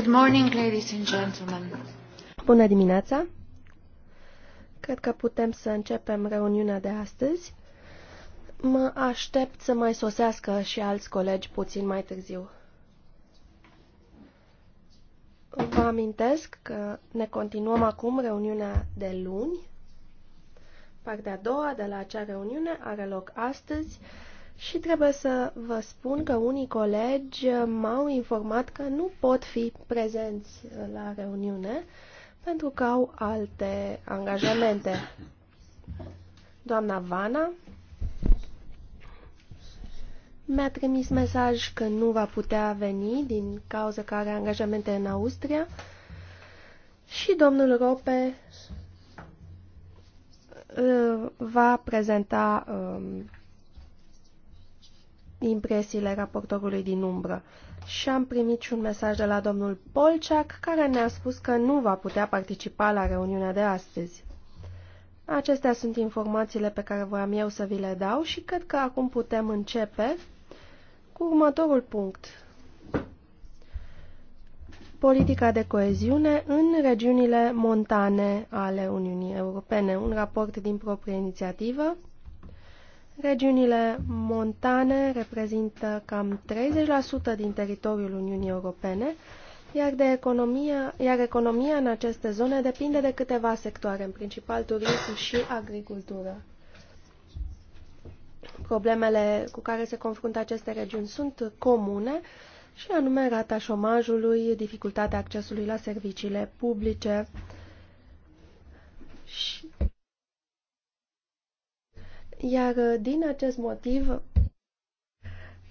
Good morning, ladies and gentlemen. Bună dimineața! Cred că putem să începem reuniunea de astăzi. Mă aștept să mai sosească și alți colegi puțin mai târziu. Vă amintesc că ne continuăm acum reuniunea de luni. Partea a doua de la acea reuniune are loc astăzi și trebuie să vă spun că unii colegi m-au informat că nu pot fi prezenți la reuniune pentru că au alte angajamente. Doamna Vana mi-a trimis mesaj că nu va putea veni din cauza că are angajamente în Austria și domnul Rope uh, va prezenta um, impresiile raportorului din umbră. Și am primit și un mesaj de la domnul Polceac, care ne-a spus că nu va putea participa la reuniunea de astăzi. Acestea sunt informațiile pe care voiam eu să vi le dau și cred că acum putem începe cu următorul punct. Politica de coeziune în regiunile montane ale Uniunii Europene, un raport din proprie inițiativă Regiunile montane reprezintă cam 30% din teritoriul Uniunii Europene, iar, de economia, iar economia în aceste zone depinde de câteva sectoare, în principal turism și agricultură. Problemele cu care se confruntă aceste regiuni sunt comune, și anume rata șomajului, dificultatea accesului la serviciile publice și iar uh, din acest motiv,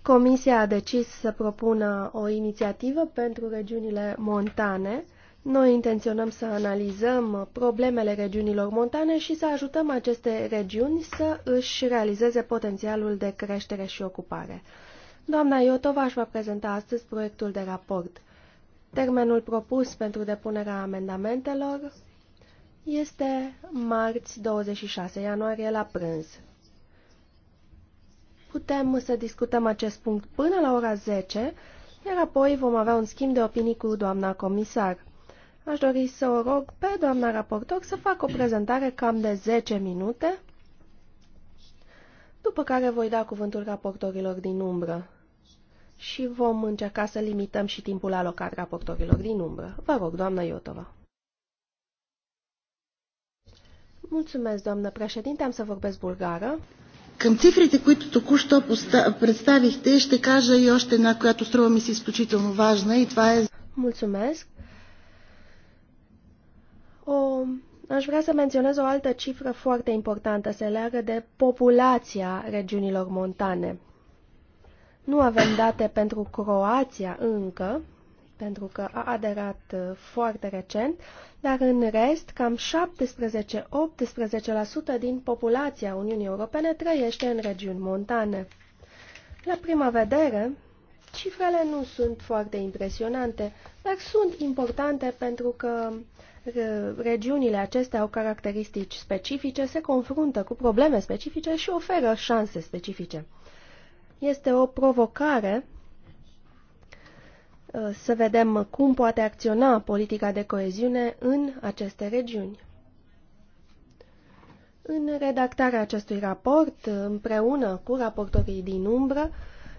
Comisia a decis să propună o inițiativă pentru regiunile montane. Noi intenționăm să analizăm problemele regiunilor montane și să ajutăm aceste regiuni să își realizeze potențialul de creștere și ocupare. Doamna Iotova își va prezenta astăzi proiectul de raport. Termenul propus pentru depunerea amendamentelor este marți 26 ianuarie la prânz. Putem să discutăm acest punct până la ora 10, iar apoi vom avea un schimb de opinii cu doamna comisar. Aș dori să o rog pe doamna raportor să facă o prezentare cam de 10 minute, după care voi da cuvântul raportorilor din umbră și vom încerca să limităm și timpul alocat raportorilor din umbră. Vă rog, doamna Iotova. Mulțumesc, doamnă președinte, am să vorbesc bulgară. Към цифрите, които току-що представихте, ще кажа и още една, която струва ми се изключително важна и това е... Mulțumesc! O, aș vrea să menționez o altă cifră foarte importantă, se leagă de populația regiunilor montane. Nu avem date pentru Croația încă, pentru că a aderat uh, foarte recent, dar în rest, cam 17-18% din populația Uniunii Europene trăiește în regiuni montane. La prima vedere, cifrele nu sunt foarte impresionante, dar sunt importante pentru că uh, regiunile acestea au caracteristici specifice, se confruntă cu probleme specifice și oferă șanse specifice. Este o provocare Uh, să vedem cum poate acționa politica de coeziune în aceste regiuni. În redactarea acestui raport, împreună cu raportorii din umbră,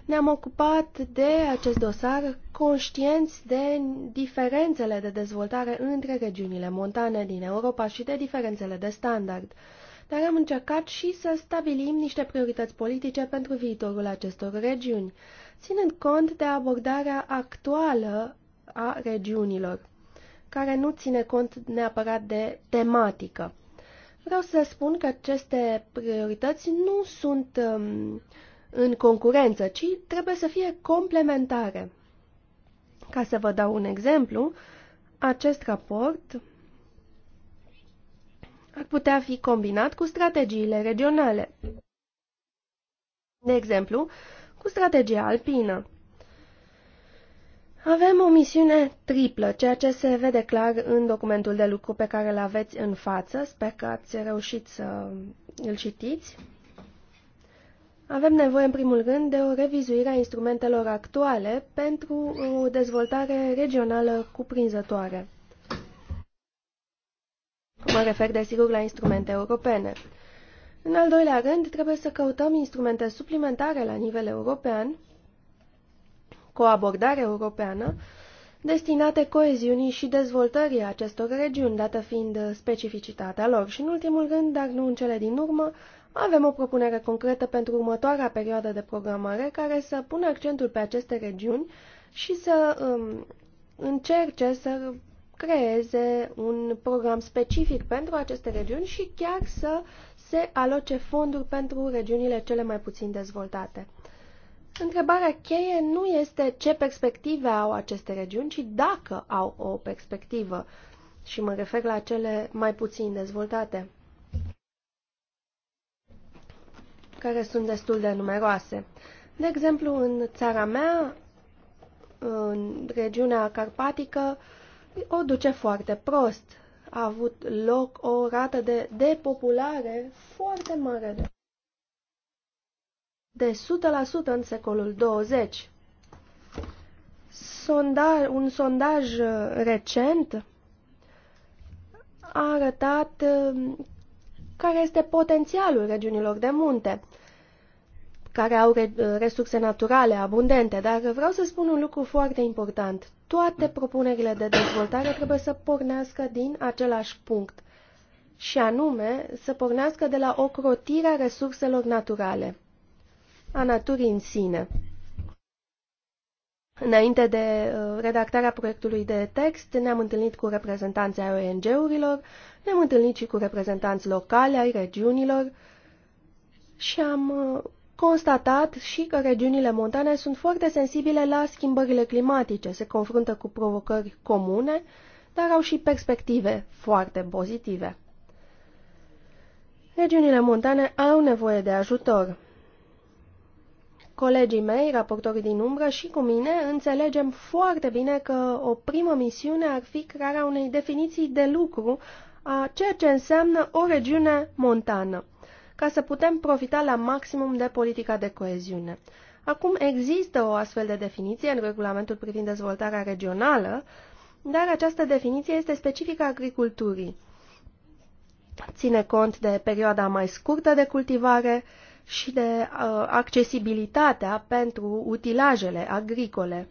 ne-am ocupat de acest dosar conștienți de diferențele de dezvoltare între regiunile montane din Europa și de diferențele de standard, dar am încercat și să stabilim niște priorități politice pentru viitorul acestor regiuni, ținând cont de abordarea actuală a regiunilor, care nu ține cont neapărat de tematică. Vreau să spun că aceste priorități nu sunt um, în concurență, ci trebuie să fie complementare. Ca să vă dau un exemplu, acest raport ar putea fi combinat cu strategiile regionale. De exemplu, cu strategia alpină. Avem o misiune triplă, ceea ce se vede clar în documentul de lucru pe care îl aveți în față. Sper că ați reușit să îl citiți. Avem nevoie, în primul rând, de o revizuire a instrumentelor actuale pentru o dezvoltare regională cuprinzătoare. Mă refer, desigur, la instrumente europene. În al doilea rând, trebuie să căutăm instrumente suplimentare la nivel european, cu o abordare europeană, destinate coeziunii și dezvoltării acestor regiuni, dată fiind specificitatea lor. Și în ultimul rând, dar nu în cele din urmă, avem o propunere concretă pentru următoarea perioadă de programare care să pună accentul pe aceste regiuni și să um, încerce să creeze un program specific pentru aceste regiuni și chiar să se aloce fonduri pentru regiunile cele mai puțin dezvoltate. Întrebarea cheie nu este ce perspective au aceste regiuni, ci dacă au o perspectivă, și mă refer la cele mai puțin dezvoltate, care sunt destul de numeroase. De exemplu, în țara mea, în regiunea carpatică, o duce foarte prost a avut loc o rată de depopulare foarte mare de 100% în secolul 20. Sondar, un sondaj recent a arătat uh, care este potențialul regiunilor de munte care au uh, resurse naturale abundente, dar vreau să spun un lucru foarte important. Toate propunerile de dezvoltare trebuie să pornească din același punct, și anume să pornească de la ocrotirea resurselor naturale, a naturii în sine. Înainte de uh, redactarea proiectului de text, ne-am întâlnit cu reprezentanții ai ONG-urilor, ne-am întâlnit și cu reprezentanți locale ai regiunilor și am uh, constatat și că regiunile montane sunt foarte sensibile la schimbările climatice, se confruntă cu provocări comune, dar au și perspective foarte pozitive. Regiunile montane au nevoie de ajutor. Colegii mei, raportorii din umbră și cu mine, înțelegem foarte bine că o primă misiune ar fi crearea unei definiții de lucru a ceea ce înseamnă o regiune montană ca să putem profita la maximum de politica de coeziune. Acum există o astfel de definiție în regulamentul privind dezvoltarea regională, dar această definiție este specifică agriculturii. Ține cont de perioada mai scurtă de cultivare și de uh, accesibilitatea pentru utilajele agricole.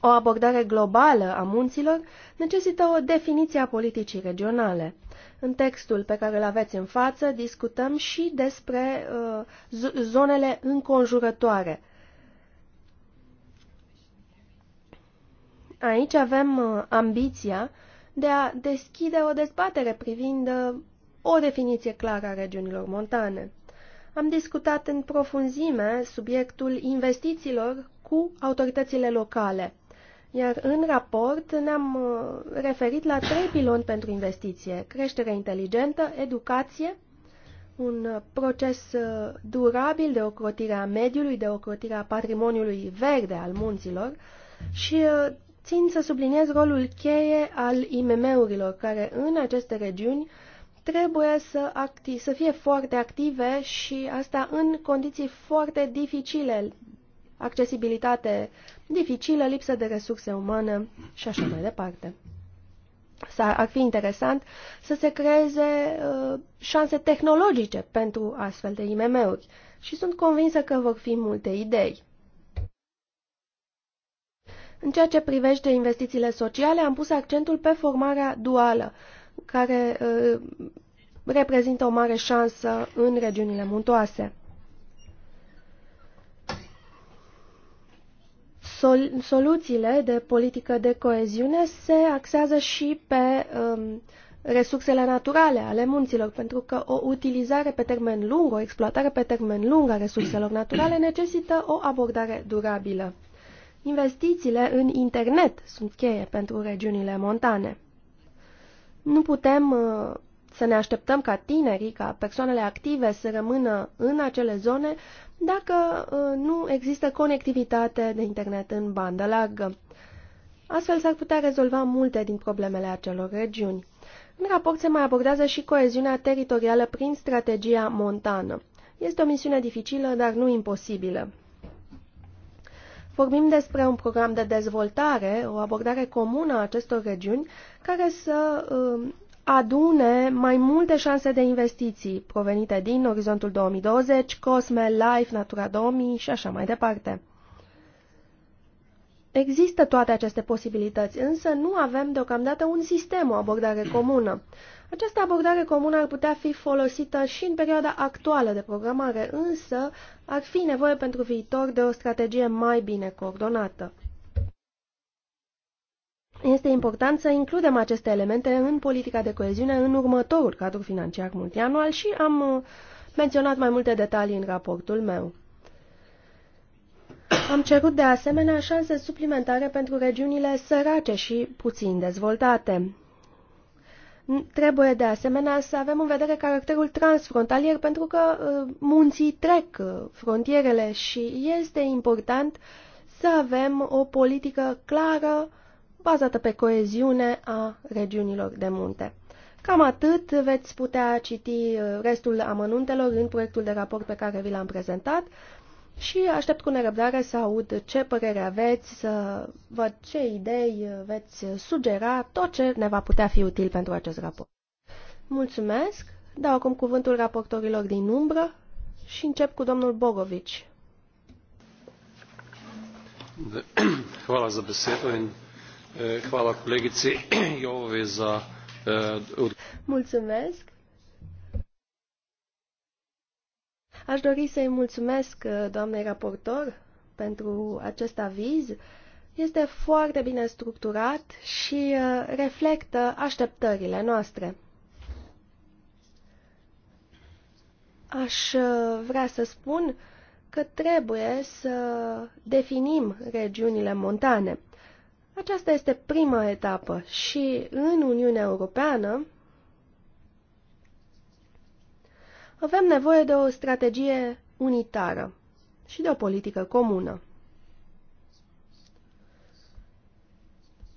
O abordare globală a munților necesită o definiție a politicii regionale. În textul pe care îl aveți în față discutăm și despre uh, zonele înconjurătoare. Aici avem uh, ambiția de a deschide o dezbatere privind uh, o definiție clară a regiunilor montane. Am discutat în profunzime subiectul investițiilor cu autoritățile locale – iar în raport ne-am uh, referit la trei piloni pentru investiție. Creștere inteligentă, educație, un uh, proces uh, durabil de ocrotire a mediului, de ocrotire a patrimoniului verde al munților și țin să subliniez rolul cheie al IMM-urilor, care în aceste regiuni trebuie să, acti- să fie foarte active și asta în condiții foarte dificile. Accesibilitate dificilă, lipsă de resurse umane și așa mai departe. Ar fi interesant să se creeze uh, șanse tehnologice pentru astfel de IMM-uri și sunt convinsă că vor fi multe idei. În ceea ce privește investițiile sociale, am pus accentul pe formarea duală, care uh, reprezintă o mare șansă în regiunile muntoase. sol soluțiile de politică de coeziune se axează și pe um, resursele naturale ale munților, pentru că o utilizare pe termen lung, o exploatare pe termen lung a resurselor naturale necesită o abordare durabilă. Investițiile în internet sunt cheie pentru regiunile montane. Nu putem uh, să ne așteptăm ca tinerii, ca persoanele active să rămână în acele zone dacă uh, nu există conectivitate de internet în bandă largă. Astfel s-ar putea rezolva multe din problemele acelor regiuni. În raport se mai abordează și coeziunea teritorială prin strategia montană. Este o misiune dificilă, dar nu imposibilă. Vorbim despre un program de dezvoltare, o abordare comună a acestor regiuni, care să uh, adune mai multe șanse de investiții provenite din Orizontul 2020, Cosme, Life, Natura 2000 și așa mai departe. Există toate aceste posibilități, însă nu avem deocamdată un sistem, o abordare comună. Această abordare comună ar putea fi folosită și în perioada actuală de programare, însă ar fi nevoie pentru viitor de o strategie mai bine coordonată. Este important să includem aceste elemente în politica de coeziune în următorul cadru financiar multianual și am uh, menționat mai multe detalii în raportul meu. Am cerut de asemenea șanse suplimentare pentru regiunile sărace și puțin dezvoltate. Trebuie de asemenea să avem în vedere caracterul transfrontalier pentru că uh, munții trec uh, frontierele și este important să avem o politică clară uh, bazată pe coeziune a regiunilor de munte. Cam atât veți putea citi uh, restul amănuntelor în proiectul de raport pe care vi l-am prezentat și aștept cu nerăbdare să aud ce părere aveți, să văd ce idei veți sugera, tot ce ne va putea fi util pentru acest raport. Mulțumesc! Dau acum cuvântul raportorilor din umbră și încep cu domnul Bogovici. Hvala za besedo in Mulțumesc! Aș dori să-i mulțumesc doamnei raportor pentru acest aviz. Este foarte bine structurat și reflectă așteptările noastre. Aș vrea să spun că trebuie să definim regiunile montane. Aceasta este prima etapă și în Uniunea Europeană avem nevoie de o strategie unitară și de o politică comună.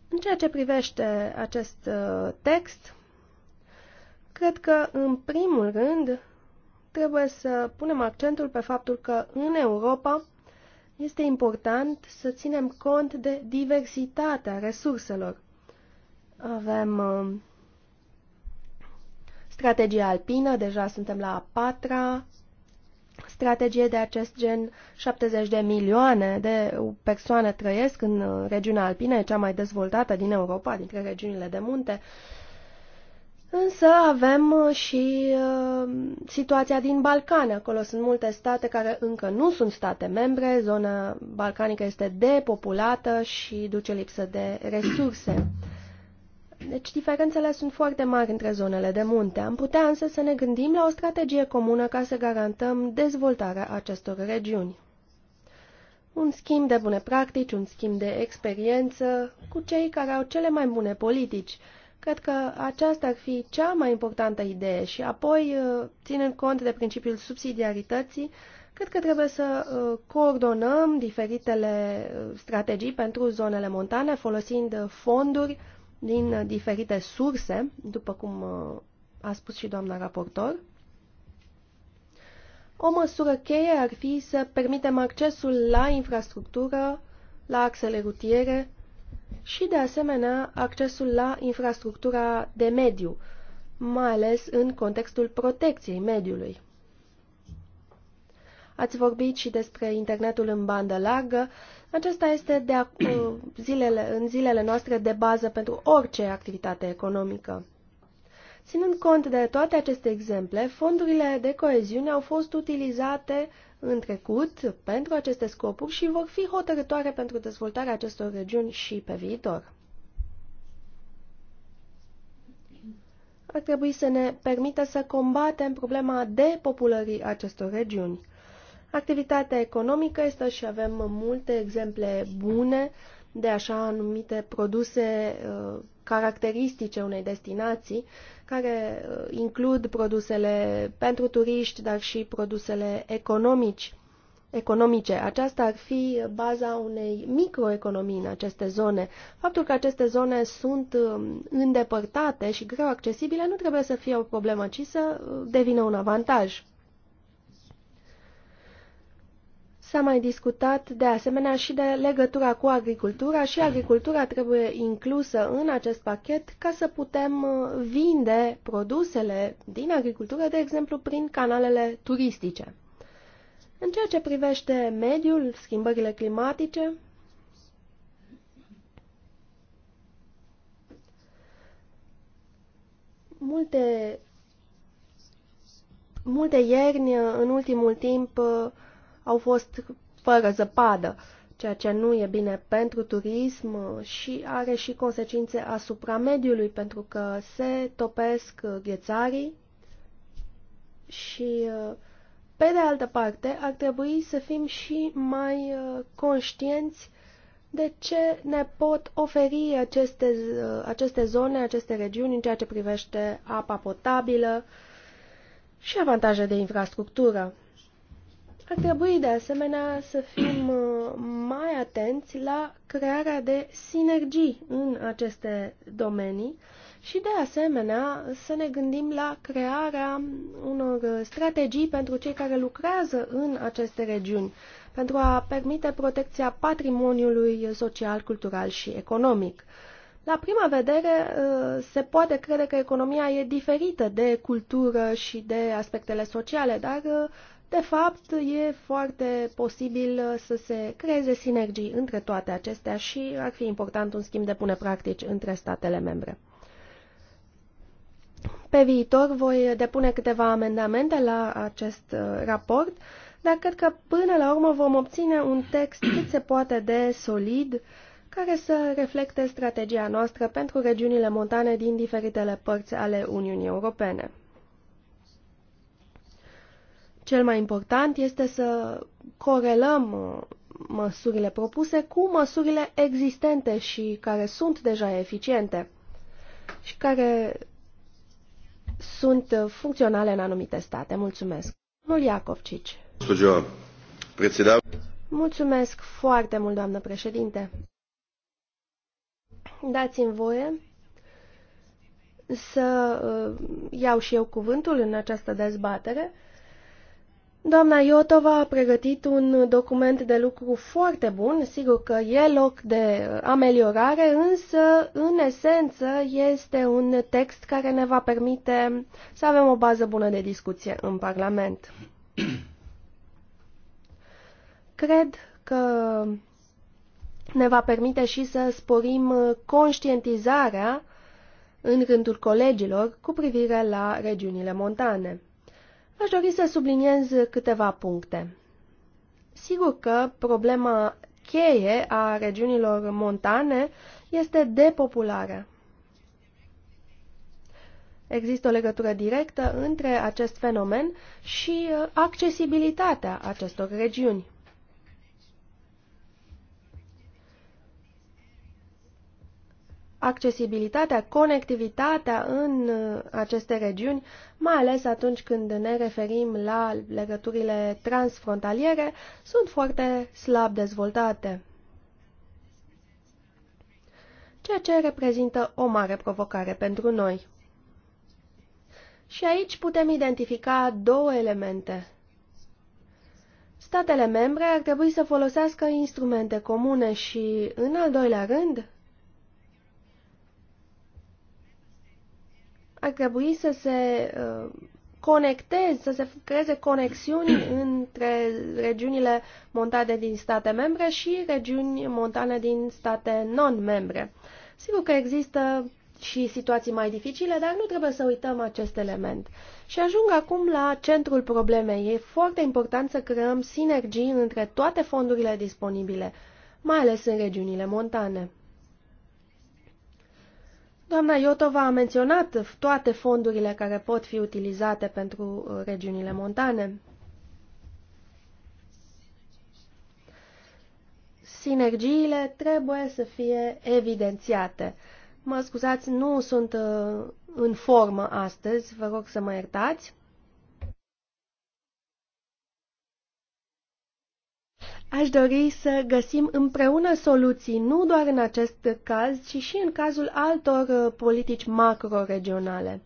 În ceea ce privește acest uh, text, cred că, în primul rând, trebuie să punem accentul pe faptul că în Europa este important să ținem cont de diversitatea resurselor. Avem uh, strategia alpină, deja suntem la a patra strategie de acest gen, 70 de milioane de persoane trăiesc în uh, regiunea alpină, cea mai dezvoltată din Europa, dintre regiunile de munte. Uh, Însă avem uh, și uh, situația din Balcani. Acolo sunt multe state care încă nu sunt state membre, zona balcanică este depopulată și duce lipsă de resurse. Deci diferențele sunt foarte mari între zonele de munte. Am putea însă să ne gândim la o strategie comună ca să garantăm dezvoltarea acestor regiuni. Un schimb de bune practici, un schimb de experiență cu cei care au cele mai bune politici – Cred că aceasta ar fi cea mai importantă idee și apoi, uh, ținând cont de principiul subsidiarității, cred că trebuie să uh, coordonăm diferitele uh, strategii pentru zonele montane, folosind fonduri din diferite surse, după cum a spus și doamna raportor. O măsură cheie ar fi să permitem accesul la infrastructură, la axele rutiere, și, de asemenea, accesul la infrastructura de mediu, mai ales în contextul protecției mediului. Ați vorbit și despre internetul în bandă largă. Acesta este de zilele, în zilele noastre de bază pentru orice activitate economică. Ținând cont de toate aceste exemple, fondurile de coeziune au fost utilizate în trecut pentru aceste scopuri și vor fi hotărătoare pentru dezvoltarea acestor regiuni și pe viitor. Ar trebui să ne permită să combatem problema depopulării acestor regiuni. Activitatea economică este și avem multe exemple bune de așa numite produse uh, caracteristice unei destinații, care uh, includ produsele pentru turiști, dar și produsele economici, economice. Aceasta ar fi baza unei microeconomii în aceste zone. Faptul că aceste zone sunt um, îndepărtate și greu accesibile nu trebuie să fie o problemă, ci să uh, devină un avantaj. S-a mai discutat de asemenea și de legătura cu agricultura și agricultura trebuie inclusă în acest pachet ca să putem uh, vinde produsele din agricultură, de exemplu, prin canalele turistice. În ceea ce privește mediul, schimbările climatice, multe, multe ierni uh, în ultimul timp uh, au fost fără zăpadă, ceea ce nu e bine pentru turism și are și consecințe asupra mediului, pentru că se topesc uh, ghețarii și, uh, pe de altă parte, ar trebui să fim și mai uh, conștienți de ce ne pot oferi aceste, aceste zone, aceste regiuni în ceea ce privește apa potabilă și avantaje de infrastructură. Ar trebui de asemenea să fim uh, mai atenți la crearea de sinergii în aceste domenii și de asemenea să ne gândim la crearea unor strategii pentru cei care lucrează în aceste regiuni, pentru a permite protecția patrimoniului social, cultural și economic. La prima vedere, uh, se poate crede că economia e diferită de cultură și de aspectele sociale, dar uh, de fapt, e foarte posibil uh, să se creeze sinergii între toate acestea și ar fi important un schimb de bune practici între statele membre. Pe viitor voi depune câteva amendamente la acest uh, raport, dar cred că până la urmă vom obține un text cât se poate de solid care să reflecte strategia noastră pentru regiunile montane din diferitele părți ale Uniunii Europene. Cel mai important este să corelăm uh, măsurile propuse cu măsurile existente și care sunt deja eficiente și care sunt uh, funcționale în anumite state. Mulțumesc. Domnul Iacovcici. Mulțumesc foarte mult, doamnă președinte. Dați-mi voie să uh, iau și eu cuvântul în această dezbatere Doamna Iotova a pregătit un document de lucru foarte bun, sigur că e loc de ameliorare, însă, în esență, este un text care ne va permite să avem o bază bună de discuție în Parlament. Cred că ne va permite și să sporim conștientizarea în rândul colegilor cu privire la regiunile montane. Aș dori să subliniez câteva puncte. Sigur că problema cheie a regiunilor montane este depopularea. Există o legătură directă între acest fenomen și uh, accesibilitatea acestor regiuni. accesibilitatea, conectivitatea în uh, aceste regiuni, mai ales atunci când ne referim la legăturile transfrontaliere, sunt foarte slab dezvoltate. Ceea ce reprezintă o mare provocare pentru noi. Și aici putem identifica două elemente. Statele membre ar trebui să folosească instrumente comune și, în al doilea rând, ar trebui să se uh, conecteze, să se creeze conexiuni între regiunile montane din state membre și regiuni montane din state non-membre. Sigur că există și situații mai dificile, dar nu trebuie să uităm acest element. Și ajung acum la centrul problemei. E foarte important să creăm sinergii între toate fondurile disponibile, mai ales în regiunile montane. Doamna Iotova a menționat toate fondurile care pot fi utilizate pentru uh, regiunile montane. Sinergiile trebuie să fie evidențiate. Mă scuzați, nu sunt uh, în formă astăzi, vă rog să mă iertați. Aș dori să găsim împreună soluții, nu doar în acest caz, ci și în cazul altor uh, politici macro-regionale.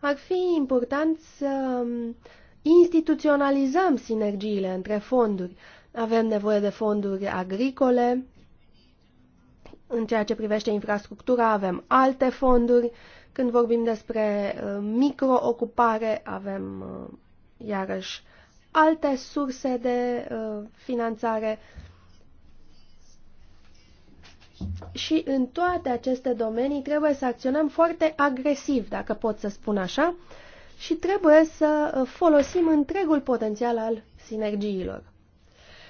Ar fi important să um, instituționalizăm sinergiile între fonduri. Avem nevoie de fonduri agricole, în ceea ce privește infrastructura avem alte fonduri, când vorbim despre uh, microocupare avem uh, iarăși alte surse de uh, finanțare. Și în toate aceste domenii trebuie să acționăm foarte agresiv, dacă pot să spun așa, și trebuie să uh, folosim întregul potențial al sinergiilor.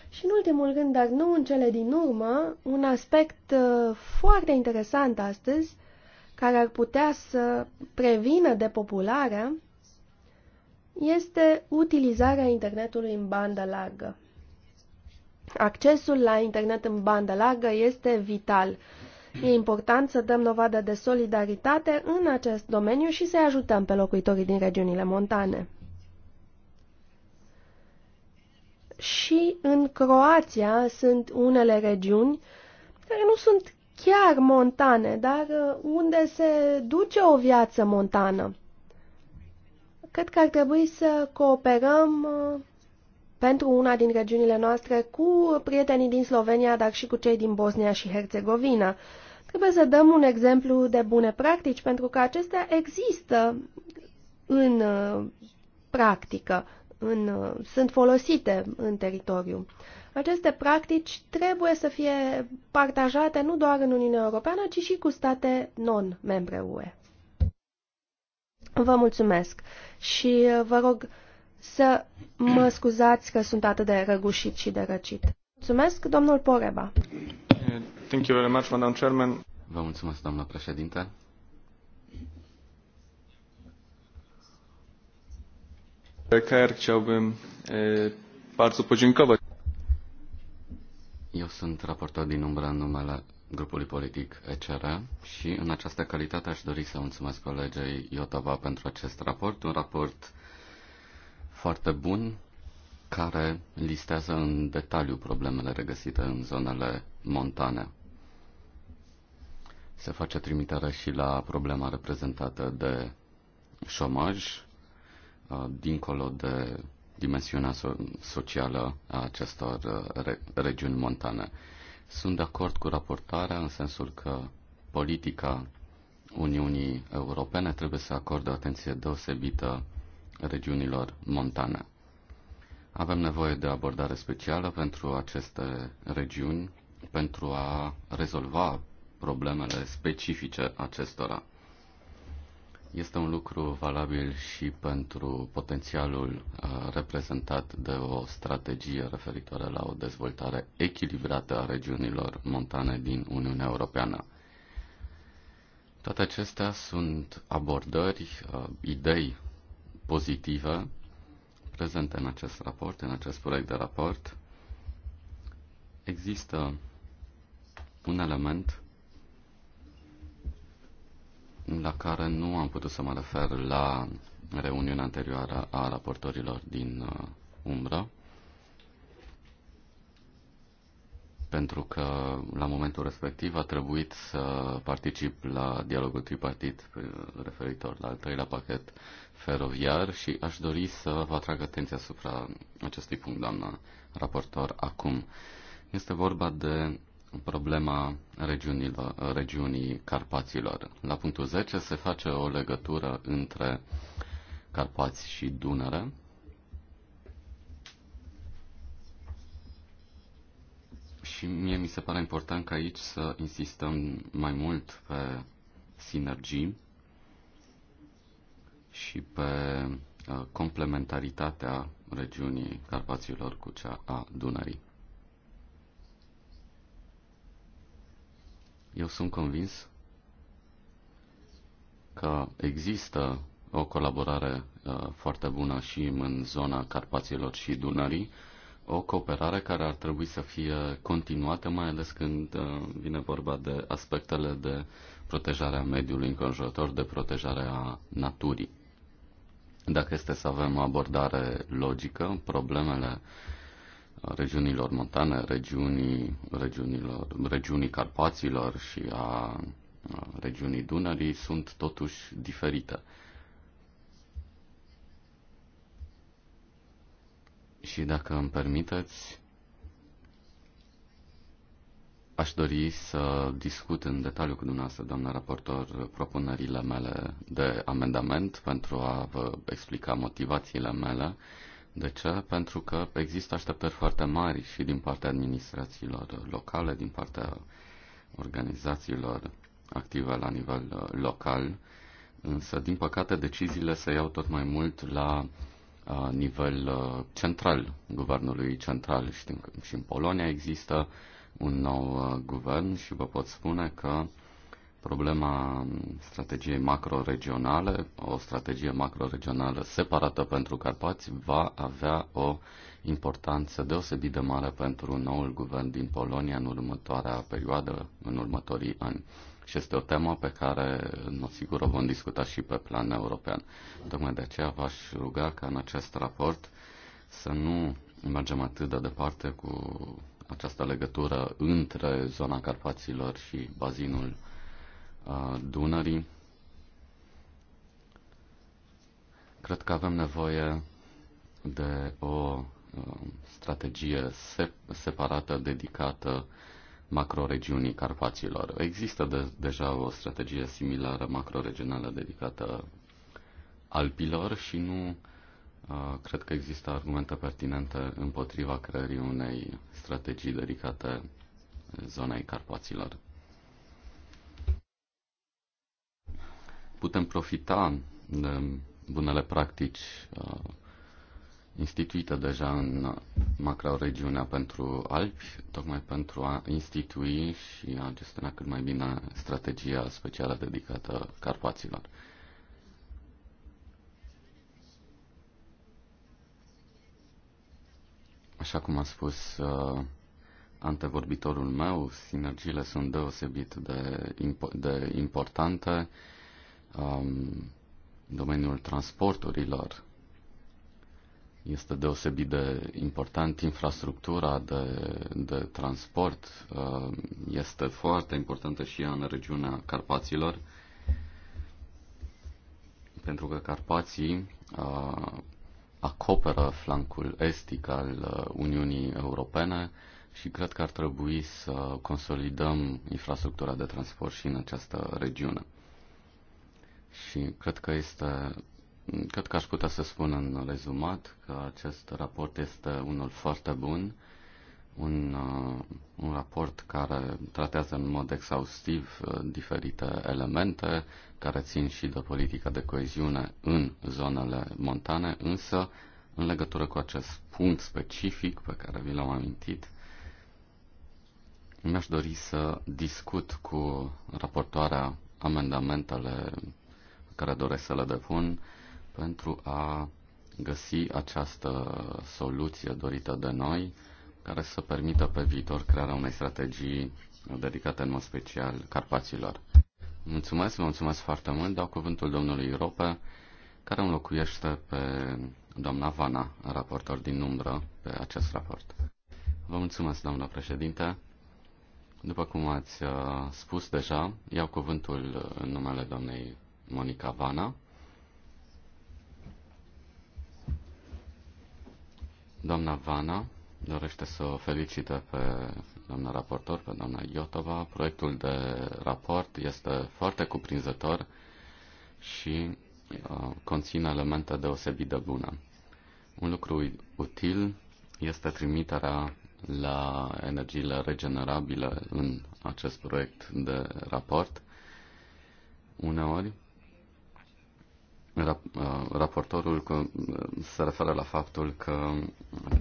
Și în ultimul rând, dar nu în cele din urmă, un aspect uh, foarte interesant astăzi, care ar putea să prevină depopularea, este utilizarea internetului în bandă largă. Accesul la internet în bandă largă este vital. E important să dăm novadă de solidaritate în acest domeniu și să-i ajutăm pe locuitorii din regiunile montane. Și în Croația sunt unele regiuni care nu sunt chiar montane, dar uh, unde se duce o viață montană Cred că ar trebui să cooperăm uh, pentru una din regiunile noastre cu prietenii din Slovenia, dar și cu cei din Bosnia și Herțegovina. Trebuie să dăm un exemplu de bune practici, pentru că acestea există în uh, practică, în, uh, sunt folosite în teritoriu. Aceste practici trebuie să fie partajate nu doar în Uniunea Europeană, ci și cu state non-membre UE. Vă mulțumesc! și uh, vă rog să mă scuzați că sunt atât de răgușit și de răcit. Mulțumesc, domnul Poreba. Thank you very much, Madam Chairman. Vă mulțumesc, doamna președinte. Eu sunt raportor din umbra numele grupului politic ECR și în această calitate aș dori să mulțumesc colegei Iotova pentru acest raport, un raport foarte bun care listează în detaliu problemele regăsite în zonele montane. Se face trimitere și la problema reprezentată de șomaj, uh, dincolo de dimensiunea socială a acestor uh, regiuni montane. Sunt de acord cu raportarea în sensul că politica Uniunii Europene trebuie să acorde o atenție deosebită regiunilor montane. Avem nevoie de abordare specială pentru aceste regiuni pentru a rezolva problemele specifice acestora. Este un lucru valabil și pentru potențialul uh, reprezentat de o strategie referitoare la o dezvoltare echilibrată a regiunilor montane din Uniunea Europeană. Toate acestea sunt abordări, uh, idei pozitive prezente în acest raport, în acest proiect de raport. Există un element la care nu am putut să mă refer la reuniunea anterioară a raportorilor din uh, umbră, pentru că la momentul respectiv a trebuit să particip la dialogul tripartit uh, referitor la al treilea pachet feroviar și aș dori să vă atrag atenția asupra acestui punct, doamna raportor, acum. Este vorba de problema regiunilor, regiunii Carpaților. La punctul 10 se face o legătură între Carpați și Dunăre. Și mie mi se pare important ca aici să insistăm mai mult pe sinergii și pe uh, complementaritatea regiunii Carpaților cu cea a Dunării. Eu sunt convins că există o colaborare uh, foarte bună și în zona Carpaților și Dunării, o cooperare care ar trebui să fie continuată, mai ales când uh, vine vorba de aspectele de protejare a mediului înconjurător, de protejarea naturii. Dacă este să avem o abordare logică, problemele uh, regiunilor montane, regiunii, regiunilor, regiunii Carpaților și a regiunii Dunării sunt totuși diferite. Și dacă îmi permiteți, aș dori să discut în detaliu cu dumneavoastră, doamna raportor, propunerile mele de amendament pentru a vă explica motivațiile mele de ce? Pentru că există așteptări foarte mari și din partea administrațiilor locale, din partea organizațiilor active la nivel uh, local, însă, din păcate, deciziile se iau tot mai mult la uh, nivel uh, central, guvernului central. că și în Polonia există un nou guvern și vă pot spune că problema strategiei macroregionale, o strategie macroregională separată pentru Carpați, va avea o importanță deosebit de mare pentru noul guvern din Polonia în următoarea perioadă, în următorii ani. Și este o temă pe care, în sigur, o vom discuta și pe plan european. Tocmai de aceea v-aș ruga ca în acest raport să nu mergem atât de departe cu această legătură între zona Carpaților și bazinul Dunării. Cred că avem nevoie de o um, strategie separată, dedicată macroregiunii Carpaților. Există de- deja o strategie similară macroregională dedicată alpilor și nu uh, cred că există argumente pertinente împotriva creării unei strategii dedicate zonei Carpaților. putem profita de bunele practici uh, instituite deja în macroregiunea pentru Alpi, tocmai pentru a institui și a gestiona cât mai bine strategia specială dedicată Carpaților. Așa cum a spus uh, antevorbitorul meu, sinergiile sunt deosebit de, impo- de importante. Uh, um, domeniul transporturilor este deosebit de important. Infrastructura de, de transport uh, este foarte importantă și ea în regiunea Carpaților, pentru că Carpații uh, acoperă flancul estic al uh, Uniunii Europene și cred că ar trebui să consolidăm infrastructura de transport și în această regiune și cred că este cred că aș putea să spun în rezumat că acest raport este unul foarte bun, un, uh, un raport care tratează în mod exhaustiv uh, diferite elemente care țin și de politica de coeziune în zonele montane, însă în legătură cu acest punct specific pe care vi l-am amintit, mi-aș dori să discut cu raportoarea amendamentele care doresc să le depun pentru a găsi această soluție dorită de noi, care să permită pe viitor crearea unei strategii dedicate în mod special Carpaților. Mulțumesc, mulțumesc foarte mult. Dau cuvântul domnului Europa, care înlocuiește pe doamna Vana, raportor din umbră, pe acest raport. Vă mulțumesc, doamna președinte. După cum ați uh, spus deja, iau cuvântul în numele doamnei Monica Vana. Doamna Vana dorește să o felicite pe doamna raportor, pe doamna Iotova. Proiectul de raport este foarte cuprinzător și uh, conține elemente deosebit de bune. Un lucru util este trimiterea la energiile regenerabile în acest proiect de raport. Uneori, Uh, raportorul uh, se referă la faptul că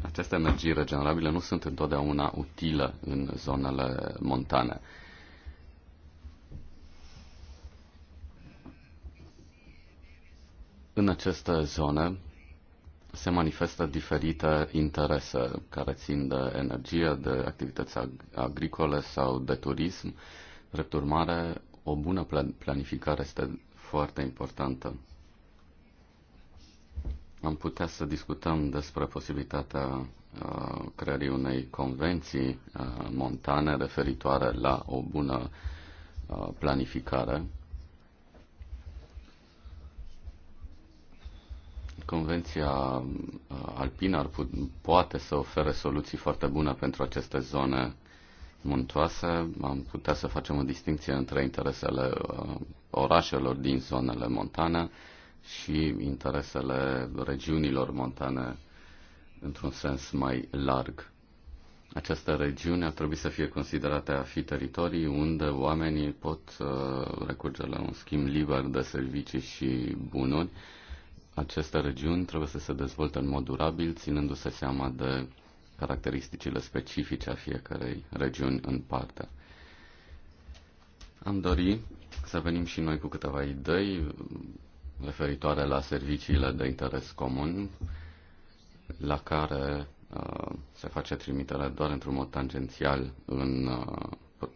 aceste energii regenerabile nu sunt întotdeauna utile în zonele montane. În aceste zone se manifestă diferite interese care țin de energie, de activități agricole sau de turism. Drept urmare, o bună planificare este foarte importantă. Am putea să discutăm despre posibilitatea uh, creării unei convenții uh, montane referitoare la o bună uh, planificare. Convenția alpină ar put, poate să ofere soluții foarte bune pentru aceste zone muntoase. Am putea să facem o distinție între interesele orașelor din zonele montane și interesele regiunilor montane într-un sens mai larg. Această regiune ar trebui să fie considerate a fi teritorii unde oamenii pot uh, recurge la un schimb liber de servicii și bunuri. Aceste regiuni trebuie să se dezvolte în mod durabil, ținându-se seama de caracteristicile specifice a fiecarei regiuni în parte. Am dori să venim și noi cu câteva idei referitoare la serviciile de interes comun, la care uh, se face trimitere doar într-un mod tangențial în uh,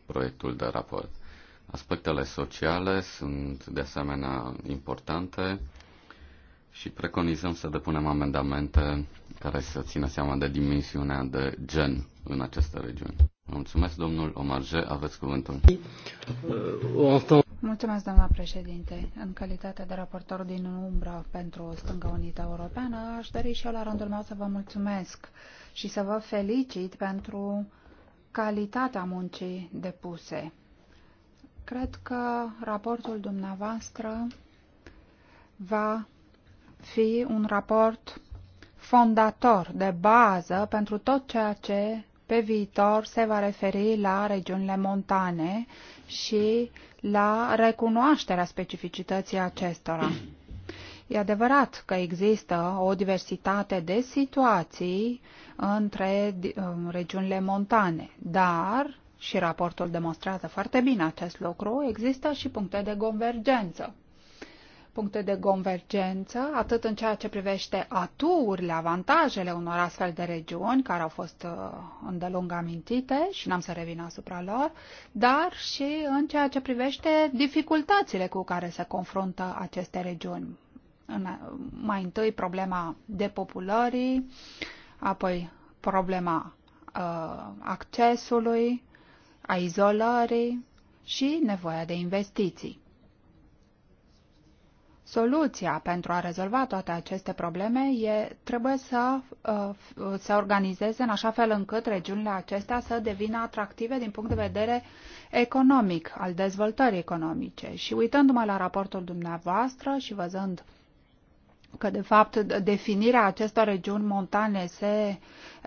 proiectul de raport. Aspectele sociale sunt de asemenea importante și preconizăm să depunem amendamente care să țină seama de dimensiunea de gen în această regiune. Mulțumesc, domnul Omarje, aveți cuvântul. Mulțumesc, doamna președinte. În calitate de raportor din umbră pentru Stânga Unită Europeană, aș dori și eu la rândul meu să vă mulțumesc și să vă felicit pentru calitatea muncii depuse. Cred că raportul dumneavoastră va fi un raport fondator, de bază pentru tot ceea ce pe viitor se va referi la regiunile montane și la recunoașterea specificității acestora. E adevărat că există o diversitate de situații între um, regiunile montane, dar, și raportul demonstrează foarte bine acest lucru, există și puncte de convergență puncte de convergență, atât în ceea ce privește aturile, avantajele unor astfel de regiuni, care au fost uh, îndelung amintite și n-am să revin asupra lor, dar și în ceea ce privește dificultățile cu care se confruntă aceste regiuni. Mai întâi problema depopulării, apoi problema uh, accesului, a izolării și nevoia de investiții. Soluția pentru a rezolva toate aceste probleme e, trebuie să uh, se organizeze în așa fel încât regiunile acestea să devină atractive din punct de vedere economic, al dezvoltării economice. Și uitându-mă la raportul dumneavoastră și văzând că, de fapt, definirea acestor regiuni montane se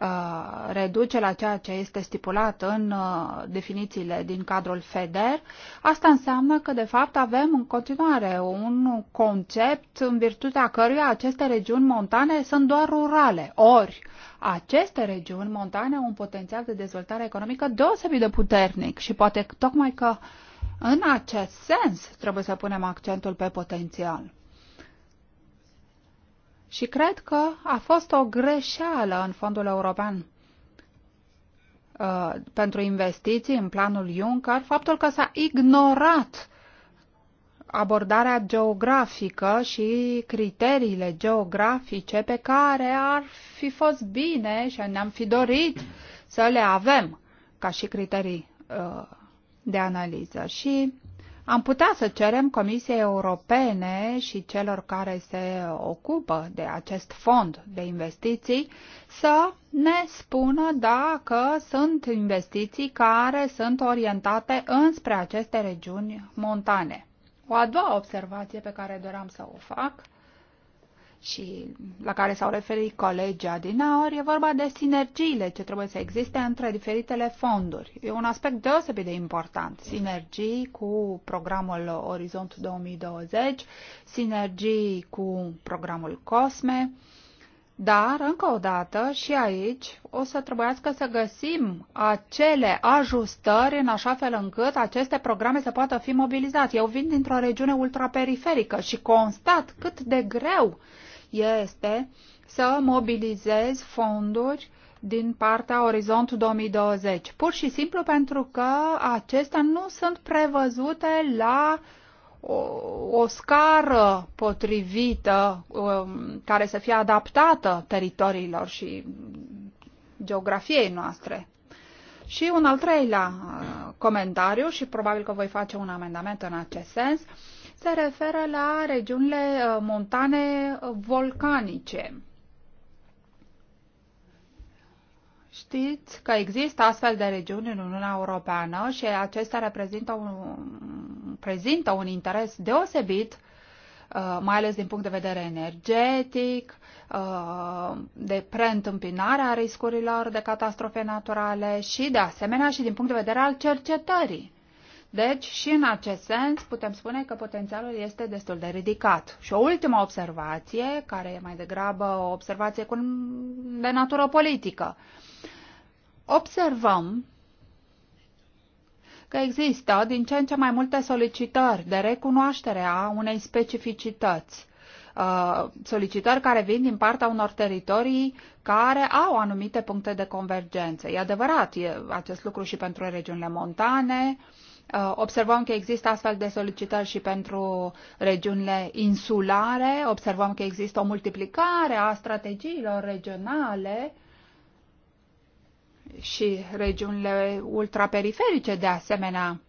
Uh, reduce la ceea ce este stipulat în uh, definițiile din cadrul FEDER, asta înseamnă că, de fapt, avem în continuare un concept în virtutea căruia aceste regiuni montane sunt doar rurale. Ori, aceste regiuni montane au un potențial de dezvoltare economică deosebit de puternic și poate tocmai că în acest sens trebuie să punem accentul pe potențial. Și cred că a fost o greșeală în fondul european uh, pentru investiții în planul Juncker faptul că s-a ignorat abordarea geografică și criteriile geografice pe care ar fi fost bine și ne-am fi dorit să le avem ca și criterii uh, de analiză. Și am putea să cerem Comisiei Europene și celor care se ocupă de acest fond de investiții să ne spună dacă sunt investiții care sunt orientate înspre aceste regiuni montane. O a doua observație pe care doream să o fac și la care s-au referit colegii adinaori, e vorba de sinergiile ce trebuie să existe între diferitele fonduri. E un aspect deosebit de important. Sinergii cu programul Orizont 2020, sinergii cu programul COSME, dar, încă o dată, și aici o să trebuiască să găsim acele ajustări în așa fel încât aceste programe să poată fi mobilizate. Eu vin dintr-o regiune ultraperiferică și constat cât de greu este să mobilizez fonduri din partea Orizont 2020, pur și simplu pentru că acestea nu sunt prevăzute la o, o scară potrivită um, care să fie adaptată teritoriilor și geografiei noastre. Și un al treilea uh, comentariu, și probabil că voi face un amendament în acest sens, uh, se referă la regiunile uh, montane uh, volcanice. Știți că există astfel de regiuni în Uniunea Europeană și acestea reprezintă un, prezintă un interes deosebit, uh, mai ales din punct de vedere energetic, de preîntâmpinare a riscurilor de catastrofe naturale și, de asemenea, și din punct de vedere al cercetării. Deci, și în acest sens, putem spune că potențialul este destul de ridicat. Și o ultimă observație, care e mai degrabă o observație de natură politică. Observăm că există din ce în ce mai multe solicitări de recunoaștere a unei specificități. Uh, solicitări care vin din partea unor teritorii care au anumite puncte de convergență. E adevărat e acest lucru și pentru regiunile montane, uh, Uh, observăm că există astfel de solicitări și pentru regiunile insulare, observăm că există o multiplicare a strategiilor regionale și regiunile ultraperiferice de asemenea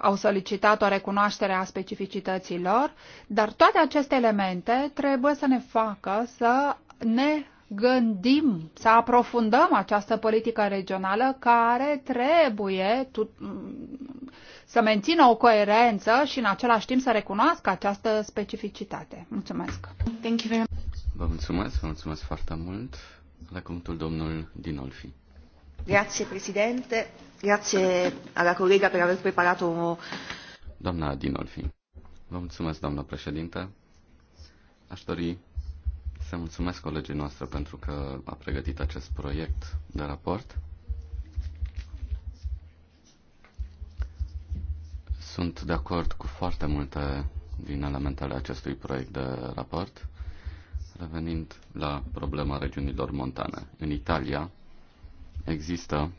au solicitat o recunoaștere a specificităților, dar toate aceste elemente trebuie să ne facă să ne gândim, să aprofundăm această politică regională care trebuie să mențină o coerență și în același timp să recunoască această specificitate. Mulțumesc! Thank you very much. Vă mulțumesc, vă mulțumesc foarte mult. La cuvântul domnul Dinolfi. Grazie președinte. grazie alla collega per aver preparato... Doamna Dinolfi, vă mulțumesc, doamna președinte. Aș dori să mulțumesc colegii noastre pentru că a pregătit acest proiect de raport. Sunt de acord cu foarte multe din elementele acestui proiect de raport. Revenind la problema regiunilor montane. În Italia există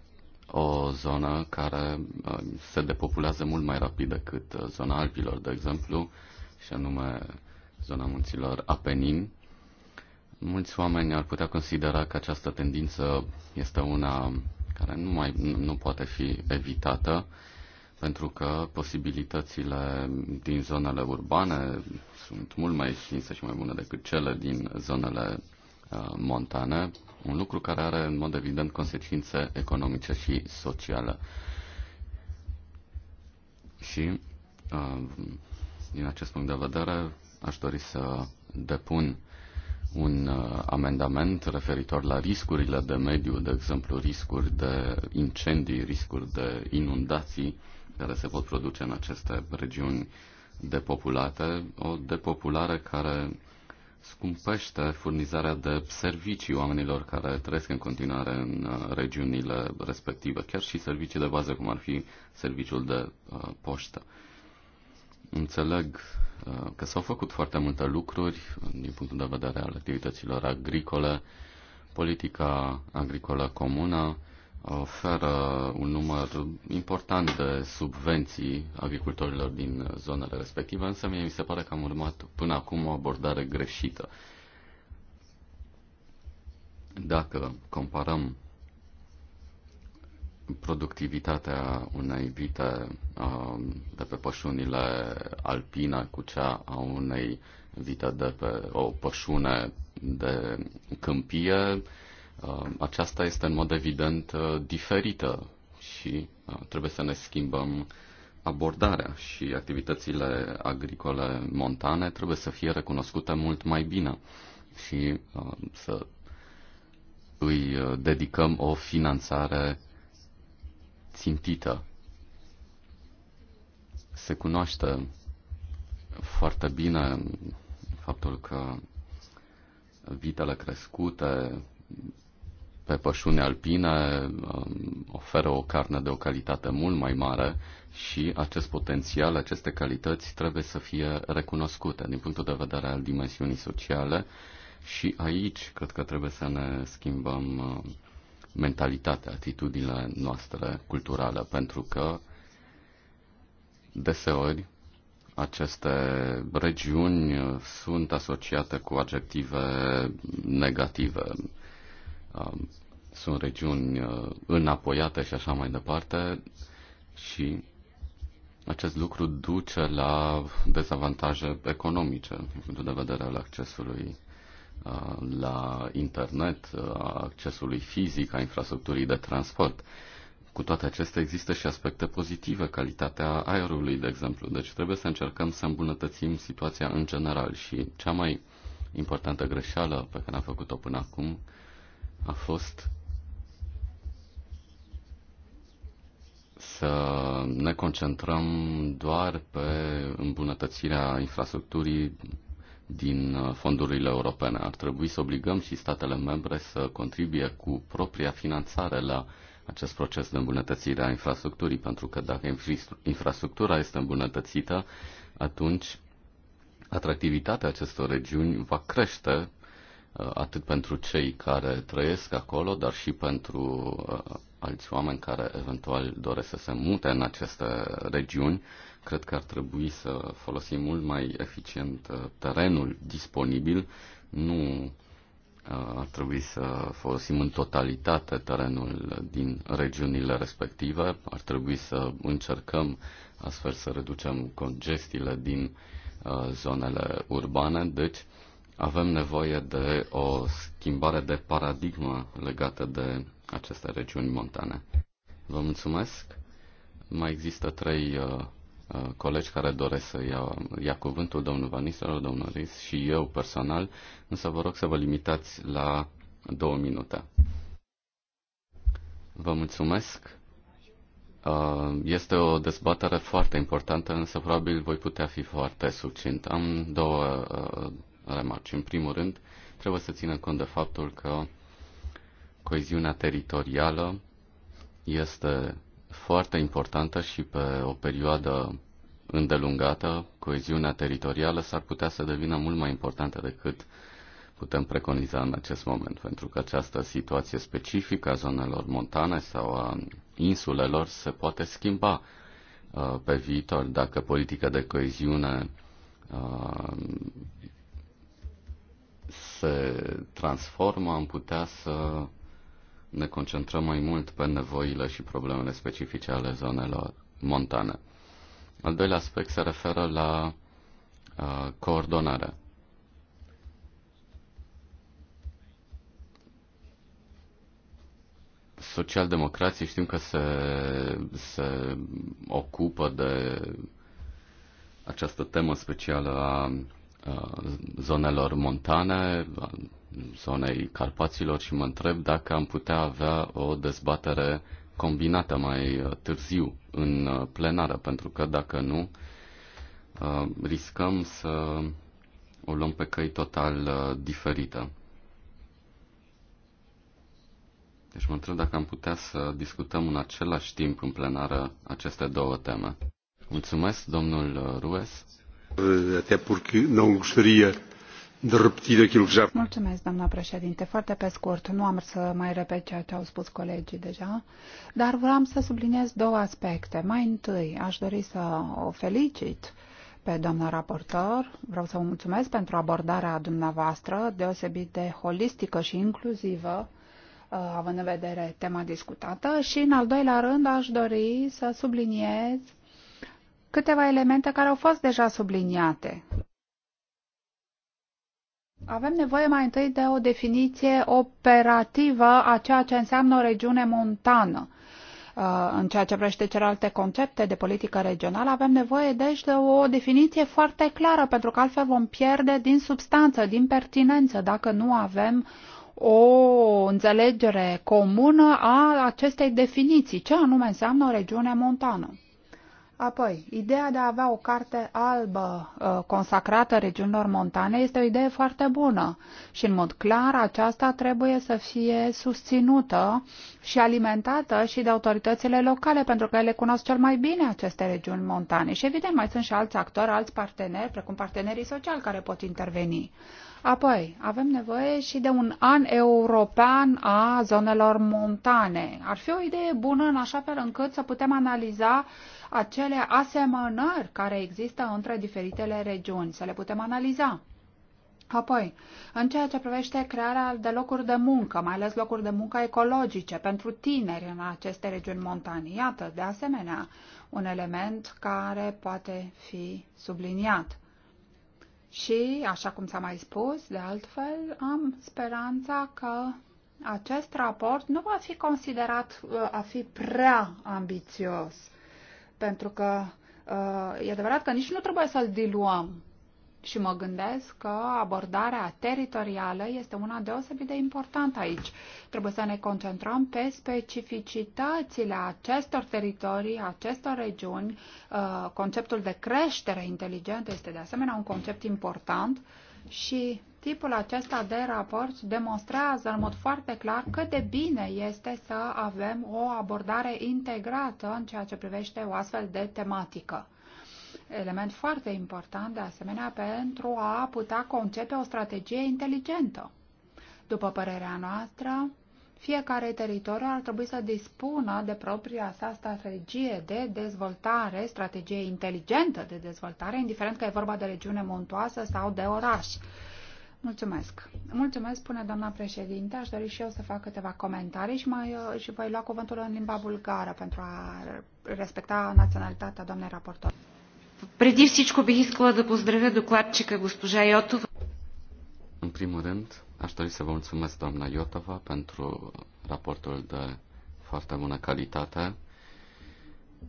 o zonă care uh, se depopulează mult mai rapid decât uh, zona Alpilor, de exemplu, și anume zona munților Apenin. Mulți oameni ar putea considera că această tendință este una care nu, mai, nu poate fi evitată pentru că posibilitățile din zonele urbane sunt mult mai extinse și mai bune decât cele din zonele uh, montane, un lucru care are în mod evident consecințe economice și sociale. Și uh, din acest punct de vedere aș dori să depun un uh, amendament referitor la riscurile de mediu, de exemplu riscuri de incendii, riscuri de inundații, care se pot produce în aceste regiuni depopulate, o depopulare care scumpește furnizarea de servicii oamenilor care trăiesc în continuare în uh, regiunile respective, chiar și servicii de bază, cum ar fi serviciul de uh, poștă. Înțeleg uh, că s-au făcut foarte multe lucruri din punctul de vedere al activităților agricole, politica agricolă comună, oferă un număr important de subvenții agricultorilor din zonele respective, însă mie mi se pare că am urmat până acum o abordare greșită. Dacă comparăm productivitatea unei vite um, de pe pășunile alpine cu cea a unei vite de pe o pășune de câmpie, Uh, aceasta este în mod evident uh, diferită și uh, trebuie să ne schimbăm abordarea și activitățile agricole montane trebuie să fie recunoscute mult mai bine și să îi dedicăm o finanțare țintită. Se cunoaște foarte bine faptul că vitele crescute pe pășune alpine um, oferă o carne de o calitate mult mai mare și acest potențial, aceste calități trebuie să fie recunoscute din punctul de vedere al dimensiunii sociale și aici cred că trebuie să ne schimbăm um, mentalitatea, atitudinile noastre culturale, pentru că deseori aceste regiuni sunt asociate cu adjective negative, Um, sunt regiuni uh, înapoiate și așa mai departe și acest lucru duce la dezavantaje economice din punctul de vedere al accesului uh, la internet, uh, a accesului fizic, a infrastructurii de transport. Cu toate acestea există și aspecte pozitive, calitatea aerului, de exemplu. Deci trebuie să încercăm să îmbunătățim situația în general și cea mai importantă greșeală pe care am făcut-o până acum a fost să ne concentrăm doar pe îmbunătățirea infrastructurii din fondurile europene. Ar trebui să obligăm și statele membre să contribuie cu propria finanțare la acest proces de îmbunătățire a infrastructurii, pentru că dacă infrastructura este îmbunătățită, atunci atractivitatea acestor regiuni va crește atât pentru cei care trăiesc acolo, dar și pentru uh, alți oameni care eventual doresc să se mute în aceste regiuni. Cred că ar trebui să folosim mult mai eficient uh, terenul disponibil, nu uh, ar trebui să folosim în totalitate terenul din regiunile respective, ar trebui să încercăm astfel să reducem congestiile din zonele urbane, deci uh, avem nevoie de o schimbare de paradigmă legată de aceste regiuni montane. Vă mulțumesc. Mai există trei uh, uh colegi care doresc să ia, ia cuvântul, domnul Vanistelor, domnul Riz și eu personal, însă vă rog să vă limitați la două minute. Vă mulțumesc. Uh, este o dezbatere foarte importantă, însă probabil voi putea fi foarte succint. Am două uh, remarci. În primul rând, trebuie să ținem cont de faptul că coeziunea teritorială este foarte importantă și pe o perioadă îndelungată, coeziunea teritorială s-ar putea să devină mult mai importantă decât putem preconiza în acest moment, pentru că această situație specifică a zonelor montane sau a insulelor se poate schimba uh, pe viitor dacă politica de coeziune uh, se transformă, am putea să ne concentrăm mai mult pe nevoile și problemele specifice ale zonelor montane. Al doilea aspect se referă la uh, coordonare. Socialdemocrații știm că se, se ocupă de această temă specială a Uh, zonelor montane, uh, zonei Carpaților și mă întreb dacă am putea avea o dezbatere combinată mai uh, târziu în plenară, pentru că dacă nu, riscăm să o luăm pe căi total diferită. Deci mă întreb dacă am putea să discutăm în același timp în plenară aceste două teme. Mulțumesc, domnul Rues. Eh, até porque não gostaria de repetir aquilo que já... Mulțumesc, doamna președinte. Foarte pe scurt, nu am să mai repet ceea ce au spus colegii deja, dar vreau să subliniez două aspecte. Mai întâi, aș dori să o felicit pe doamna raportor. Vreau să vă mulțumesc pentru abordarea dumneavoastră deosebit de holistică și inclusivă, eh, având în vedere tema discutată. Și, în al doilea rând, aș dori să subliniez câteva elemente care au fost deja subliniate. Avem nevoie mai întâi de o definiție operativă a ceea ce înseamnă o regiune montană. Uh, în ceea ce privește celelalte concepte de politică regională, avem nevoie deci de o definiție foarte clară, pentru că altfel vom pierde din substanță, din pertinență, dacă nu avem o înțelegere comună a acestei definiții, ce anume înseamnă o regiune montană. Apoi, ideea de a avea o carte albă uh, consacrată regiunilor montane este o idee foarte bună și, în mod clar, aceasta trebuie să fie susținută și alimentată și de autoritățile locale, pentru că ele cunosc cel mai bine aceste regiuni montane. Și, evident, mai sunt și alți actori, alți parteneri, precum partenerii sociali, care pot interveni. Apoi, avem nevoie și de un an european a zonelor montane. Ar fi o idee bună în așa fel încât să putem analiza acele asemănări care există între diferitele regiuni, să le putem analiza. Apoi, în ceea ce privește crearea de locuri de muncă, mai ales locuri de muncă ecologice pentru tineri în aceste regiuni montane, iată, de asemenea, un element care poate fi subliniat. Și, așa cum s-a mai spus, de altfel, am speranța că acest raport nu va fi considerat uh, a fi prea ambițios, pentru că uh, e adevărat că nici nu trebuie să-l diluăm și mă gândesc că abordarea teritorială este una deosebit de importantă aici. Trebuie să ne concentrăm pe specificitățile acestor teritorii, acestor regiuni. Uh, conceptul de creștere inteligentă este de asemenea un concept important și tipul acesta de raport demonstrează în mod foarte clar cât de bine este să avem o abordare integrată în ceea ce privește o astfel de tematică element foarte important, de asemenea, pentru a putea concepe o strategie inteligentă. După părerea noastră, fiecare teritoriu ar trebui să dispună de propria sa strategie de dezvoltare, strategie inteligentă de dezvoltare, indiferent că e vorba de regiune montoasă sau de oraș. Mulțumesc. Mulțumesc, spune doamna președinte. Aș dori și eu să fac câteva comentarii și, mai, și voi lua cuvântul în limba bulgară pentru a respecta naționalitatea doamnei raportor. Преди всичко бих искала да поздравя докладчика госпожа Йотова. În primul rând, aș dori să vă mulțumesc, doamna Iotova, pentru raportul de foarte bună calitate.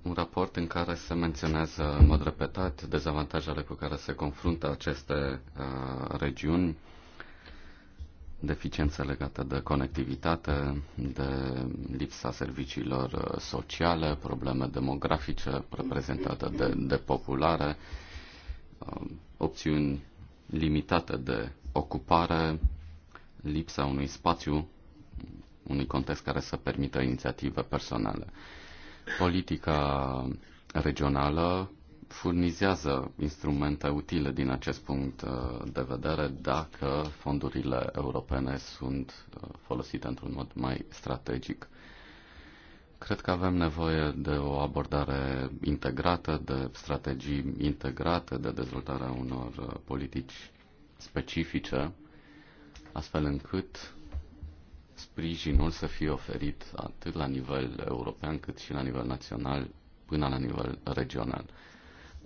Un raport în care se menționează în mod repetat dezavantajele cu care se confruntă aceste uh, regiuni, deficiențe legate de conectivitate, de lipsa serviciilor uh, sociale, probleme demografice reprezentate de, de populare, uh, opțiuni limitate de ocupare, lipsa unui spațiu, unui context care să permită inițiative personale. Politica regională furnizează instrumente utile din acest punct uh, de vedere dacă fondurile europene sunt uh, folosite într-un mod mai strategic. Cred că avem nevoie de o abordare integrată, de strategii integrate, de dezvoltarea unor uh, politici specifice, astfel încât sprijinul să fie oferit atât la nivel european cât și la nivel național până la nivel regional.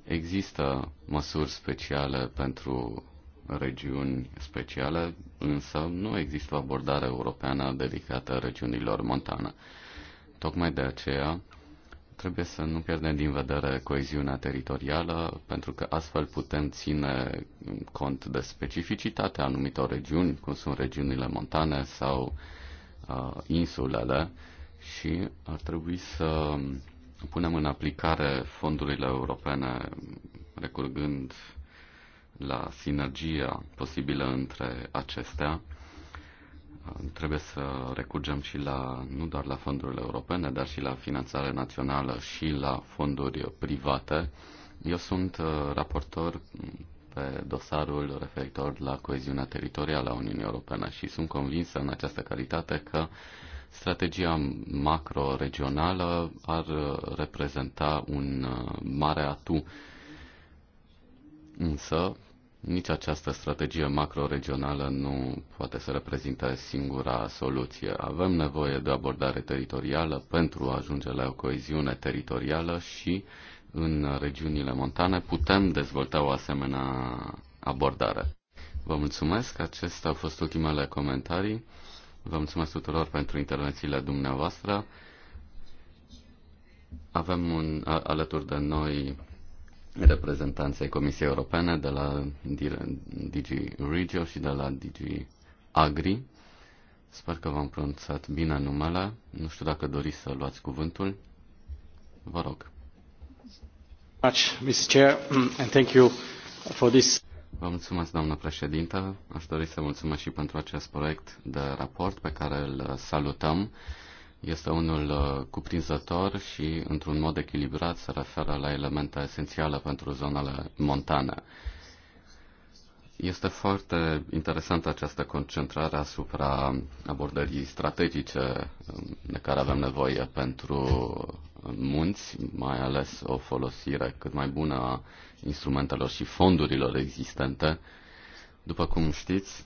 Există măsuri speciale pentru regiuni speciale, însă nu există o abordare europeană dedicată regiunilor montane. Tocmai de aceea trebuie să nu pierdem din vedere coeziunea teritorială, pentru că astfel putem ține cont de specificitatea anumitor regiuni, cum sunt regiunile montane sau uh, insulele, și ar trebui să punem în aplicare fondurile europene recurgând la sinergia posibilă între acestea, trebuie să recurgem și la, nu doar la fondurile europene, dar și la finanțare națională și la fonduri private. Eu sunt uh, raportor pe dosarul referitor la coeziunea teritorială a Uniunii Europene și sunt convinsă în această calitate că Strategia macro-regională ar reprezenta un uh, mare atu, însă nici această strategie macro-regională nu poate să reprezinte singura soluție. Avem nevoie de abordare teritorială pentru a ajunge la o coeziune teritorială și în regiunile montane putem dezvolta o asemenea abordare. Vă mulțumesc, acestea au fost ultimele comentarii. Vă mulțumesc tuturor pentru intervențiile dumneavoastră. Avem un, a, alături de noi reprezentanței Comisiei Europene de la DG Regio și de la DG Agri. Sper că v-am pronunțat bine numele. Nu știu dacă doriți să luați cuvântul. Vă rog. Much, Mr. Chair, and thank you for this. Vă mulțumesc, doamnă președintă. Aș dori să mulțumesc și pentru acest proiect de raport pe care îl salutăm. Este unul uh, cuprinzător și, într-un mod echilibrat, se referă la elemente esențiale pentru zonele montane. Este foarte interesantă această concentrare asupra abordării strategice um, de care avem nevoie pentru munți, mai ales o folosire cât mai bună a instrumentelor și fondurilor existente. După cum știți,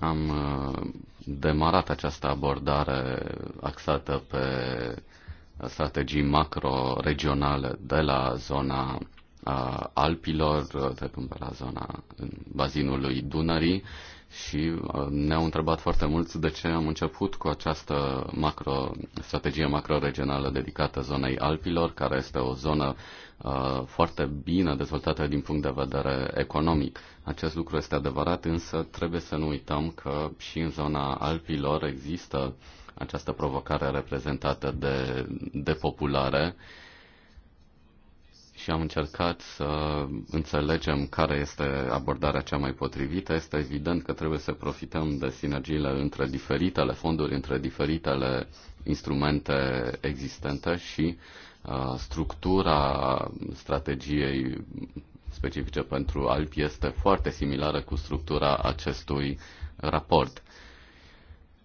am uh, demarat această abordare axată pe strategii macro-regionale de la zona uh, Alpilor, uh, trecând pe la zona în bazinului Dunării și uh, ne-au întrebat foarte mulți de ce am început cu această macro, strategie macro-regională dedicată zonei Alpilor, care este o zonă uh, foarte bine dezvoltată din punct de vedere economic. Acest lucru este adevărat, însă trebuie să nu uităm că și în zona Alpilor există această provocare reprezentată de depopulare, și am încercat să înțelegem care este abordarea cea mai potrivită. Este evident că trebuie să profităm de sinergiile între diferitele fonduri, între diferitele instrumente existente și uh, structura strategiei specifice pentru Alpi este foarte similară cu structura acestui raport. Uh,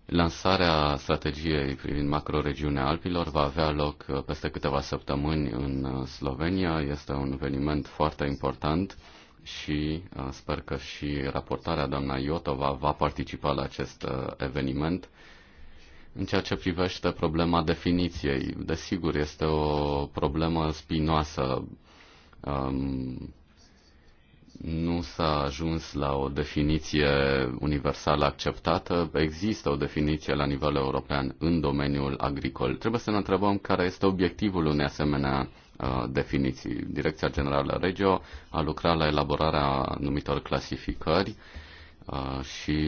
Lansarea strategiei privind macroregiunea Alpilor va avea loc uh, peste câteva săptămâni în uh, Slovenia. Este un eveniment foarte important și uh, sper că și raportarea doamna Iotova va participa la acest eveniment. În ceea ce privește problema definiției, desigur, este o problemă spinoasă. Um, nu s-a ajuns la o definiție universală acceptată. Există o definiție la nivel european în domeniul agricol. Trebuie să ne întrebăm care este obiectivul unei asemenea uh, definiții. Direcția Generală Regio a lucrat la elaborarea anumitor clasificări uh, și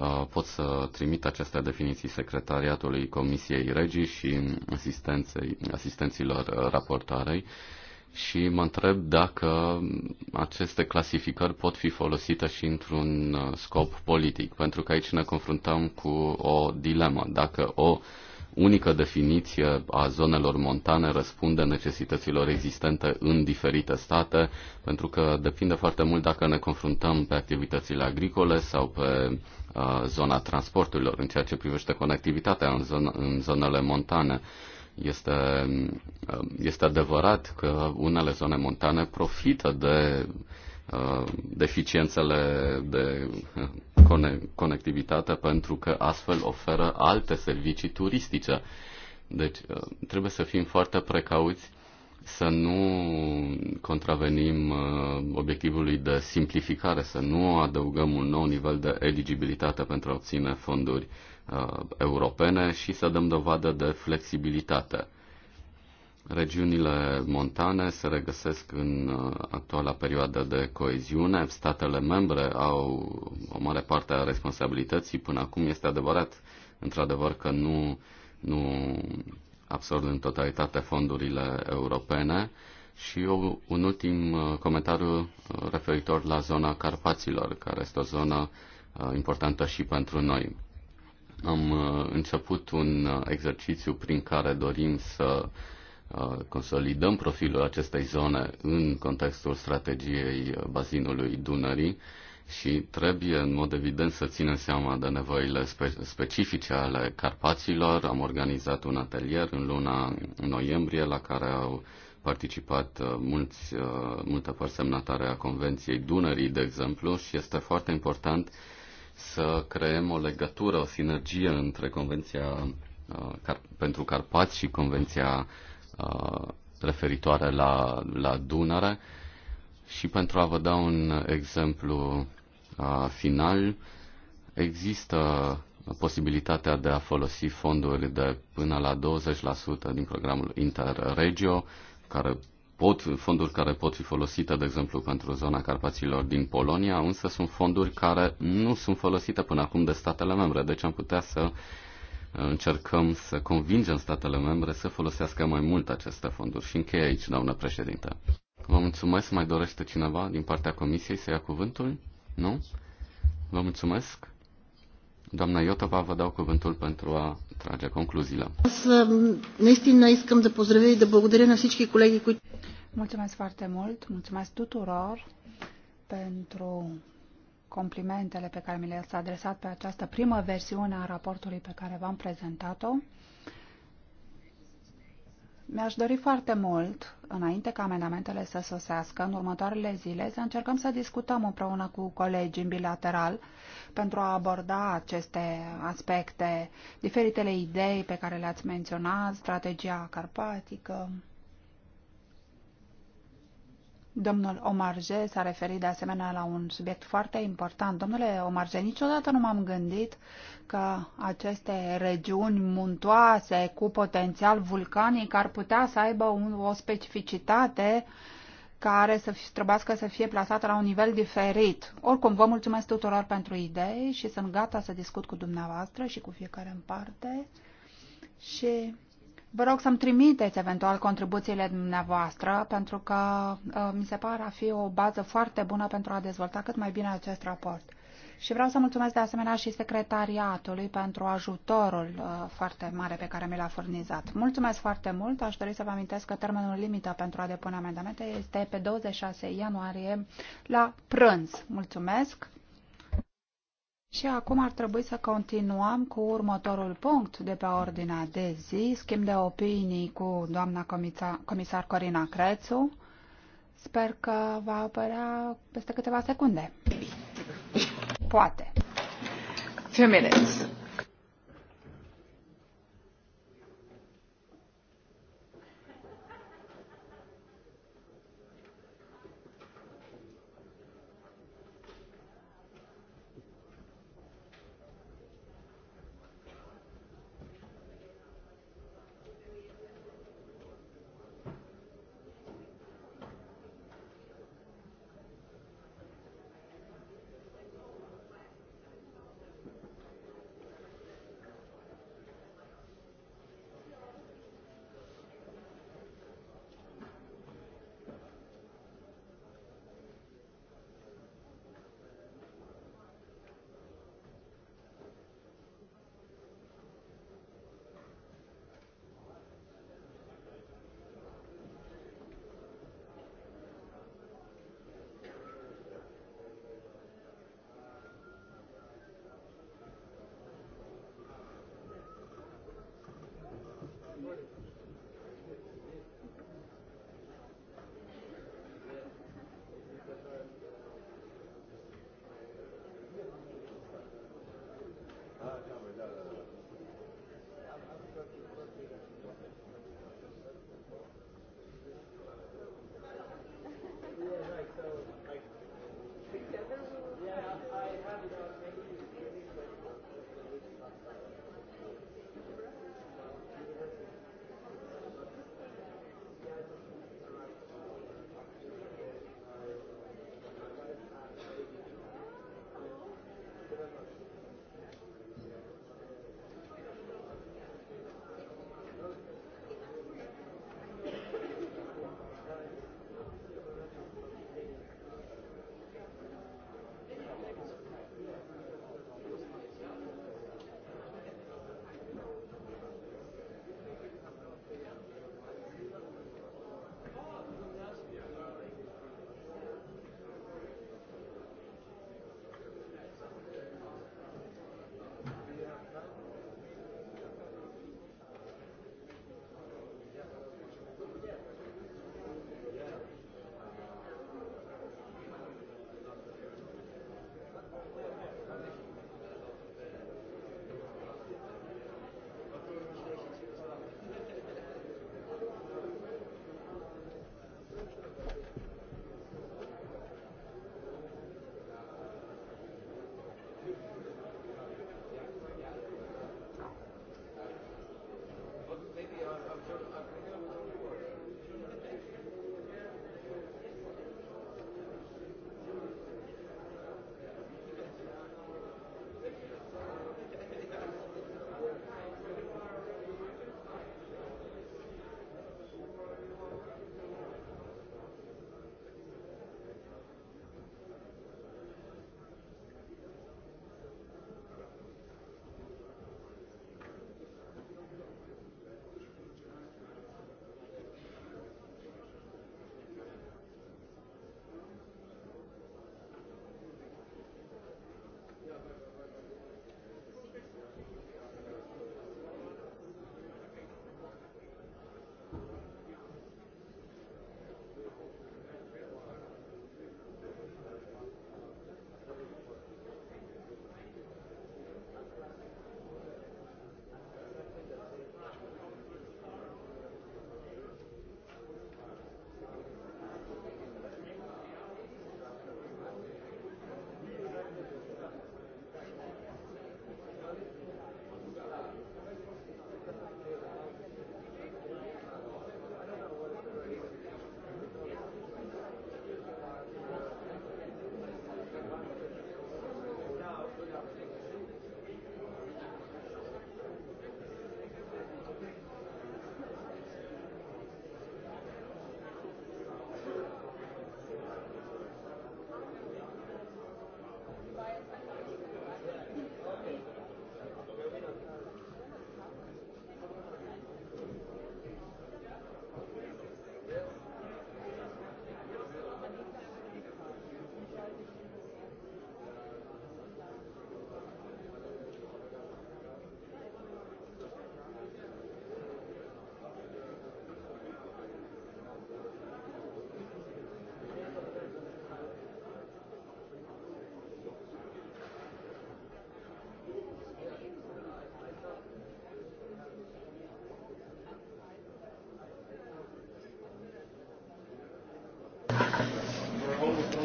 uh, pot să trimit aceste definiții secretariatului Comisiei Regii și asistenței, asistenților raportarei și mă întreb dacă aceste clasificări pot fi folosite și într-un uh, scop politic, pentru că aici ne confruntăm cu o dilemă. Dacă o unică definiție a zonelor montane răspunde necesităților existente în diferite state, pentru că depinde foarte mult dacă ne confruntăm pe activitățile agricole sau pe uh, zona transporturilor, în ceea ce privește conectivitatea în, zon- în zonele montane. Uh, este, este adevărat că unele zone montane profită de uh, deficiențele de uh, conectivitate pentru că astfel oferă alte servicii turistice. Deci uh, trebuie să fim foarte precauți să nu contravenim obiectivului de simplificare, să nu adăugăm un nou nivel de eligibilitate pentru a obține fonduri Uh, europene și să dăm dovadă de flexibilitate. Regiunile montane se regăsesc în uh, actuala perioadă de coeziune. Statele membre au o mare parte a responsabilității. Până acum este adevărat, într-adevăr, că nu, nu absorb în totalitate fondurile europene. Și eu, un ultim uh, comentariu referitor la zona Carpaților, care este o zonă importantă și pentru noi am uh, început un uh, exercițiu prin care dorim să uh, consolidăm profilul acestei zone în contextul strategiei bazinului Dunării și trebuie în mod evident să ținem seama de nevoile spe- specifice ale Carpaților. Am organizat un atelier în luna noiembrie la care au participat mulți, multe părți semnatare a Convenției Dunării, de exemplu, și este foarte important să creăm o legătură, o sinergie între Convenția uh, pentru Carpați și Convenția uh, referitoare la, la Dunăre. Și pentru a vă da un exemplu uh, final, există posibilitatea de a folosi fonduri de până la 20% din programul Interregio, care pot, fonduri care pot fi folosite, de exemplu, pentru zona Carpaților din Polonia, însă sunt fonduri care nu sunt folosite până acum de statele membre. Deci am putea să uh, încercăm să convingem statele membre să folosească mai mult aceste fonduri. Și încheie aici, doamnă președinte. Vă mulțumesc. Mai dorește cineva din partea Comisiei să ia cuvântul? Nu? Vă mulțumesc. Doamna Iotova, vă dau cuvântul pentru a trage concluziile. Наистина искам да поздравя и да благодаря на всички колеги, които... Mulțumesc foarte mult, mulțumesc tuturor pentru complimentele pe care mi le-ați adresat pe această primă versiune a raportului pe care v-am prezentat-o. Mi-aș dori foarte mult, înainte ca amendamentele să sosească, în următoarele zile, să încercăm să discutăm împreună cu colegii în bilateral pentru a aborda aceste aspecte, diferitele idei pe care le-ați menționat, strategia carpatică, Domnul Omarje s-a referit de asemenea la un subiect foarte important. Domnule Omarje, niciodată nu m-am gândit că aceste regiuni muntoase cu potențial vulcanic ar putea să aibă un, o specificitate care să trebuiască să fie plasată la un nivel diferit. Oricum, vă mulțumesc tuturor pentru idei și sunt gata să discut cu dumneavoastră și cu fiecare în parte. Și Vă rog să-mi trimiteți eventual contribuțiile dumneavoastră, pentru că uh, mi se pare a fi o bază foarte bună pentru a dezvolta cât mai bine acest raport. Și vreau să mulțumesc de asemenea și secretariatului pentru ajutorul uh, foarte mare pe care mi l-a furnizat. Mulțumesc foarte mult. Aș dori să vă amintesc că termenul limită pentru a depune amendamente este pe 26 ianuarie la prânz. Mulțumesc. Și acum ar trebui să continuăm cu următorul punct de pe ordinea de zi, schimb de opinii cu doamna comisar, comisar Corina Crețu. Sper că va apărea peste câteva secunde. Poate. Few minutes.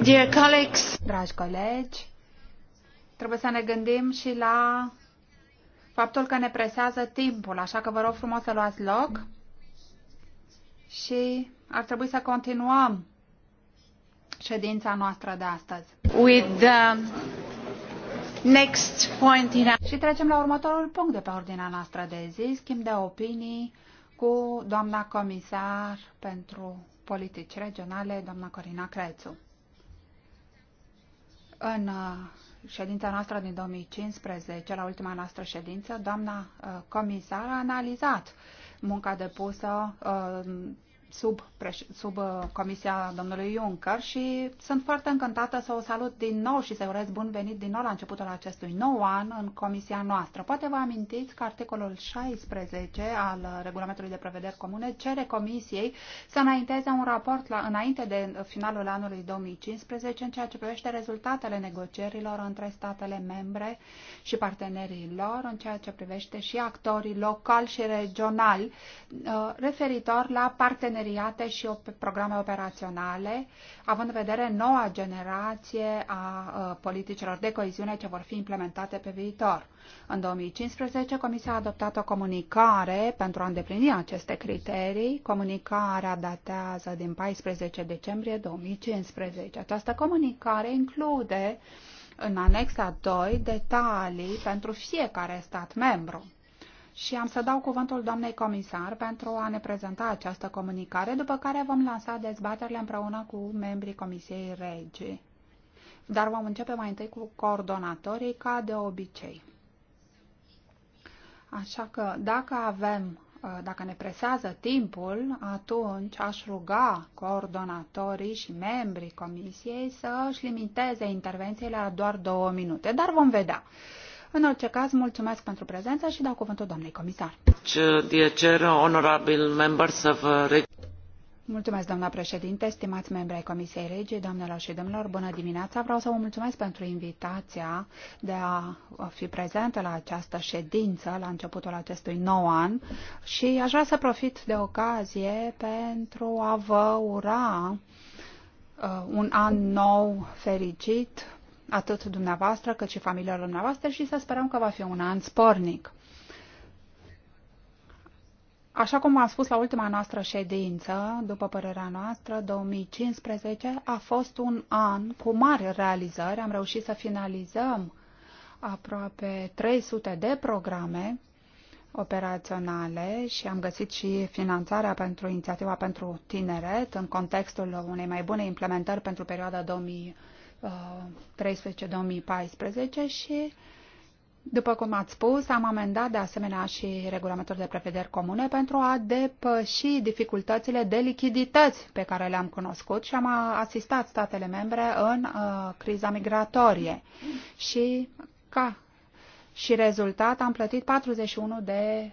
Dear colleagues, dragi colegi, trebuie să ne gândim și la faptul că ne presează timpul, așa că vă rog frumos să luați loc și ar trebui să continuăm ședința noastră de astăzi. With the next point in... Și trecem la următorul punct de pe ordinea noastră de zi, schimb de opinii cu doamna comisar pentru politici regionale, doamna Corina Crețu. În uh, ședința noastră din 2015, la ultima noastră ședință, doamna uh, comisar a analizat munca depusă uh, sub, sub uh, comisia domnului Juncker și sunt foarte încântată să o salut din nou și să urez bun venit din nou la începutul acestui nou an în comisia noastră. Poate vă amintiți că articolul 16 al regulamentului de prevederi comune cere comisiei să înainteze un raport la, înainte de finalul anului 2015 în ceea ce privește rezultatele negocierilor între statele membre și partenerii lor în ceea ce privește și actorii locali și regionali uh, referitor la parteneri parteneriate și programe operaționale, având în vedere noua generație a politicilor de coeziune ce vor fi implementate pe viitor. În 2015, Comisia a adoptat o comunicare pentru a îndeplini aceste criterii. Comunicarea datează din 14 decembrie 2015. Această comunicare include în anexa 2 detalii pentru fiecare stat membru și am să dau cuvântul doamnei comisar pentru a ne prezenta această comunicare, după care vom lansa dezbaterile împreună cu membrii Comisiei Regi. Dar vom începe mai întâi cu coordonatorii, ca de obicei. Așa că dacă avem, dacă ne presează timpul, atunci aș ruga coordonatorii și membrii comisiei să își limiteze intervențiile la doar două minute, dar vom vedea. În orice caz, mulțumesc pentru prezența și dau cuvântul doamnei comisar. Mulțumesc, doamna președinte, stimați membri ai Comisiei Regii, doamnelor și domnilor, bună dimineața! Vreau să vă mulțumesc pentru invitația de a fi prezentă la această ședință la începutul acestui nou an și aș vrea să profit de ocazie pentru a vă ura uh, un an nou fericit, atât dumneavoastră cât și familiilor dumneavoastră și să sperăm că va fi un an spornic. Așa cum am spus la ultima noastră ședință, după părerea noastră, 2015 a fost un an cu mari realizări. Am reușit să finalizăm aproape 300 de programe operaționale și am găsit și finanțarea pentru inițiativa pentru tineret în contextul unei mai bune implementări pentru perioada 2015 2013-2014 și, după cum ați spus, am amendat de asemenea și regulamentul de prevederi comune pentru a depăși dificultățile de lichidități pe care le-am cunoscut și am asistat statele membre în uh, criza migratorie. Și ca și rezultat am plătit 41 de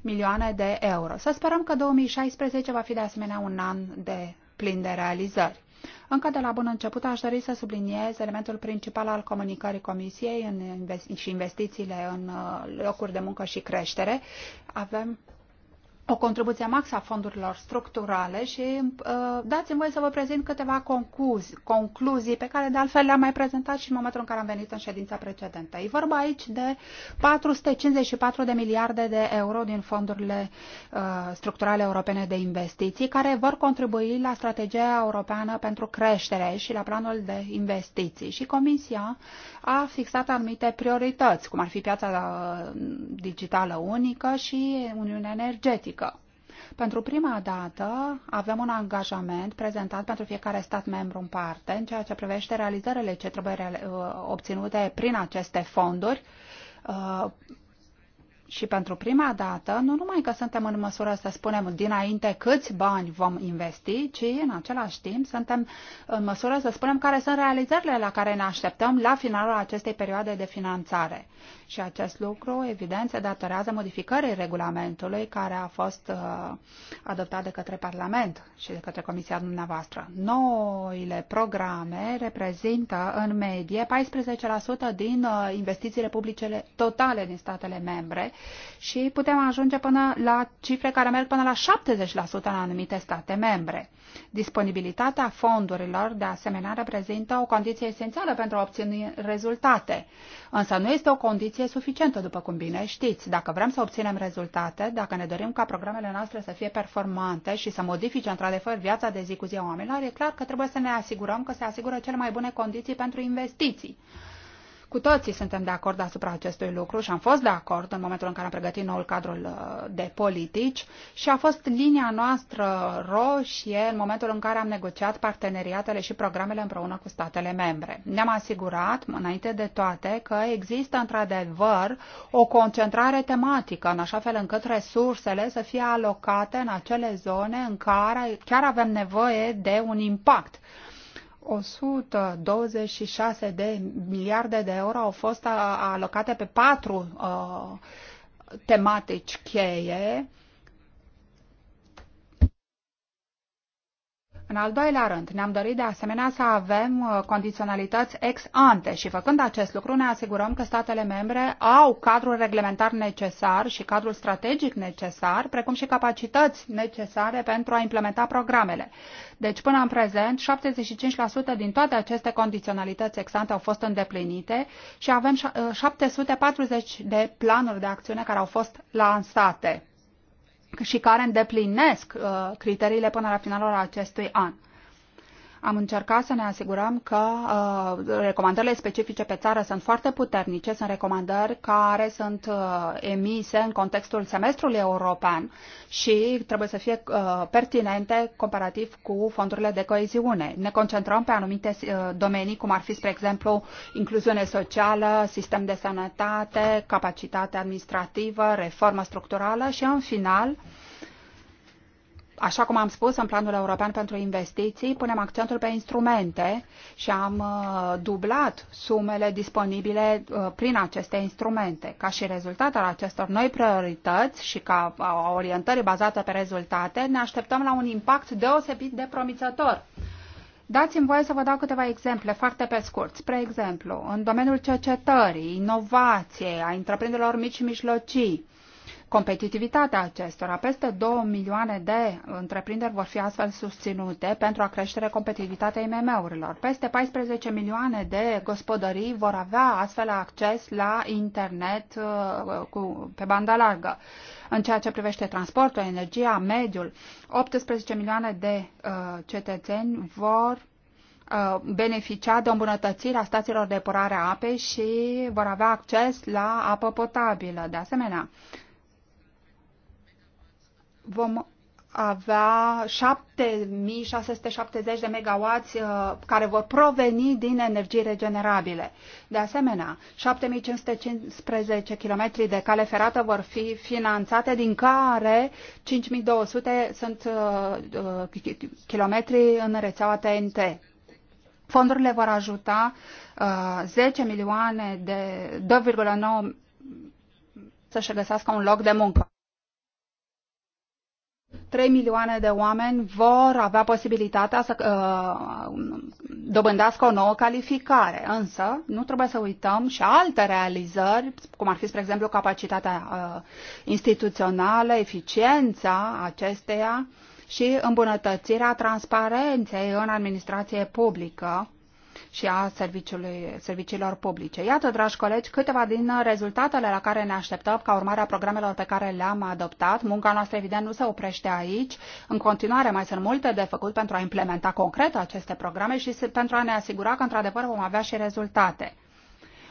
milioane de euro. Să sperăm că 2016 va fi de asemenea un an de plin de realizări. Încă de la bun început aș dori să subliniez elementul principal al comunicării Comisiei în și investițiile în uh, locuri de muncă și creștere. Avem o contribuție maxă a fondurilor structurale și uh, dați-mi voie să vă prezint câteva concluzii, concluzii pe care de altfel le-am mai prezentat și în momentul în care am venit în ședința precedentă. E vorba aici de 454 de miliarde de euro din fondurile uh, structurale europene de investiții care vor contribui la strategia europeană pentru creștere și la planul de investiții. Și Comisia a fixat anumite priorități, cum ar fi piața uh, digitală unică și Uniunea Energetică publică. Pentru prima dată avem un angajament prezentat pentru fiecare stat membru în parte în ceea ce privește realizările ce trebuie obținute prin aceste fonduri uh, și pentru prima dată, nu numai că suntem în măsură să spunem dinainte câți bani vom investi, ci în același timp suntem în măsură să spunem care sunt realizările la care ne așteptăm la finalul acestei perioade de finanțare. Și acest lucru, evident, se datorează modificării regulamentului care a fost uh, adoptat de către Parlament și de către Comisia dumneavoastră. Noile programe reprezintă în medie 14% din uh, investițiile publice totale din statele membre și putem ajunge până la cifre care merg până la 70% în anumite state membre. Disponibilitatea fondurilor, de asemenea, reprezintă o condiție esențială pentru a obține rezultate, însă nu este o condiție suficientă, după cum bine știți. Dacă vrem să obținem rezultate, dacă ne dorim ca programele noastre să fie performante și să modifice într-adevăr viața de zi cu zi a oamenilor, e clar că trebuie să ne asigurăm că se asigură cele mai bune condiții pentru investiții. Cu toții suntem de acord asupra acestui lucru și am fost de acord în momentul în care am pregătit noul cadru uh, de politici și a fost linia noastră roșie în momentul în care am negociat parteneriatele și programele împreună cu statele membre. Ne-am asigurat, înainte de toate, că există într-adevăr o concentrare tematică, în așa fel încât resursele să fie alocate în acele zone în care chiar avem nevoie de un impact 126 de miliarde de euro au fost alocate pe patru uh, tematici cheie În al doilea rând, ne-am dorit de asemenea să avem uh, condiționalități ex ante și făcând acest lucru ne asigurăm că statele membre au cadrul reglementar necesar și cadrul strategic necesar, precum și capacități necesare pentru a implementa programele. Deci, până în prezent, 75% din toate aceste condiționalități ex ante au fost îndeplinite și avem 740 uh, de planuri de acțiune care au fost lansate și care îndeplinesc uh, criteriile până la finalul acestui an am încercat să ne asigurăm că uh, recomandările specifice pe țară sunt foarte puternice, sunt recomandări care sunt uh, emise în contextul semestrului european și trebuie să fie uh, pertinente comparativ cu fondurile de coeziune. Ne concentrăm pe anumite uh, domenii, cum ar fi, spre exemplu, incluziune socială, sistem de sănătate, capacitate administrativă, reformă structurală și, în final, uh, Așa cum am spus, în planul european pentru investiții punem accentul pe instrumente și am uh, dublat sumele disponibile uh, prin aceste instrumente. Ca și rezultat al acestor noi priorități și ca uh, orientări bazate pe rezultate, ne așteptăm la un impact deosebit de promițător. Dați-mi voie să vă dau câteva exemple foarte pe scurt. Spre exemplu, în domeniul cercetării, inovației, a întreprinderilor mici și mijlocii, competitivitatea acestora. Peste 2 milioane de întreprinderi vor fi astfel susținute pentru a crește competitivitatea IMM-urilor. Peste 14 milioane de gospodării vor avea astfel acces la internet uh, cu, pe banda largă. În ceea ce privește transportul, energia, mediul, 18 milioane de uh, cetățeni vor uh, beneficia de îmbunătățirea stațiilor de epurare a apei și vor avea acces la apă potabilă. De asemenea, vom avea 7670 de megawați uh, care vor proveni din energii regenerabile. De asemenea, 7515 km de cale ferată vor fi finanțate, din care 5200 sunt uh, uh, kilometri în rețeaua TNT. Fondurile vor ajuta 10 milioane de 2,9 să-și găsească un loc de muncă. 3 milioane de oameni vor avea posibilitatea să uh, dobândească o nouă calificare. Însă, nu trebuie să uităm și alte realizări, cum ar fi, spre exemplu, capacitatea uh, instituțională, eficiența acesteia și îmbunătățirea transparenței în administrație publică și a serviciilor publice. Iată, dragi colegi, câteva din rezultatele la care ne așteptăm ca urmare a programelor pe care le-am adoptat. Munca noastră, evident, nu se oprește aici. În continuare, mai sunt multe de făcut pentru a implementa concret aceste programe și pentru a ne asigura că, într-adevăr, vom avea și rezultate.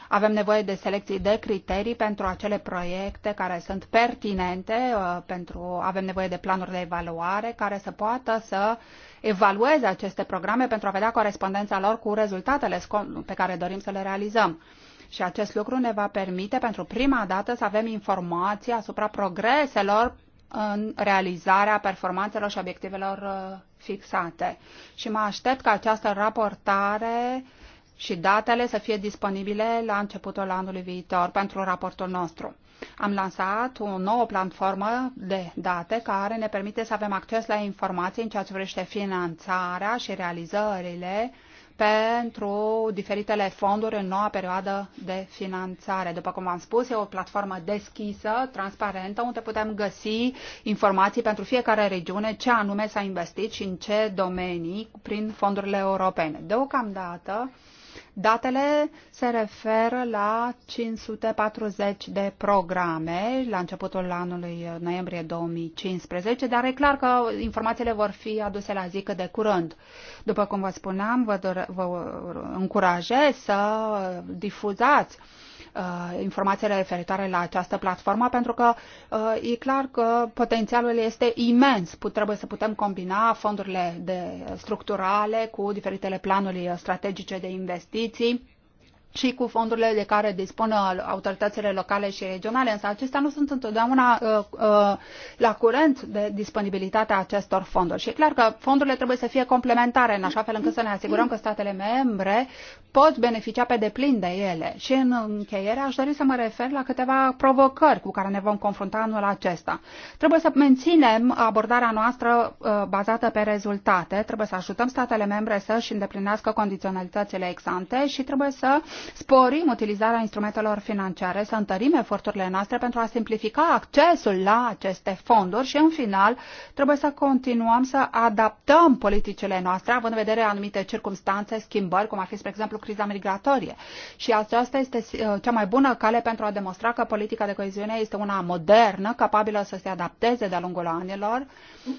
Avem nevoie de selecții de criterii pentru acele proiecte care sunt pertinente, uh, pentru, avem nevoie de planuri de evaluare care să poată să evalueze aceste programe pentru a vedea corespondența lor cu rezultatele pe care dorim să le realizăm și acest lucru ne va permite pentru prima dată să avem informații asupra progreselor în realizarea performanțelor și obiectivelor uh, fixate. Și mă aștept ca această raportare uh, și datele să fie disponibile la începutul anului viitor pentru raportul nostru. Am lansat o nouă platformă de date care ne permite să avem acces la informații în ceea ce privește finanțarea și realizările pentru diferitele fonduri în noua perioadă de finanțare. După cum am spus, e o platformă deschisă, transparentă, unde putem găsi informații pentru fiecare regiune, ce anume s-a investit și în ce domenii prin fondurile europene. Deocamdată, Datele se referă la 540 de programe la începutul anului noiembrie 2015, dar e clar că informațiile vor fi aduse la zi cât de curând. După cum vă spuneam, vă, dore, vă încurajez să difuzați uh, Uh, informațiile referitoare la această platformă, pentru că uh, e clar că potențialul este imens. trebuie să putem combina fondurile de structurale cu diferitele planuri strategice de investiții și cu fondurile de care dispun uh, autoritățile locale și regionale, însă acestea nu sunt întotdeauna uh, uh, la curent de disponibilitatea acestor fonduri. Și e clar că fondurile trebuie să fie complementare, în așa fel încât să ne asigurăm că statele membre pot beneficia pe deplin de ele. Și în încheiere aș dori să mă refer la câteva provocări cu care ne vom confrunta anul acesta. Trebuie să menținem abordarea noastră uh, bazată pe rezultate, trebuie să ajutăm statele membre să își îndeplinească condiționalitățile exante și trebuie să sporim utilizarea instrumentelor financiare, să întărim eforturile noastre pentru a simplifica accesul la aceste fonduri și, în final, trebuie să continuăm să adaptăm politicile noastre, având în vedere anumite circunstanțe, schimbări, cum ar fi, spre exemplu, criza migratorie. Și aceasta este uh, cea mai bună cale pentru a demonstra că politica de coeziune este una modernă, capabilă să se adapteze de-a lungul anilor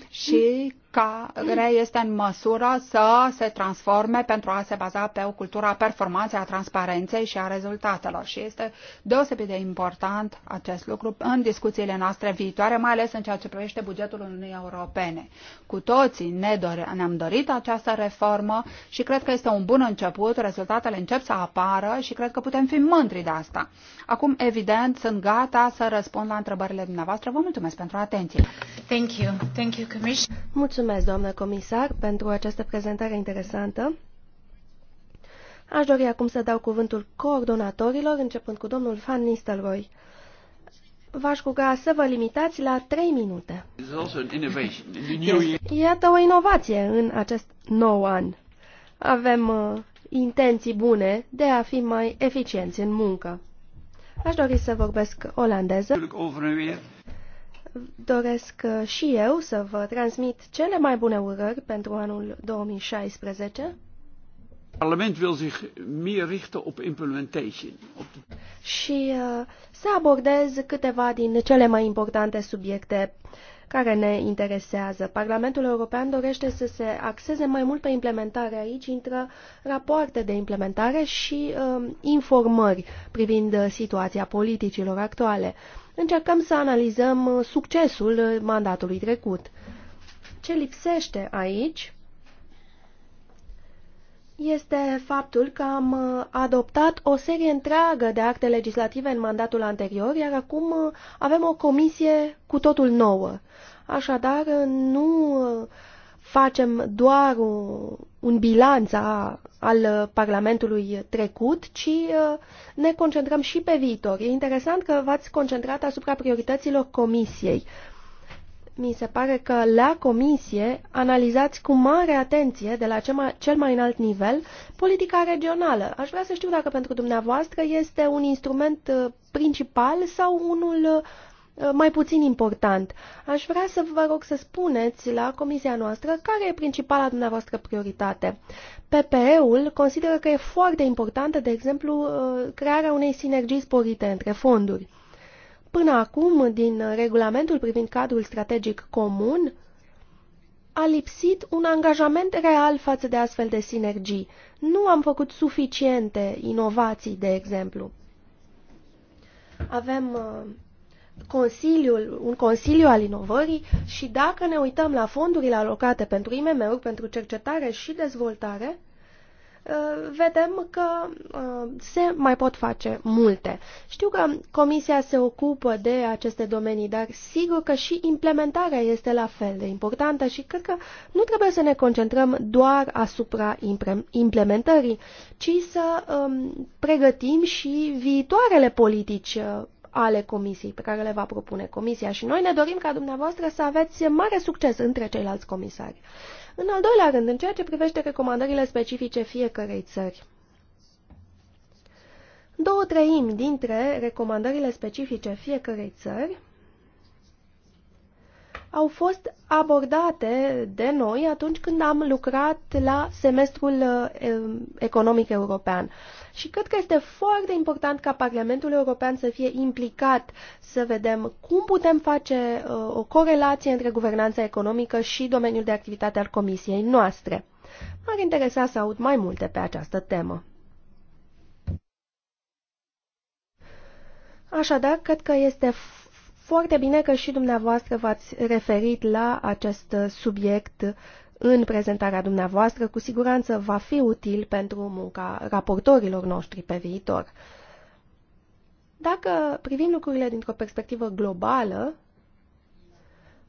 și care este în măsură să se transforme pentru a se baza pe o cultură a performanței, a transparenței și a rezultatelor. Și este deosebit de important acest lucru în discuțiile noastre viitoare, mai ales în ceea ce privește bugetul Uniunii Europene. Cu toții ne dore, ne-am dorit această reformă și cred că este un bun început, rezultatele încep să apară și cred că putem fi mândri de asta. Acum, evident, sunt gata să răspund la întrebările dumneavoastră. Vă mulțumesc pentru atenție. Thank you. Thank you, Commission. Mulțumesc. Mulțumesc, doamnă comisar, pentru această prezentare interesantă. Aș dori acum să dau cuvântul coordonatorilor, începând cu domnul Van Nistelrooy. V-aș ruga să vă limitați la 3 minute. Iată o inovație în acest nou an. Avem uh, intenții bune de a fi mai eficienți în muncă. Aș dori să vorbesc olandeză doresc uh, și eu să vă transmit cele mai bune urări pentru anul 2016. Parlament wil zich meer richten op implementation. Op de... Și uh, să abordez câteva din cele mai importante subiecte uh, care ne interesează. Parlamentul European dorește să se axeze mai mult pe implementare. Aici intră rapoarte de implementare și uh, informări privind uh, situația politicilor actuale. Încercăm să analizăm uh, succesul uh, mandatului trecut. Ce lipsește aici este faptul că am uh, adoptat o serie întreagă de acte legislative în mandatul anterior, iar acum uh, avem o comisie cu totul nouă. Așadar, uh, nu facem doar un bilanț al Parlamentului trecut, ci ne concentrăm și pe viitor. E interesant că v-ați concentrat asupra priorităților comisiei. Mi se pare că la comisie analizați cu mare atenție, de la cel mai înalt nivel, politica regională. Aș vrea să știu dacă pentru dumneavoastră este un instrument uh, principal sau unul uh, mai puțin important. Aș vrea să vă rog să spuneți la comisia noastră care e principala dumneavoastră prioritate. PPE-ul consideră că e foarte importantă, de exemplu, uh, crearea unei sinergii sporite între fonduri. Până acum, din regulamentul privind cadrul strategic comun, a lipsit un angajament real față de astfel de sinergii. Nu am făcut suficiente inovații, de exemplu. Avem uh, consiliul, un consiliu al inovării și dacă ne uităm la fondurile alocate pentru IMM-uri, pentru cercetare și dezvoltare, Uh, vedem că uh, se mai pot face multe. Știu că Comisia se ocupă de aceste domenii, dar sigur că și implementarea este la fel de importantă și cred că nu trebuie să ne concentrăm doar asupra implementării, ci să um, pregătim și viitoarele politici uh, ale comisiei pe care le va propune comisia și noi ne dorim ca dumneavoastră să aveți mare succes între ceilalți comisari. În al doilea rând, în ceea ce privește recomandările specifice fiecărei țări. Două treimi dintre recomandările specifice fiecărei țări au fost abordate de noi atunci când am lucrat la semestrul uh, economic european. Și cred că este foarte important ca Parlamentul European să fie implicat, să vedem cum putem face uh, o corelație între guvernanța economică și domeniul de activitate al Comisiei noastre. M-ar interesa să aud mai multe pe această temă. Așadar, cred că este foarte bine că și dumneavoastră v-ați referit la acest subiect în prezentarea dumneavoastră. Cu siguranță va fi util pentru munca raportorilor noștri pe viitor. Dacă privim lucrurile dintr-o perspectivă globală,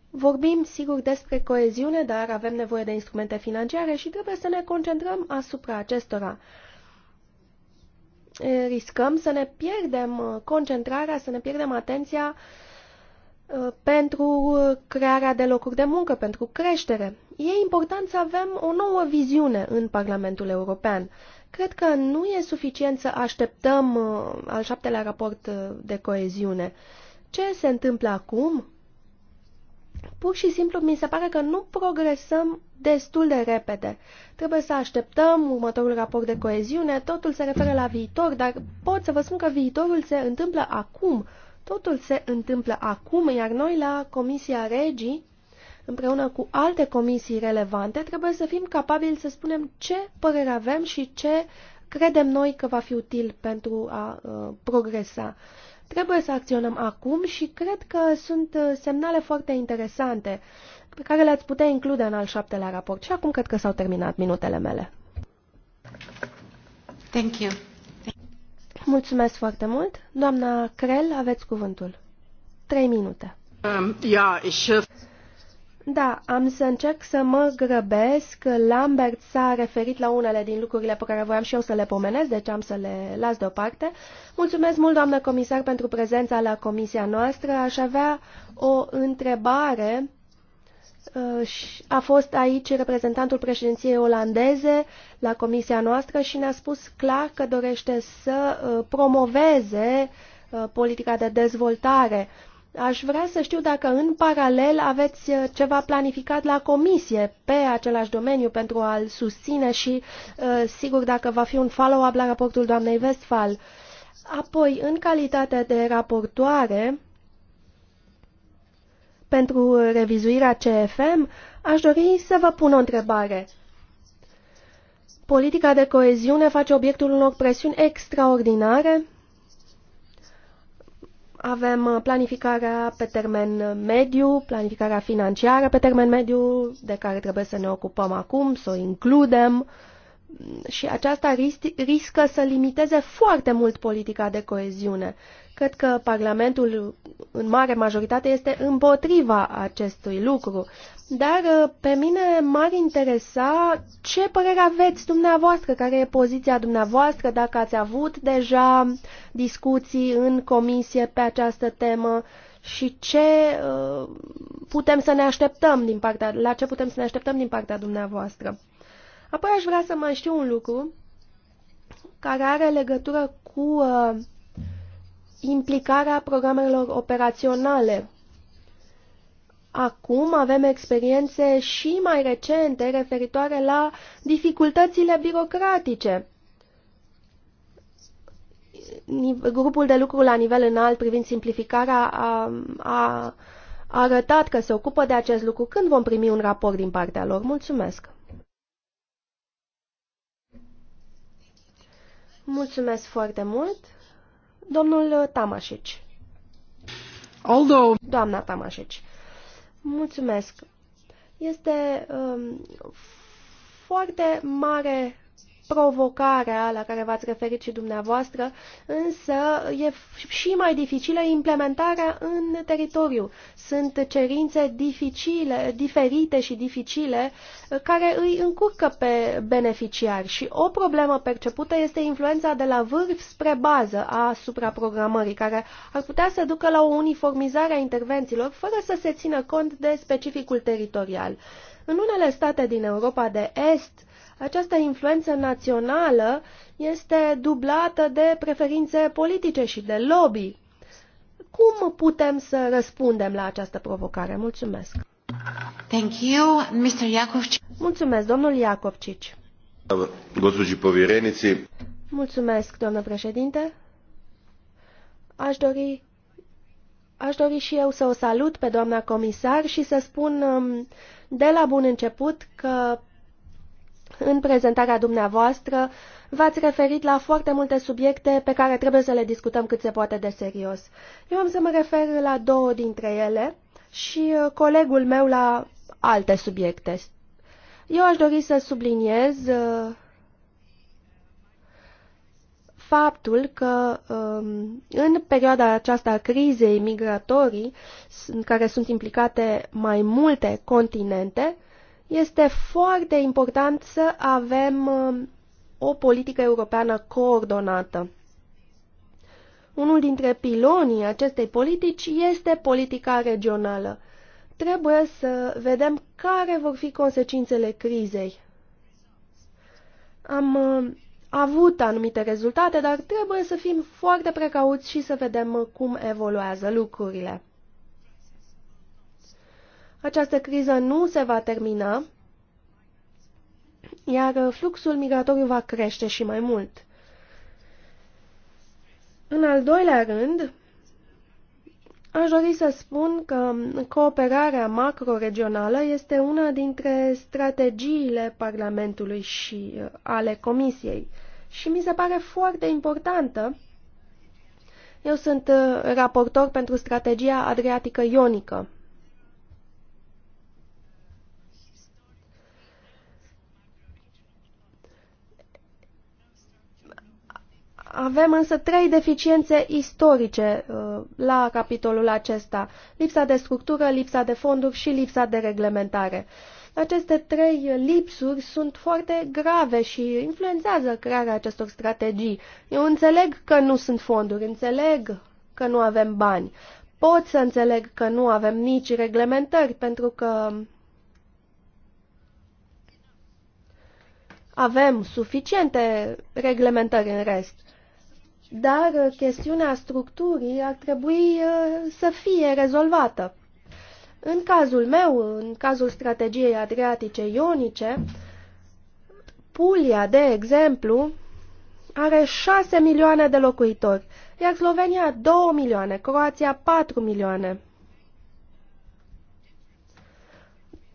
vorbim sigur despre coeziune, dar avem nevoie de instrumente financiare și trebuie să ne concentrăm asupra acestora riscăm să ne pierdem concentrarea, să ne pierdem atenția Uh, pentru uh, crearea de locuri de muncă, pentru creștere. E important să avem o nouă viziune în Parlamentul European. Cred că nu e suficient să așteptăm uh, al șaptelea raport de coeziune. Ce se întâmplă acum? Pur și simplu mi se pare că nu progresăm destul de repede. Trebuie să așteptăm următorul raport de coeziune, totul se referă la viitor, dar pot să vă spun că viitorul se întâmplă acum Totul se întâmplă acum, iar noi la Comisia Regii, împreună cu alte comisii relevante, trebuie să fim capabili să spunem ce părere avem și ce credem noi că va fi util pentru a uh, progresa. Trebuie să acționăm acum și cred că sunt uh, semnale foarte interesante pe care le-ați putea include în al șaptelea raport. Și acum cred că s-au terminat minutele mele. Thank you. Mulțumesc foarte mult. Doamna Crel, aveți cuvântul. Trei minute. Um, yeah, Da, am să încerc să mă grăbesc. Lambert s-a referit la unele din lucrurile pe care voiam și eu să le pomenesc, deci am să le las deoparte. Mulțumesc mult, doamnă comisar, pentru prezența la comisia noastră. Aș avea o întrebare Uh, a fost aici reprezentantul președinției olandeze la comisia noastră și ne-a spus clar că dorește să uh, promoveze uh, politica de dezvoltare. Aș vrea să știu dacă în paralel aveți ceva planificat la comisie pe același domeniu pentru a-l susține și, sigur, dacă va fi un follow-up la raportul doamnei Westphal. Apoi, în calitate de raportoare, pentru revizuirea CFM, aș dori să vă pun o întrebare. Politica de coeziune face obiectul unor presiuni extraordinare. Avem planificarea pe termen mediu, planificarea financiară pe termen mediu, de care trebuie să ne ocupăm acum, să o includem și aceasta ris riscă să limiteze foarte mult politica de coeziune. Cred că Parlamentul, în mare majoritate, este împotriva acestui lucru. Dar uh, pe mine m-ar interesa ce părere aveți dumneavoastră, care e poziția dumneavoastră, dacă ați avut deja discuții în comisie pe această temă și ce uh, putem să ne așteptăm din partea, la ce putem să ne așteptăm din partea dumneavoastră. Apoi aș vrea să mai știu un lucru care are legătură cu uh, implicarea programelor operaționale. Acum avem experiențe și mai recente referitoare la dificultățile birocratice. Grupul de lucru la nivel înalt privind simplificarea a, a arătat că se ocupă de acest lucru. Când vom primi un raport din partea lor? Mulțumesc! Mulțumesc foarte mult. Domnul Tamașici. Although... Doamna Tamașici. Mulțumesc. Este um, foarte mare provocarea la care v-ați referit și dumneavoastră, însă e și mai dificilă implementarea în teritoriu. Sunt cerințe dificile, diferite și dificile care îi încurcă pe beneficiari și o problemă percepută este influența de la vârf spre bază a supraprogramării, care ar putea să ducă la o uniformizare a intervențiilor fără să se țină cont de specificul teritorial. În unele state din Europa de Est, această influență națională este dublată de preferințe politice și de lobby. Cum putem să răspundem la această provocare? Mulțumesc! Thank you, Mr. Mulțumesc, domnul Iacovcic. Mulțumesc, domnul președinte. Aș dori, aș dori și eu să o salut pe doamna comisar și să spun um, de la bun început că în prezentarea dumneavoastră v-ați referit la foarte multe subiecte pe care trebuie să le discutăm cât se poate de serios. Eu am să mă refer la două dintre ele și uh, colegul meu la alte subiecte. Eu aș dori să subliniez uh, faptul că um, în perioada aceasta a crizei migratorii, în care sunt implicate mai multe continente, este foarte important să avem uh, o politică europeană coordonată. Unul dintre pilonii acestei politici este politica regională. Trebuie să vedem care vor fi consecințele crizei. Am uh, avut anumite rezultate, dar trebuie să fim foarte precauți și să vedem uh, cum evoluează lucrurile. Această criză nu se va termina, iar fluxul migratoriu va crește și mai mult. În al doilea rând, aș dori să spun că cooperarea macroregională este una dintre strategiile Parlamentului și uh, ale Comisiei și mi se pare foarte importantă. Eu sunt uh, raportor pentru strategia Adriatică Ionică Avem însă trei deficiențe istorice uh, la capitolul acesta. Lipsa de structură, lipsa de fonduri și lipsa de reglementare. Aceste trei lipsuri sunt foarte grave și influențează crearea acestor strategii. Eu înțeleg că nu sunt fonduri, înțeleg că nu avem bani. Pot să înțeleg că nu avem nici reglementări, pentru că avem suficiente reglementări în rest dar uh, chestiunea structurii ar trebui uh, să fie rezolvată. În cazul meu, în cazul strategiei adriatice ionice, Pulia, de exemplu, are 6 milioane de locuitori, iar Slovenia 2 milioane, Croația 4 milioane.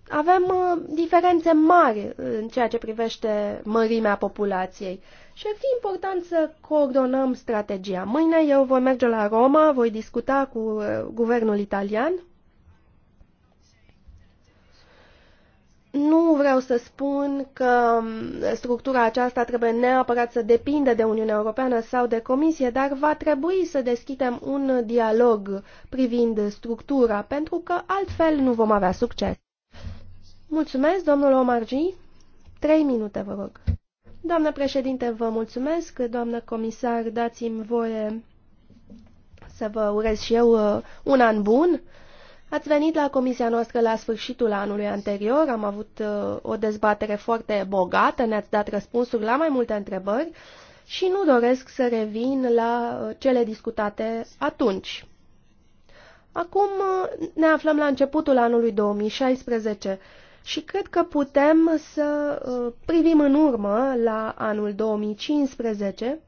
Avem uh, diferențe mari în ceea ce privește mărimea populației. Și ar fi important să coordonăm strategia. Mâine eu voi merge la Roma, voi discuta cu uh, guvernul italian. Nu vreau să spun că um, structura aceasta trebuie neapărat să depindă de Uniunea Europeană sau de Comisie, dar va trebui să deschidem un dialog privind structura, pentru că altfel nu vom avea succes. Mulțumesc, domnul Omargi. Trei minute, vă rog. Doamnă președinte, vă mulțumesc. Doamnă comisar, dați-mi voie să vă urez și eu uh, un an bun. Ați venit la comisia noastră la sfârșitul anului anterior, am avut uh, o dezbatere foarte bogată, ne-ați dat răspunsuri la mai multe întrebări și nu doresc să revin la uh, cele discutate atunci. Acum ne aflăm la începutul anului 2016 și cred că putem să uh, privim în urmă la anul 2015,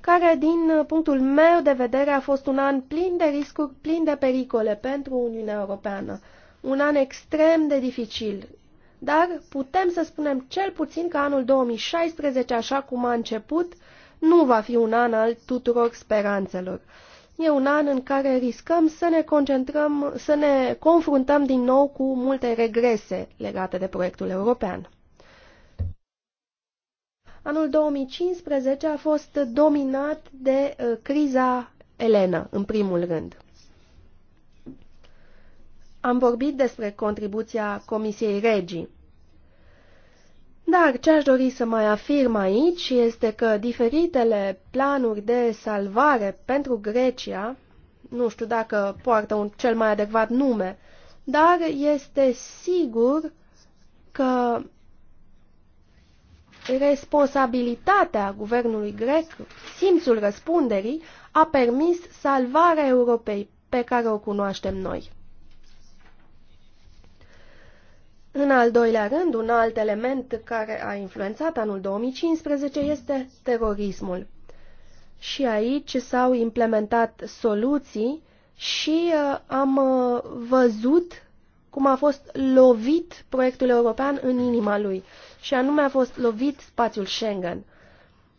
care, din punctul meu de vedere, a fost un an plin de riscuri, plin de pericole pentru Uniunea Europeană. Un an extrem de dificil. Dar putem să spunem cel puțin că anul 2016, așa cum a început, nu va fi un an al tuturor speranțelor. E un an în care riscăm să ne concentrăm, să ne confruntăm din nou cu multe regrese legate de proiectul european. Anul 2015 a fost dominat de uh, criza elena, în primul rând. Am vorbit despre contribuția Comisiei Regii dar ce aș dori să mai afirm aici este că diferitele planuri de salvare pentru Grecia, nu știu dacă poartă un cel mai adecvat nume, dar este sigur că responsabilitatea guvernului grec, simțul răspunderii, a permis salvarea Europei pe care o cunoaștem noi. În al doilea rând, un alt element care a influențat anul 2015 este terorismul. Și aici s-au implementat soluții și uh, am uh, văzut cum a fost lovit proiectul european în inima lui, și anume a fost lovit spațiul Schengen.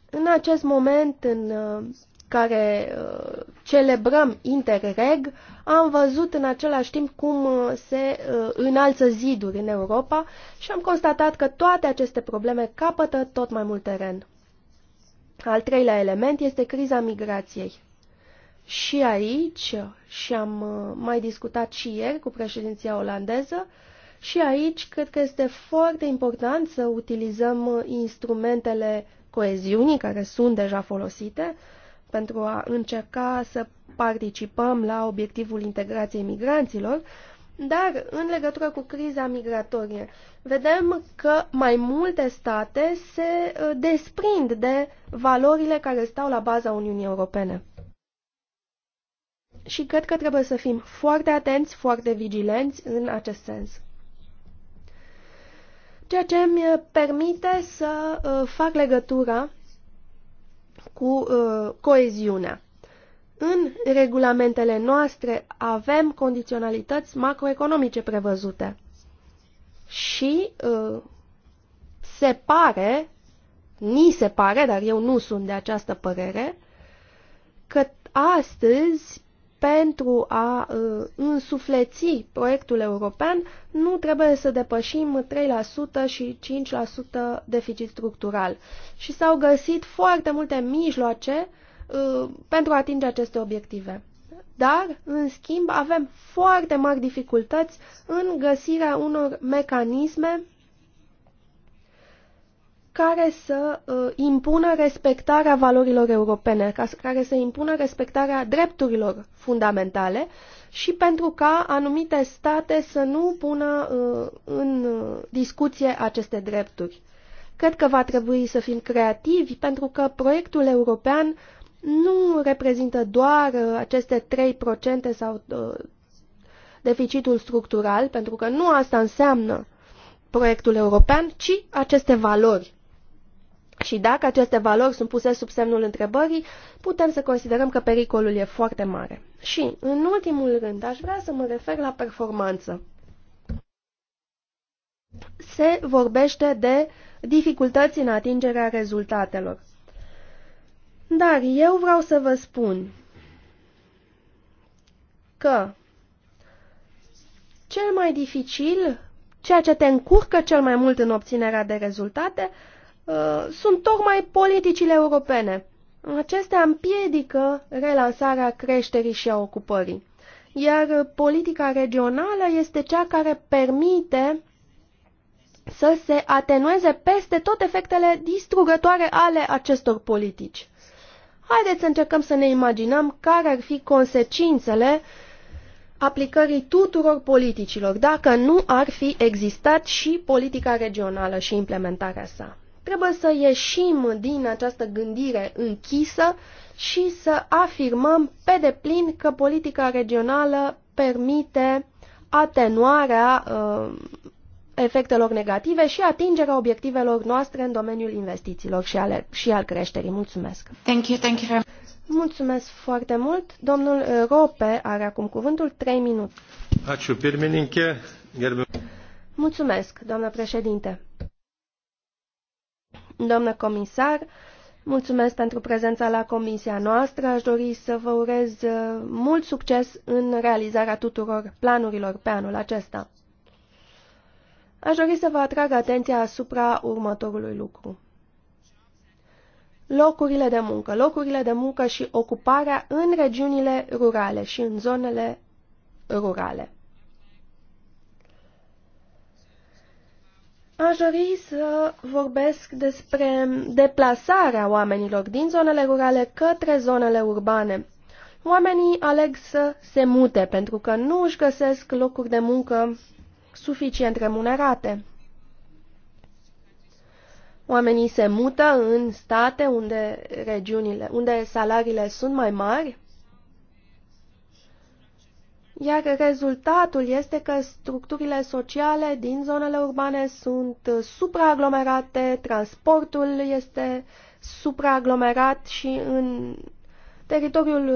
În acest moment, în uh, care uh, celebrăm Interreg, am văzut în același timp cum uh, se uh, înalță ziduri în Europa și am constatat că toate aceste probleme capătă tot mai mult teren. Al treilea element este criza migrației. Și aici, și am mai discutat și ieri cu președinția olandeză, și aici cred că este foarte important să utilizăm instrumentele coeziunii care sunt deja folosite, pentru a încerca să participăm la obiectivul integrației migranților, dar în legătură cu criza migratorie, vedem că mai multe state se uh, desprind de valorile care stau la baza Uniunii Europene. Și cred că trebuie să fim foarte atenți, foarte vigilenți în acest sens. Ceea ce îmi permite să uh, fac legătura cu uh, coeziunea. În regulamentele noastre avem condiționalități macroeconomice prevăzute și uh, se pare, ni se pare, dar eu nu sunt de această părere, că astăzi pentru a ă, însufleți proiectul european, nu trebuie să depășim 3% și 5% deficit structural. Și s-au găsit foarte multe mijloace ă, pentru a atinge aceste obiective. Dar, în schimb, avem foarte mari dificultăți în găsirea unor mecanisme care să uh, impună respectarea valorilor europene, ca, care să impună respectarea drepturilor fundamentale și pentru ca anumite state să nu pună uh, în discuție aceste drepturi. Cred că va trebui să fim creativi pentru că proiectul european nu reprezintă doar uh, aceste 3% sau uh, deficitul structural, pentru că nu asta înseamnă proiectul european, ci aceste valori. Și dacă aceste valori sunt puse sub semnul întrebării, putem să considerăm că pericolul e foarte mare. Și, în ultimul rând, aș vrea să mă refer la performanță. Se vorbește de dificultăți în atingerea rezultatelor. Dar eu vreau să vă spun că cel mai dificil, ceea ce te încurcă cel mai mult în obținerea de rezultate, Uh, sunt tocmai politicile europene. Acestea împiedică relansarea creșterii și a ocupării. Iar politica regională este cea care permite să se atenueze peste tot efectele distrugătoare ale acestor politici. Haideți să încercăm să ne imaginăm care ar fi consecințele aplicării tuturor politicilor, dacă nu ar fi existat și politica regională și implementarea sa. Trebuie să ieșim din această gândire închisă și să afirmăm pe deplin că politica regională permite atenuarea uh, efectelor negative și atingerea obiectivelor noastre în domeniul investițiilor și, ale, și al creșterii. Mulțumesc! Thank you, thank you very much. Mulțumesc foarte mult! Domnul uh, Rope are acum cuvântul 3 minute. Mulțumesc, doamnă președinte! Doamnă comisar, mulțumesc pentru prezența la comisia noastră. Aș dori să vă urez uh, mult succes în realizarea tuturor planurilor pe anul acesta. Aș dori să vă atrag atenția asupra următorului lucru. Locurile de muncă, locurile de muncă și ocuparea în regiunile rurale și în zonele rurale. Aș dori să vorbesc despre deplasarea oamenilor din zonele rurale către zonele urbane. Oamenii aleg să se mute pentru că nu își găsesc locuri de muncă suficient remunerate. Oamenii se mută în state unde regiunile, unde salariile sunt mai mari iar rezultatul este că structurile sociale din zonele urbane sunt supraaglomerate, transportul este supraaglomerat și în teritoriul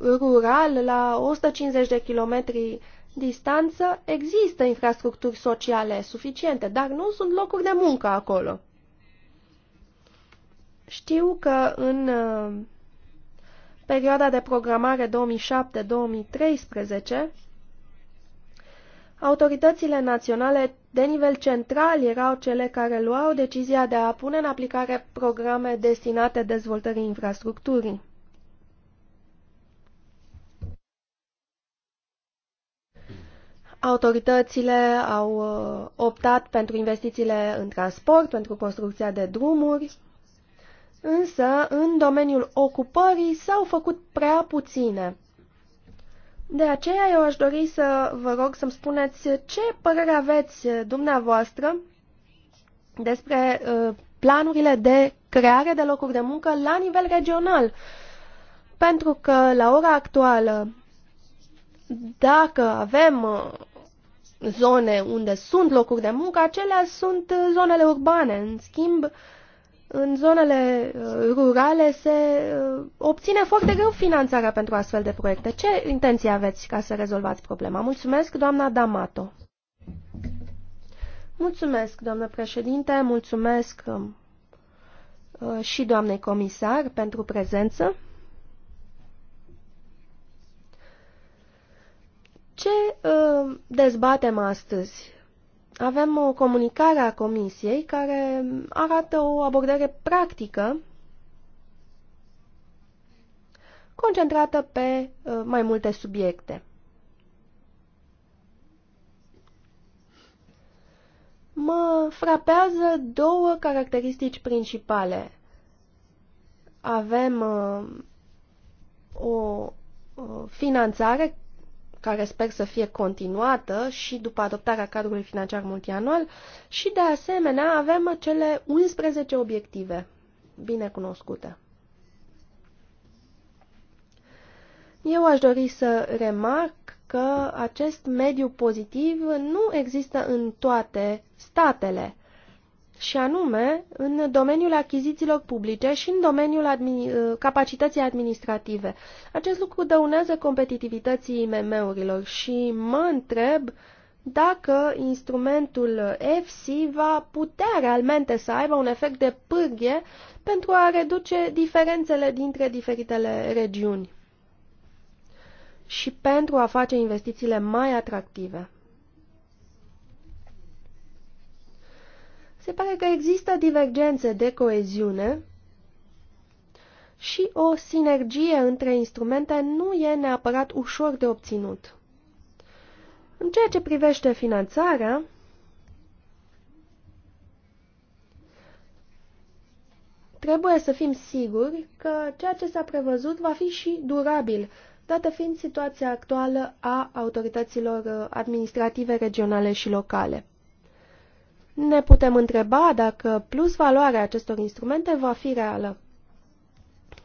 rural, la 150 de kilometri distanță, există infrastructuri sociale suficiente, dar nu sunt locuri de muncă acolo. Știu că în perioada de programare 2007-2013, autoritățile naționale de nivel central erau cele care luau decizia de a pune în aplicare programe destinate dezvoltării infrastructurii. Autoritățile au uh, optat pentru investițiile în transport, pentru construcția de drumuri, însă în domeniul ocupării s-au făcut prea puține. De aceea eu aș dori să vă rog să-mi spuneți ce părere aveți eh, dumneavoastră despre eh, planurile de creare de locuri de muncă la nivel regional. Pentru că la ora actuală, dacă avem eh, zone unde sunt locuri de muncă, acelea sunt zonele urbane. În schimb, uh, în zonele uh, rurale se uh, obține foarte greu finanțarea pentru astfel de proiecte. Ce intenții aveți ca să rezolvați problema? Mulțumesc, doamna Damato. Mulțumesc, doamnă președinte, mulțumesc um, uh, și doamnei comisar pentru prezență. Ce dezbatem astăzi? avem o comunicare a Comisiei care arată o abordare practică concentrată pe uh, mai multe subiecte. Mă frapează două caracteristici principale. Avem uh, o uh, finanțare care sper să fie continuată și după adoptarea cadrului financiar multianual și, de asemenea, avem cele 11 obiective bine cunoscute. Eu aș dori să remarc că acest mediu pozitiv nu există în toate statele și anume în domeniul achizițiilor publice și în domeniul admi uh, capacității administrative. Acest lucru dăunează competitivității IMM-urilor și mă întreb dacă instrumentul FC va putea realmente să aibă un efect de pârghie pentru a reduce diferențele dintre diferitele regiuni și pentru a face investițiile mai atractive. Se pare că există divergențe de coeziune și o sinergie între instrumente nu e neapărat ușor de obținut. În ceea ce privește finanțarea, trebuie să fim siguri că ceea ce s-a prevăzut va fi și durabil, dată fiind situația actuală a autorităților administrative regionale și locale ne putem întreba dacă plus valoarea acestor instrumente va fi reală.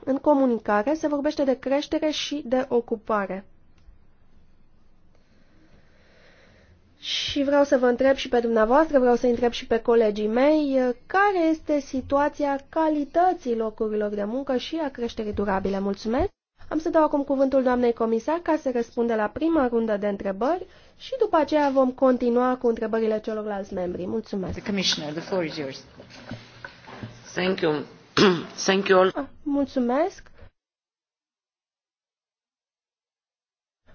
În comunicare se vorbește de creștere și de ocupare. Și vreau să vă întreb și pe dumneavoastră, vreau să întreb și pe colegii mei, care este situația calității locurilor de muncă și a creșterii durabile. Mulțumesc! Am să dau acum cuvântul doamnei comisar ca să răspundă la prima rundă de întrebări și după aceea vom continua cu întrebările celorlalți membri. Mulțumesc. The commissioner, the floor is yours. Thank you. Thank you all. Ah, mulțumesc.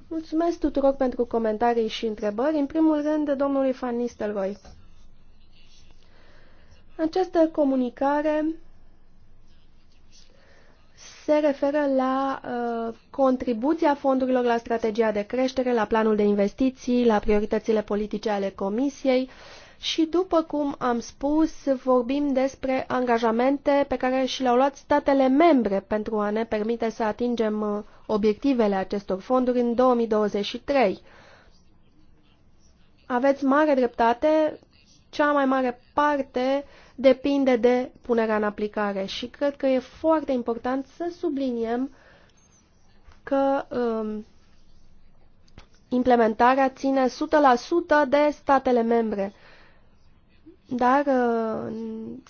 Mulțumesc tuturor pentru comentarii și întrebări. În primul rând, domnului Fan Nistelrooy. Această comunicare se referă la uh, contribuția fondurilor la strategia de creștere, la planul de investiții, la prioritățile politice ale Comisiei și, după cum am spus, vorbim despre angajamente pe care și le-au luat statele membre pentru a ne permite să atingem uh, obiectivele acestor fonduri în 2023. Aveți mare dreptate, cea mai mare parte depinde de punerea în aplicare și cred că e foarte important să subliniem că um, implementarea ține 100% de statele membre. Dar uh,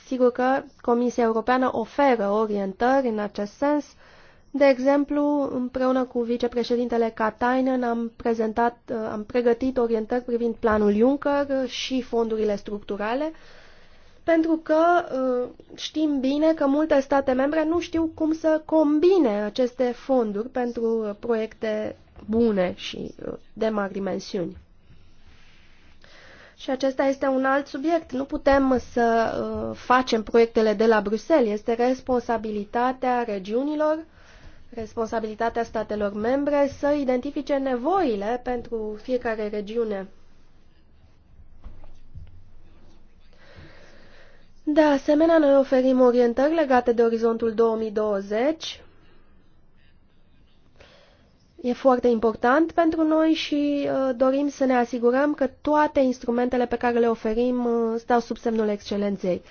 sigur că Comisia Europeană oferă orientări în acest sens. De exemplu, împreună cu vicepreședintele Katainen am, prezentat, uh, am pregătit orientări privind planul Juncker și fondurile structurale pentru că uh, știm bine că multe state membre nu știu cum să combine aceste fonduri pentru uh, proiecte bune și uh, de mari dimensiuni. Și acesta este un alt subiect. Nu putem să facem proiectele de la Bruxelles. Este responsabilitatea regiunilor, responsabilitatea statelor membre să identifice nevoile pentru fiecare regiune De asemenea, noi oferim orientări legate de orizontul 2020. E foarte important pentru noi și uh, dorim să ne asigurăm că toate instrumentele pe care le oferim uh, stau sub semnul excelenței.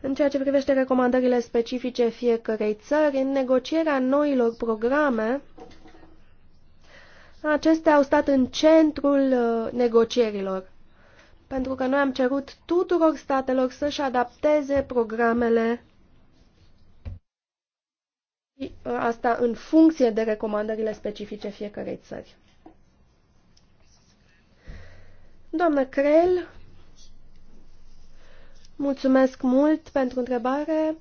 În ceea ce privește recomandările specifice fiecărei țări, în negocierea noilor programe, acestea au stat în centrul uh, negocierilor pentru că noi am cerut tuturor statelor să-și adapteze programele ă, asta în funcție de recomandările specifice fiecarei țări. Doamnă Crel, mulțumesc mult pentru întrebare.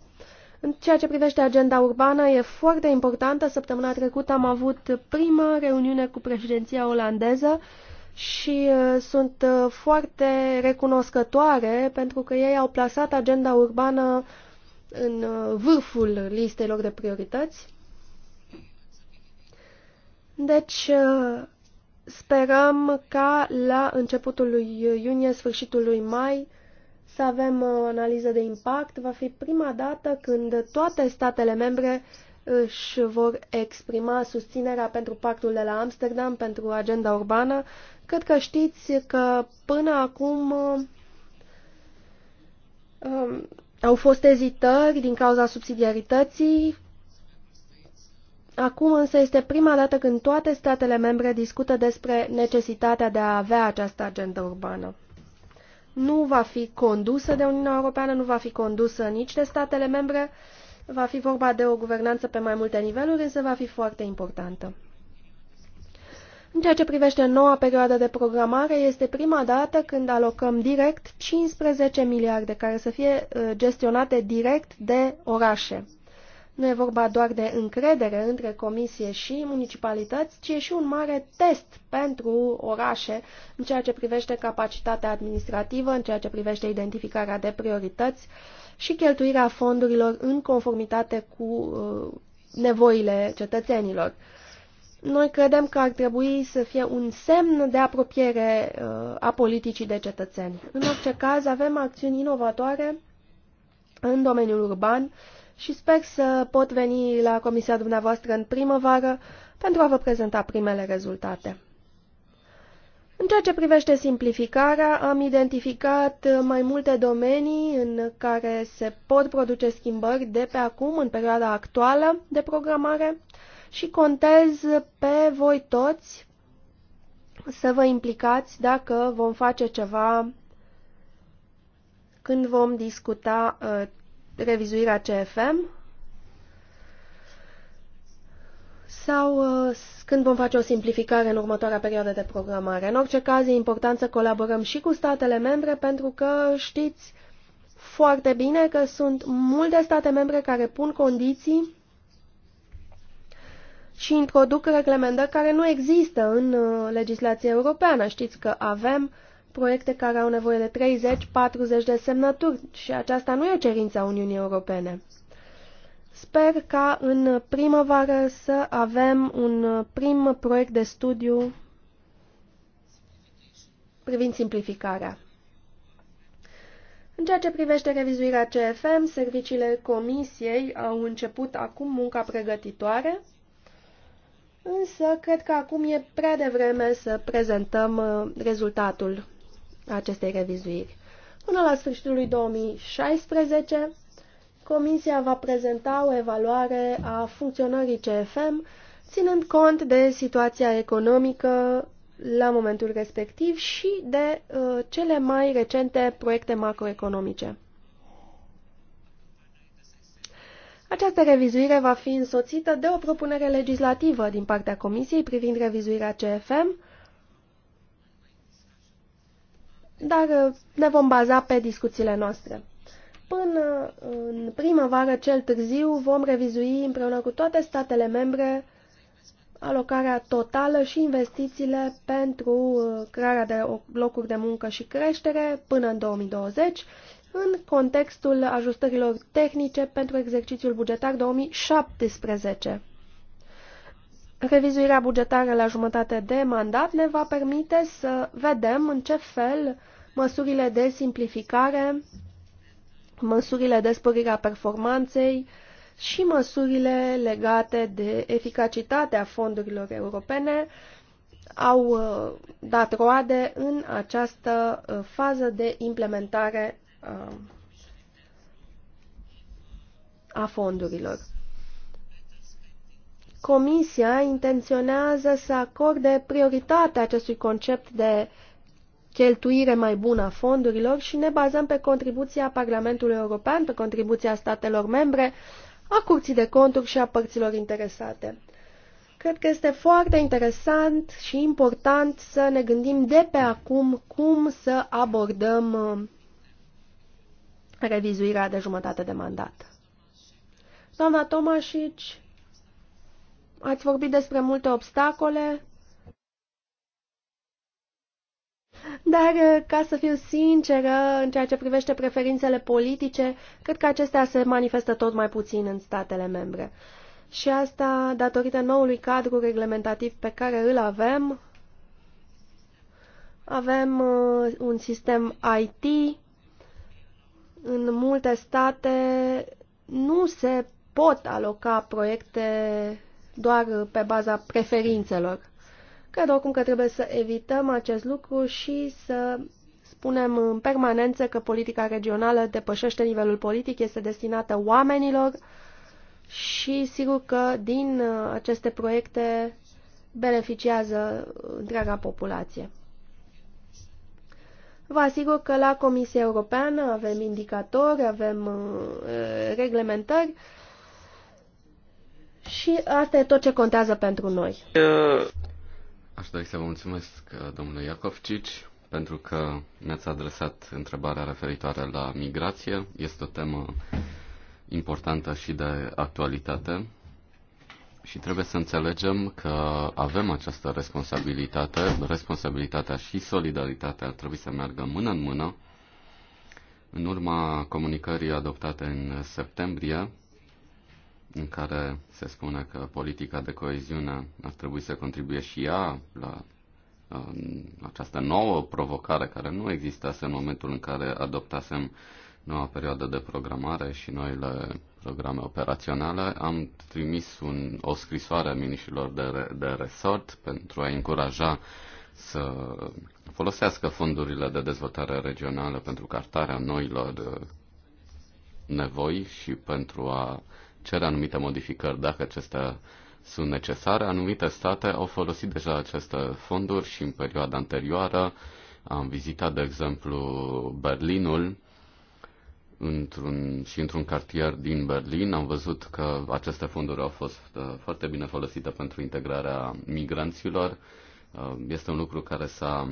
În ceea ce privește agenda urbană, e foarte importantă. Săptămâna trecută am avut prima reuniune cu președinția olandeză și uh, sunt uh, foarte recunoscătoare pentru că ei au plasat agenda urbană în uh, vârful listelor de priorități. Deci, sperăm ca la începutul lui iunie, sfârșitul lui mai, să avem o analiză de impact. Va fi prima dată când toate statele membre își vor exprima susținerea pentru pactul de la Amsterdam, pentru agenda urbană Cred că știți că până acum um, au fost ezitări din cauza subsidiarității. Acum însă este prima dată când toate statele membre discută despre necesitatea de a avea această agendă urbană. Nu va fi condusă de Uniunea Europeană, nu va fi condusă nici de statele membre, va fi vorba de o guvernanță pe mai multe niveluri, însă va fi foarte importantă. În ceea ce privește noua perioadă de programare, este prima dată când alocăm direct 15 miliarde care să fie uh, gestionate direct de orașe. Nu e vorba doar de încredere între comisie și municipalități, ci e și un mare test pentru orașe în ceea ce privește capacitatea administrativă, în ceea ce privește identificarea de priorități și cheltuirea fondurilor în conformitate cu uh, nevoile cetățenilor. Noi credem că ar trebui să fie un semn de apropiere uh, a politicii de cetățeni. În orice caz, avem acțiuni inovatoare în domeniul urban și sper să pot veni la comisia dumneavoastră în primăvară pentru a vă prezenta primele rezultate. În ceea ce privește simplificarea, am identificat mai multe domenii în care se pot produce schimbări de pe acum, în perioada actuală de programare, și contez pe voi toți să vă implicați dacă vom face ceva când vom discuta uh, revizuirea CFM sau uh, când vom face o simplificare în următoarea perioadă de programare. În orice caz, e important să colaborăm și cu statele membre pentru că știți foarte bine că sunt multe state membre care pun condiții și introduc reglementări care nu există în uh, legislația europeană. Știți că avem proiecte care au nevoie de 30-40 de semnături și aceasta nu e cerința Uniunii Europene. Sper ca în primăvară să avem un uh, prim proiect de studiu privind simplificarea. În ceea ce privește revizuirea CFM, serviciile Comisiei au început acum munca pregătitoare Însă, cred că acum e prea devreme să prezentăm uh, rezultatul acestei revizuiri. Până la sfârșitul lui 2016, Comisia va prezenta o evaluare a funcționării CFM, ținând cont de situația economică la momentul respectiv și de uh, cele mai recente proiecte macroeconomice. Această revizuire va fi însoțită de o propunere legislativă din partea Comisiei privind revizuirea CFM, dar uh, ne vom baza pe discuțiile noastre. Până uh, în primăvară, cel târziu, vom revizui împreună cu toate statele membre alocarea totală și investițiile pentru uh, crearea de locuri de muncă și creștere până în 2020 în contextul ajustărilor tehnice pentru exercițiul bugetar 2017. Revizuirea bugetară la jumătate de mandat ne va permite să vedem în ce fel măsurile de simplificare, măsurile de sporire a performanței și măsurile legate de eficacitatea fondurilor europene au uh, dat roade în această uh, fază de implementare Uh, a fondurilor. Comisia intenționează să acorde prioritate acestui concept de cheltuire mai bună a fondurilor și ne bazăm pe contribuția Parlamentului European, pe contribuția statelor membre, a Curții de Conturi și a părților interesate. Cred că este foarte interesant și important să ne gândim de pe acum cum să abordăm uh, revizuirea de jumătate de mandat. Doamna Tomașici, ați vorbit despre multe obstacole, dar, uh, ca să fiu sinceră, în ceea ce privește preferințele politice, cred că acestea se manifestă tot mai puțin în statele membre. Și asta datorită noului cadru reglementativ pe care îl avem. Avem uh, un sistem IT în multe state nu se pot aloca proiecte doar pe baza preferințelor. Cred oricum că trebuie să evităm acest lucru și să spunem în permanență că politica regională depășește nivelul politic, este destinată oamenilor și sigur că din aceste proiecte beneficiază întreaga populație. Vă asigur că la Comisia Europeană avem indicatori, avem uh, reglementări și asta e tot ce contează pentru noi. Aș dori să vă mulțumesc, domnule Iacovcici, pentru că mi-ați adresat întrebarea referitoare la migrație. Este o temă importantă și de actualitate și trebuie să înțelegem că avem această responsabilitate, responsabilitatea și solidaritatea ar trebui să meargă mână în mână. În urma comunicării adoptate în septembrie, în care se spune că politica de coeziune ar trebui să contribuie și ea la uh, această nouă provocare care nu existase în momentul în care adoptasem noua perioadă de programare și noile programe operaționale, am trimis un, o scrisoare a miniștrilor de, de resort pentru a încuraja să folosească fondurile de dezvoltare regională pentru cartarea noilor uh, nevoi și pentru a cere anumite modificări dacă acestea sunt necesare. Anumite state au folosit deja aceste fonduri și în perioada anterioară am vizitat, de exemplu, Berlinul într-un, și într-un cartier din Berlin. Am văzut că aceste fonduri au fost uh, foarte bine folosite pentru integrarea migranților. Uh, este un lucru care s-a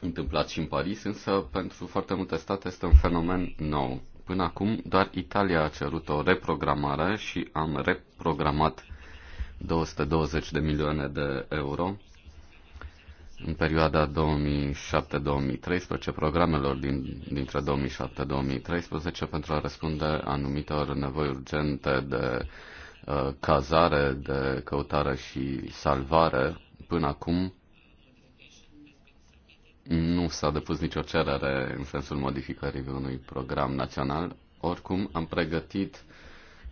întâmplat și în Paris, însă pentru foarte multe state este un fenomen nou. Până acum, doar Italia a cerut o reprogramare și am reprogramat 220 de milioane de euro în perioada 2007-2013, programelor din, dintre 2007-2013 pentru a răspunde anumitor nevoi urgente de uh, cazare, de căutare și salvare. Până acum nu s-a depus nicio cerere în sensul modificării unui program național. Oricum, am pregătit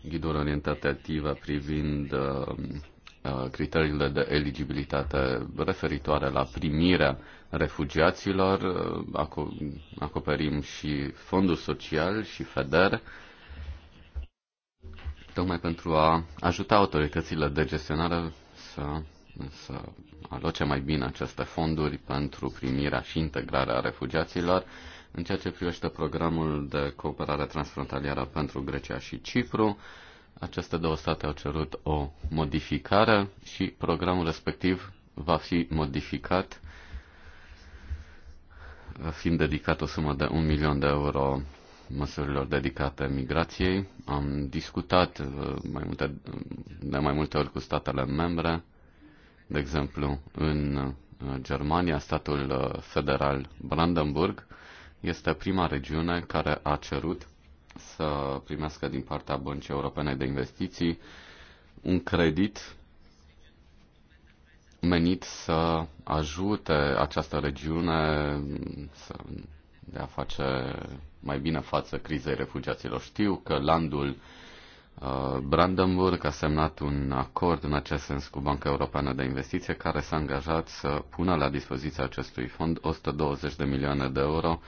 ghiduri orientative privind uh, Uh, criteriile de eligibilitate referitoare la primirea refugiaților, uh, acoperim și fondul social și FEDER, tocmai pentru a ajuta autoritățile de gestionare să, să aloce mai bine aceste fonduri pentru primirea și integrarea refugiaților. În ceea ce privește programul de cooperare transfrontalieră pentru Grecia și Cipru, aceste două state au cerut o modificare și programul respectiv va fi modificat fiind dedicat o sumă de 1 milion de euro măsurilor dedicate migrației. Am discutat uh, mai multe, de mai multe ori cu statele membre, de exemplu în uh, Germania, statul uh, federal Brandenburg este prima regiune care a cerut să primească din partea Băncii Europene de Investiții un credit menit să ajute această regiune să, de a face mai bine față crizei refugiaților. Știu că landul uh, Brandenburg a semnat un acord în acest sens cu Banca Europeană de Investiție care s-a angajat să pună la dispoziția acestui fond 120 de milioane de euro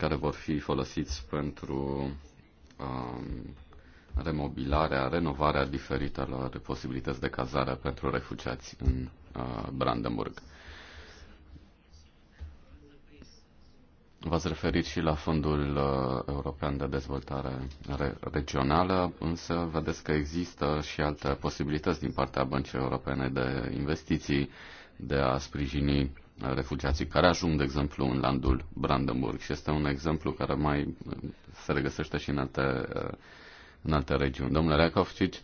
care vor fi folosiți pentru um, remobilarea, renovarea diferitelor posibilități de cazare pentru refugiați în uh, Brandenburg. V-ați referit și la Fondul uh, European de Dezvoltare Regională, însă vedeți că există și alte posibilități din partea Băncii Europene de Investiții de a sprijini refugiații care ajung, de exemplu, în landul Brandenburg și este un exemplu care mai eh, se regăsește și în alte, eh, în alte regiuni. Domnule Reacovcic,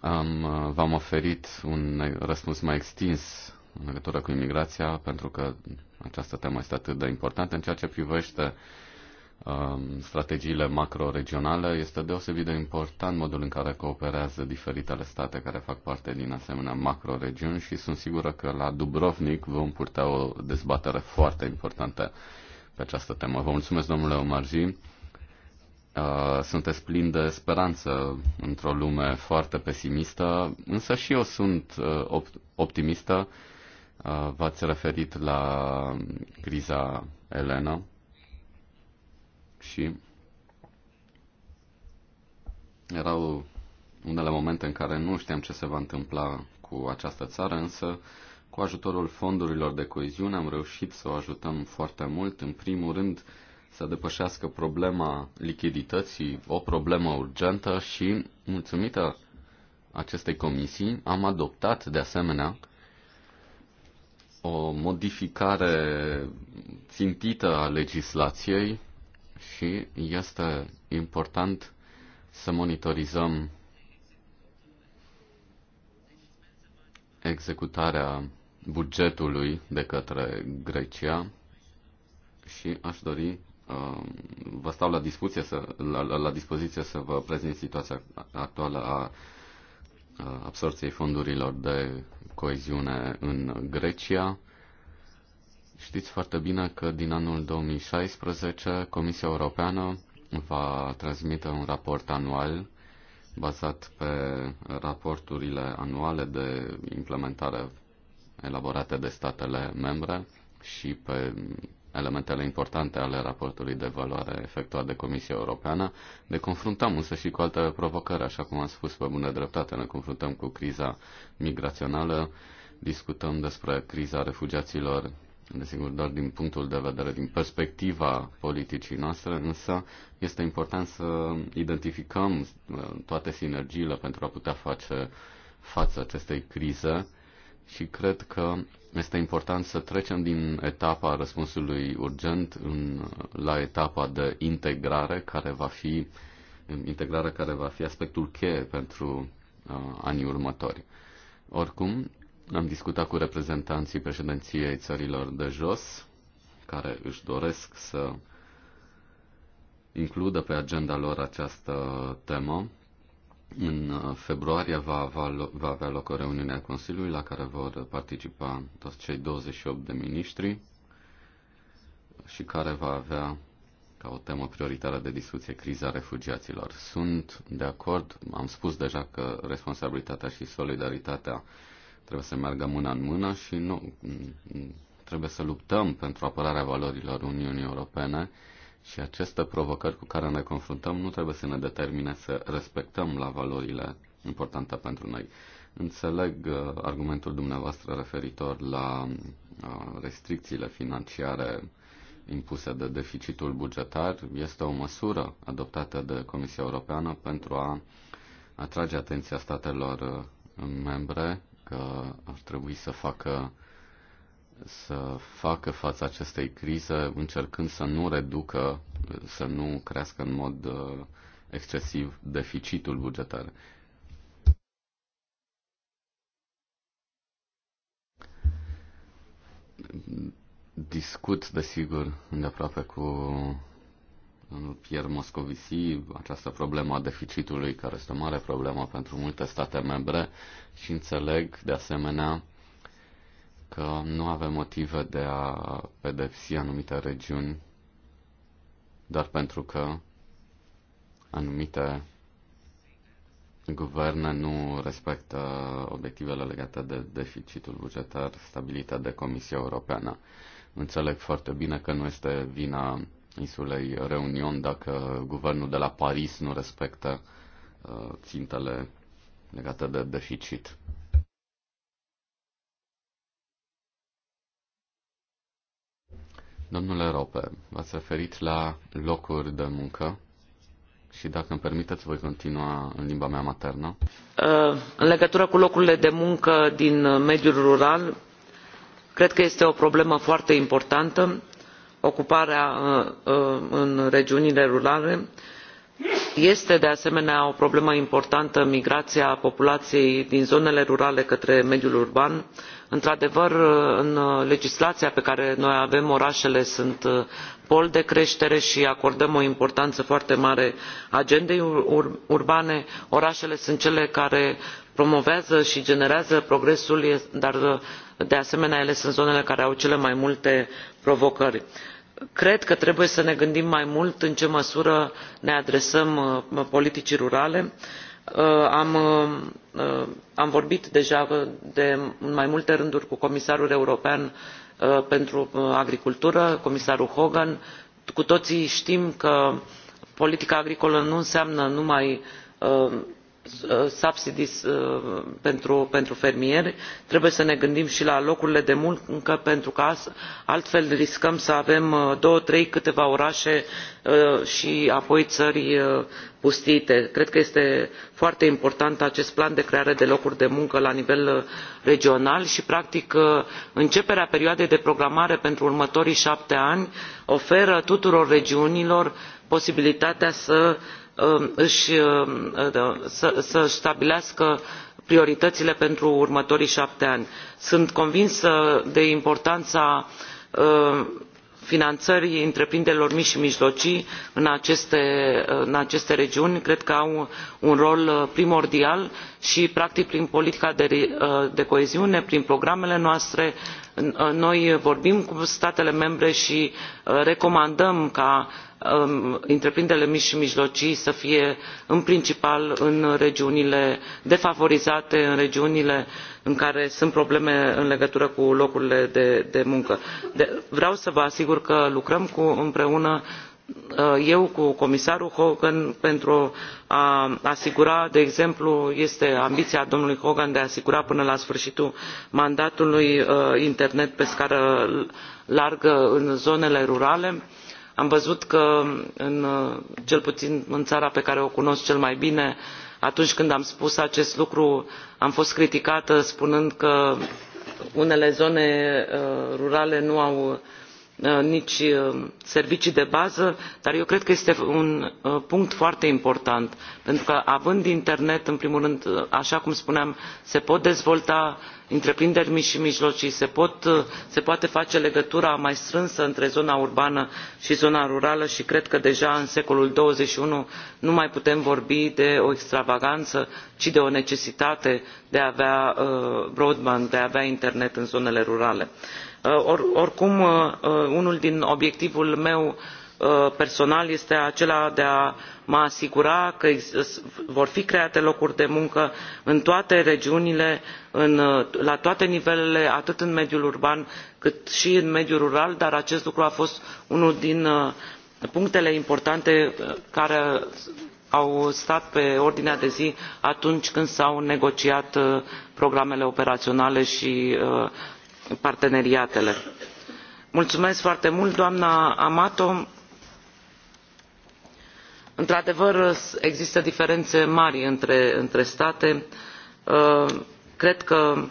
am, eh, v-am oferit un răspuns mai extins în legătură cu imigrația, pentru că această temă este atât de importantă în ceea ce privește uh, Um, strategiile macro-regionale, este deosebit de important modul în care cooperează diferitele state care fac parte din asemenea macro-regiuni și sunt sigură că la Dubrovnik vom purta o dezbatere foarte importantă pe această temă. Vă mulțumesc, domnule Omarji. Uh, sunteți plin de speranță într-o lume foarte pesimistă, însă și eu sunt uh, optimistă. Uh, v-ați referit la criza Elena și erau unele momente în care nu știam ce se va întâmpla cu această țară, însă cu ajutorul fondurilor de coeziune am reușit să o ajutăm foarte mult. În primul rând, să depășească problema lichidității, o problemă urgentă și, mulțumită acestei comisii, am adoptat de asemenea o modificare țintită a legislației și este important să monitorizăm executarea bugetului de către Grecia și aș dori uh, vă stau la, discuție să, la, la, dispoziție să vă prezint situația actuală a absorției fondurilor de coeziune în Grecia Știți foarte bine că din anul 2016 Comisia Europeană va transmite un raport anual bazat pe raporturile anuale de implementare elaborate de statele membre și pe elementele importante ale raportului de valoare efectuat de Comisia Europeană. Ne confruntăm însă și cu alte provocări, așa cum am spus pe bună dreptate, ne confruntăm cu criza migrațională, discutăm despre criza refugiaților desigur, doar din punctul de vedere, din perspectiva politicii noastre, însă este important să identificăm uh, toate sinergiile pentru a putea face față acestei crize și cred că este important să trecem din etapa răspunsului urgent în, uh, la etapa de integrare care va fi integrarea care va fi aspectul cheie pentru uh, anii următori. Oricum, am discutat cu reprezentanții președinției țărilor de jos, care își doresc să includă pe agenda lor această temă. În februarie va avea, va avea loc o reuniune a Consiliului la care vor participa toți cei 28 de miniștri și care va avea ca o temă prioritară de discuție criza refugiaților. Sunt de acord, am spus deja că responsabilitatea și solidaritatea trebuie să meargă mână în mână și nu mm, trebuie să luptăm pentru apărarea valorilor Uniunii Europene și aceste provocări cu care ne confruntăm nu trebuie să ne determine să respectăm la valorile importante pentru noi. Înțeleg uh, argumentul dumneavoastră referitor la uh, restricțiile financiare impuse de deficitul bugetar. Este o măsură adoptată de Comisia Europeană pentru a atrage atenția statelor uh, membre că ar trebui să facă să facă față acestei crize, încercând să nu reducă, să nu crească în mod uh, excesiv deficitul bugetar. Discut, desigur, îndeaproape cu domnul Pierre Moscovici această problemă a deficitului, care este o mare problemă pentru multe state membre și înțeleg de asemenea că nu avem motive de a pedepsi anumite regiuni doar pentru că anumite guverne nu respectă obiectivele legate de deficitul bugetar stabilit de Comisia Europeană. Înțeleg foarte bine că nu este vina insulei Reunion dacă guvernul de la Paris nu respectă uh, țintele legate de deficit. Domnule Rope, v-ați referit la locuri de muncă și dacă îmi permiteți, voi continua în limba mea maternă. Uh, în legătură cu locurile de muncă din uh, mediul rural, cred că este o problemă foarte importantă ocuparea uh, uh, în regiunile rurale este de asemenea o problemă importantă migrația populației din zonele rurale către mediul urban într adevăr uh, în legislația pe care noi o avem orașele sunt pol de creștere și acordăm o importanță foarte mare agendei urbane orașele sunt cele care promovează și generează progresul dar uh, de asemenea ele sunt zonele care au cele mai multe provocări. cred că trebuie să ne gândim mai mult în ce măsură ne adresăm uh, politicii rurale uh, am, vorbit deja de, în mai multe rânduri cu comisarul european pentru agricultură comisarul hogan cu toții știm că politica agricolă nu înseamnă numai Uh, subsidies uh, pentru, fermieri trebuie să ne gândim și la locurile de muncă pentru că altfel riscăm să avem uh, două trei câteva orașe și apoi țări pustiite. cred că este foarte important acest plan de creare de locuri de muncă la nivel regional și practic începerea perioadei de programare pentru următorii șapte ani oferă tuturor regiunilor posibilitatea să Um, um, da, să, să stabilească prioritățile pentru următorii șapte ani. sunt convinsă de importanța um, finanțării întreprinderilor mici și mijlocii în aceste, regiuni cred că au un rol primordial și practic prin politica de uh, coeziune prin programele noastre uh, noi vorbim cu statele membre și uh, recomandăm ca Um, întreprinderile mici și mijlocii să fie în principal în regiunile defavorizate în regiunile în care sunt probleme în legătură cu locurile de, muncă. vreau să vă asigur că lucrăm cu, împreună uh, eu cu comisarul hogan pentru a asigura de exemplu este ambiția domnului hogan de a asigura până la sfârșitul mandatului uh, internet pe scară largă în zonele rurale și am văzut că în, cel puțin în țara pe care o cunosc cel mai bine atunci când am spus acest lucru am fost criticată spunând că unele zone uh, rurale nu au uh, nici uh, servicii de bază dar eu cred că este un punct foarte important pentru că având internet în primul rând așa cum spuneam se pot dezvolta întreprinderi mici și mijlocii se, poate face legătura mai strânsă între zona urbană și zona rurală și cred că deja în secolul xxi nu mai putem vorbi de o extravaganță ci de o necesitate de a avea uh, broadband de a avea internet în zonele rurale. Uh, oricum uh, unul din obiectivul meu Uh, personal este acela de a mă asigura că vor fi create locuri de muncă în toate regiunile uh, la toate nivelele atât în mediul urban cât și în mediul rural dar acest lucru a fost unul din uh, punctele importante care au stat pe ordinea de zi atunci când s au negociat programele operaționale și parteneriatele. mulțumesc foarte mult doamnă amato într adevăr există diferențe mari între, între state uh, cred că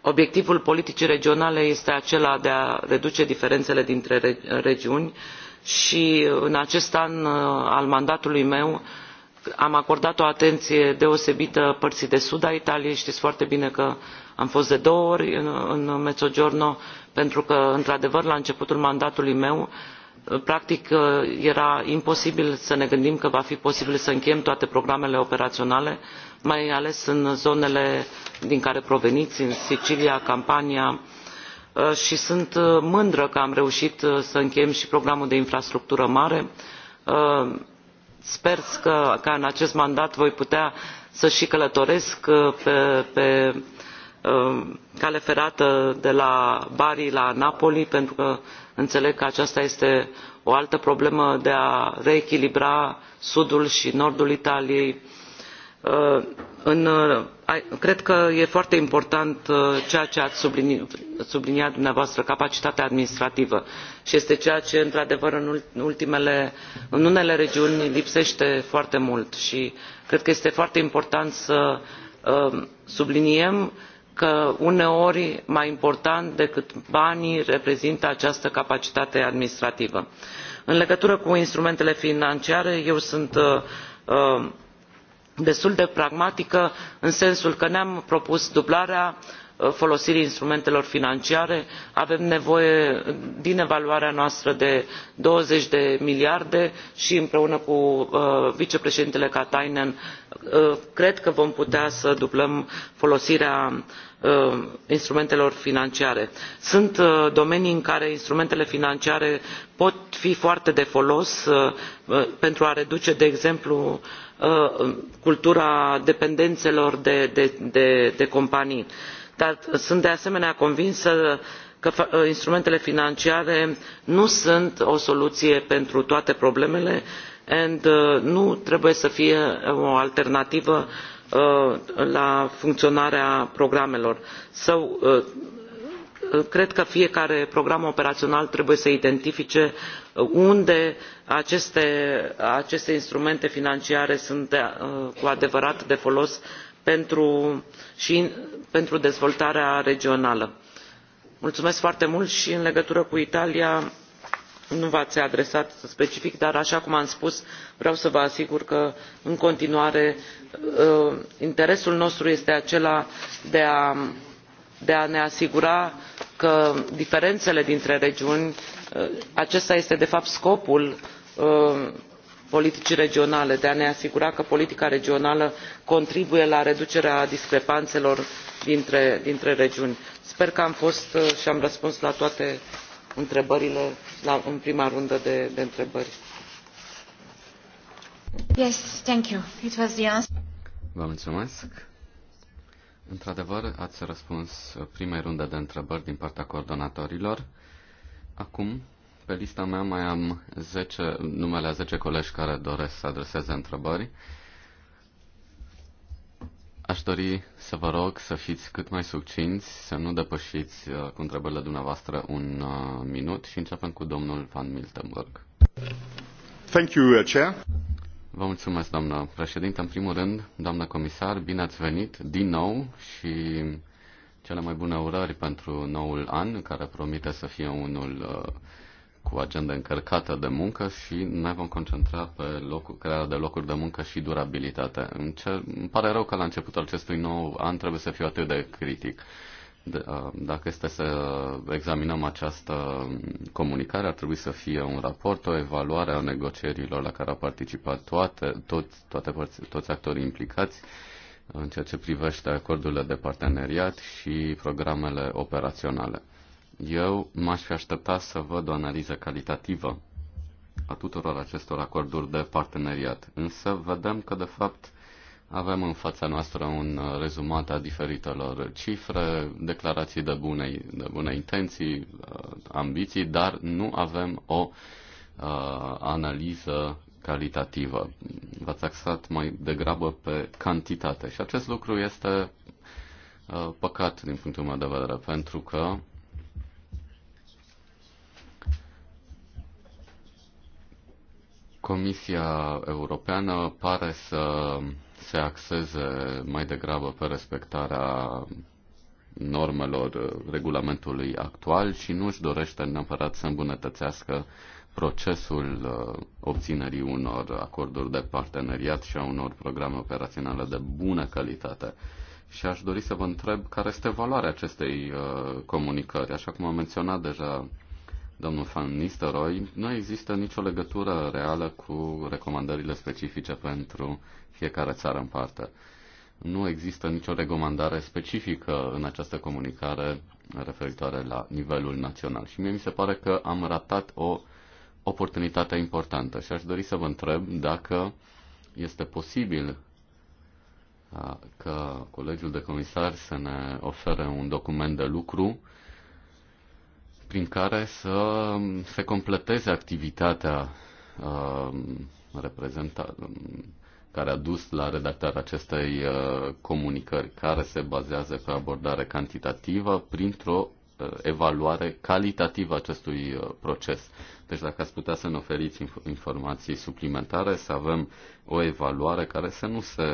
obiectivul politicii regionale este acela de a reduce diferențele dintre regiuni și în acest an uh, al mandatului meu am acordat o atenție deosebită părții de sud a italiei știți foarte bine că am fost de două ori în mezzogiorno pentru că într adevăr la începutul mandatului meu practic uh, era imposibil să ne gândim că va fi posibil să încheiem toate programele operaționale mai ales în zonele din care proveniți în sicilia campania uh, și sunt uh, mândră că am reușit să încheiem și programul de infrastructură mare sper că, în acest mandat voi putea să și călătoresc pe, pe cale ferată de la bari la napoli pentru că înțeleg că aceasta este o altă problemă de a reechilibra sudul și nordul italiei. Uh, uh, cred că e foarte important uh, ceea ce ați subliniat, subliniat dumneavoastră capacitatea administrativă și este ceea ce într adevăr în, ultimele, în unele regiuni lipsește foarte mult și cred că este foarte important să subliniem că uneori mai important decât banii reprezintă această capacitate administrativă. în legătură cu instrumentele financiare eu sunt uh, uh, destul de pragmatică în sensul că ne am propus dublarea folosirii instrumentelor financiare avem nevoie din evaluarea noastră de douăzeci de miliarde și împreună cu uh, vicepreședintele katainen uh, cred că vom putea să dublăm folosirea uh, instrumentelor financiare. sunt domenii în care instrumentele financiare pot fi foarte de folos pentru a reduce de exemplu cultura dependențelor de, de companii dar sunt de asemenea convinsă că ă, instrumentele financiare nu sunt o soluție pentru toate problemele și ă, nu trebuie să fie o alternativă ă, la funcționarea programelor. cred că fiecare program operațional trebuie să identifice unde aceste, aceste instrumente financiare sunt cu adevărat de folos pentru, și pentru dezvoltarea regională. mulțumesc foarte mult și în legătură cu italia nu v ați adresat specific dar așa cum am spus vreau să vă asigur că în continuare uh, interesul nostru este acela de a, de a ne asigura că diferențele dintre regiuni uh, acesta este de fapt scopul uh, politicii regionale de a ne asigura că politica regională contribuie la reducerea discrepanțelor dintre, dintre regiuni. sper că am fost uh, și am răspuns la toate întrebările în prima rundă de, întrebări. Yes, thank you. It was the answer. Într-adevăr, ați răspuns primei runde de întrebări din partea coordonatorilor. Acum pe lista mea mai am 10, numele a 10 colegi care doresc să adreseze întrebări. Aș dori să vă rog să fiți cât mai succinți, să nu depășiți uh, cu întrebările dumneavoastră un uh, minut și începem cu domnul Van Miltenburg. Thank you, uh, Chair. Vă mulțumesc, doamnă președinte. În primul rând, doamnă comisar, bine ați venit din nou și cele mai bune urări pentru noul an, care promite să fie unul uh, cu agenda încărcată de muncă și ne vom concentra pe locul, crearea de locuri de muncă și durabilitate. Îmi, cer, îmi pare rău că la începutul acestui nou an trebuie să fiu atât de critic. De, dacă este să examinăm această comunicare, ar trebui să fie un raport, o evaluare a negocierilor la care au participat toate, toți, toate părți, toți actorii implicați în ceea ce privește acordurile de parteneriat și programele operaționale. Eu m-aș fi aștepta să văd o analiză calitativă a tuturor acestor acorduri de parteneriat, însă vedem că, de fapt, avem în fața noastră un rezumat a diferitelor cifre, declarații de bune, de bune intenții, uh, ambiții, dar nu avem o uh, analiză calitativă. V-ați axat mai degrabă pe cantitate și acest lucru este uh, păcat din punctul meu de vedere, pentru că Comisia Europeană pare să se axeze mai degrabă pe respectarea normelor regulamentului actual și nu își dorește neapărat să îmbunătățească procesul uh, obținerii unor acorduri de parteneriat și a unor programe operaționale de bună calitate. Și aș dori să vă întreb care este valoarea acestei uh, comunicări. Așa cum am menționat deja domnul Van Nistelrooy, nu există nicio legătură reală cu recomandările specifice pentru fiecare țară în parte. Nu există nicio recomandare specifică în această comunicare referitoare la nivelul național. Și mie mi se pare că am ratat o oportunitate importantă și aș dori să vă întreb dacă este posibil uh, ca Colegiul de Comisari să ne ofere un document de lucru prin care să se completeze activitatea uh, reprezenta- care a dus la redactarea acestei uh, comunicări, care se bazează pe abordare cantitativă printr-o uh, evaluare calitativă acestui uh, proces. Deci dacă ați putea să ne oferiți inf- informații suplimentare, să avem o evaluare care să nu se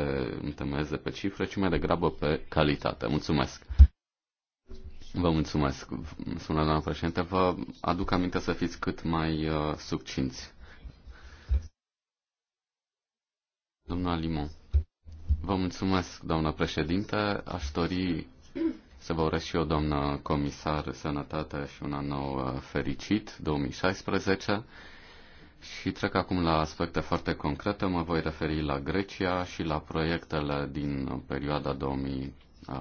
întemeieze pe cifre, ci mai degrabă pe calitate. Mulțumesc! Vă mulțumesc, sună doamna președinte. Vă aduc aminte să fiți cât mai uh, succinți. Doamna Limon. Vă mulțumesc, doamna președinte. Aș dori să vă urez și eu, doamnă comisar, sănătate și un an nou uh, fericit, 2016. Și trec acum la aspecte foarte concrete. Mă voi referi la Grecia și la proiectele din perioada 2000 2007-2013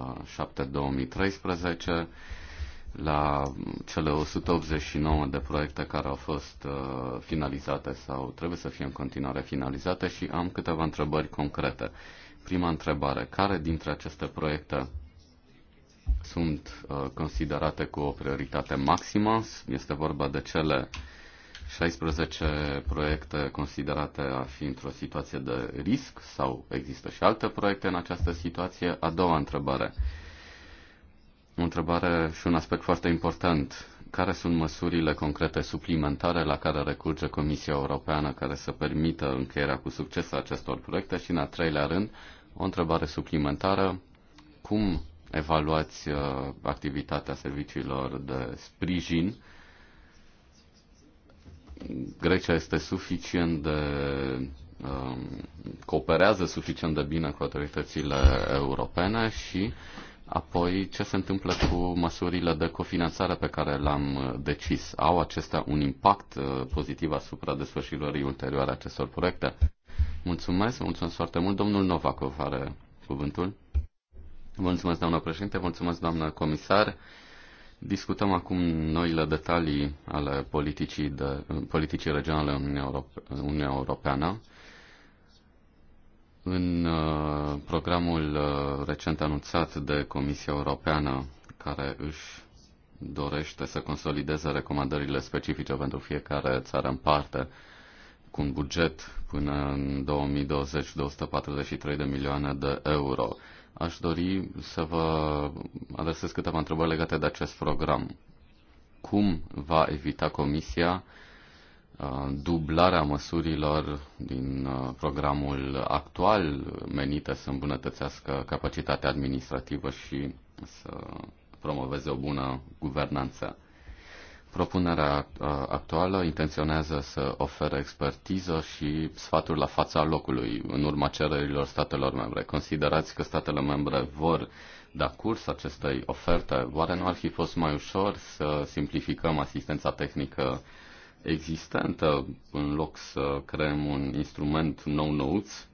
la cele 189 de proiecte care au fost uh, finalizate sau trebuie să fie în continuare finalizate și am câteva întrebări concrete. Prima întrebare, care dintre aceste proiecte sunt uh, considerate cu o prioritate maximă? Este vorba de cele 16 proiecte considerate a fi într-o situație de risc sau există și alte proiecte în această situație? A doua întrebare. O întrebare și un aspect foarte important. Care sunt măsurile concrete suplimentare la care recurge Comisia Europeană care să permită încheierea cu succes a acestor proiecte? Și în a treilea rând, o întrebare suplimentară. Cum evaluați uh, activitatea serviciilor de sprijin Grecia este suficient de um, cooperează suficient de bine cu autoritățile europene și apoi ce se întâmplă cu măsurile de cofinanțare pe care le-am decis? Au acestea un impact uh, pozitiv asupra desfășurării ulterioare acestor proiecte? Mulțumesc, mulțumesc foarte mult. Domnul Novakov are cuvântul. mulțumesc, doamnă președinte, mulțumesc, doamnă comisar. Discutăm acum noile detalii ale politicii, de, politicii regionale în Uniunea, Europe, Europeană. În uh, programul uh, recent anunțat de Comisia Europeană, care își dorește să consolideze recomandările specifice pentru fiecare țară în parte, cu un buget până în 2020 243 de milioane de euro Aș dori să vă adresez câteva întrebări legate de acest program. Cum va evita Comisia uh, dublarea măsurilor din uh, programul actual menite să îmbunătățească capacitatea administrativă și să promoveze o bună guvernanță. Propunerea actuală intenționează să ofere expertiză și sfaturi la fața locului în urma cererilor statelor membre. Considerați că statele membre vor da curs acestei oferte? Oare nu ar fi fost mai ușor să simplificăm asistența tehnică existentă în loc să creăm un instrument nou-nouț?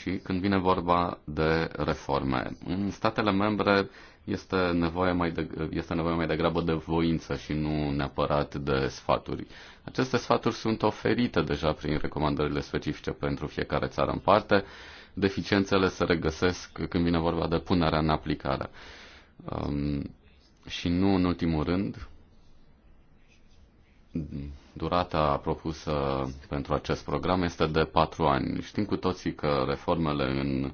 Și când vine vorba de reforme, în statele membre este nevoie mai, de, este nevoie mai degrabă de voință și nu neapărat de sfaturi. Aceste sfaturi sunt oferite deja prin recomandările specifice pentru fiecare țară în parte. Deficiențele se regăsesc când vine vorba de punerea în aplicare. Um, și nu în ultimul rând, durata propusă pentru acest program este de patru ani. Știm cu toții că reformele în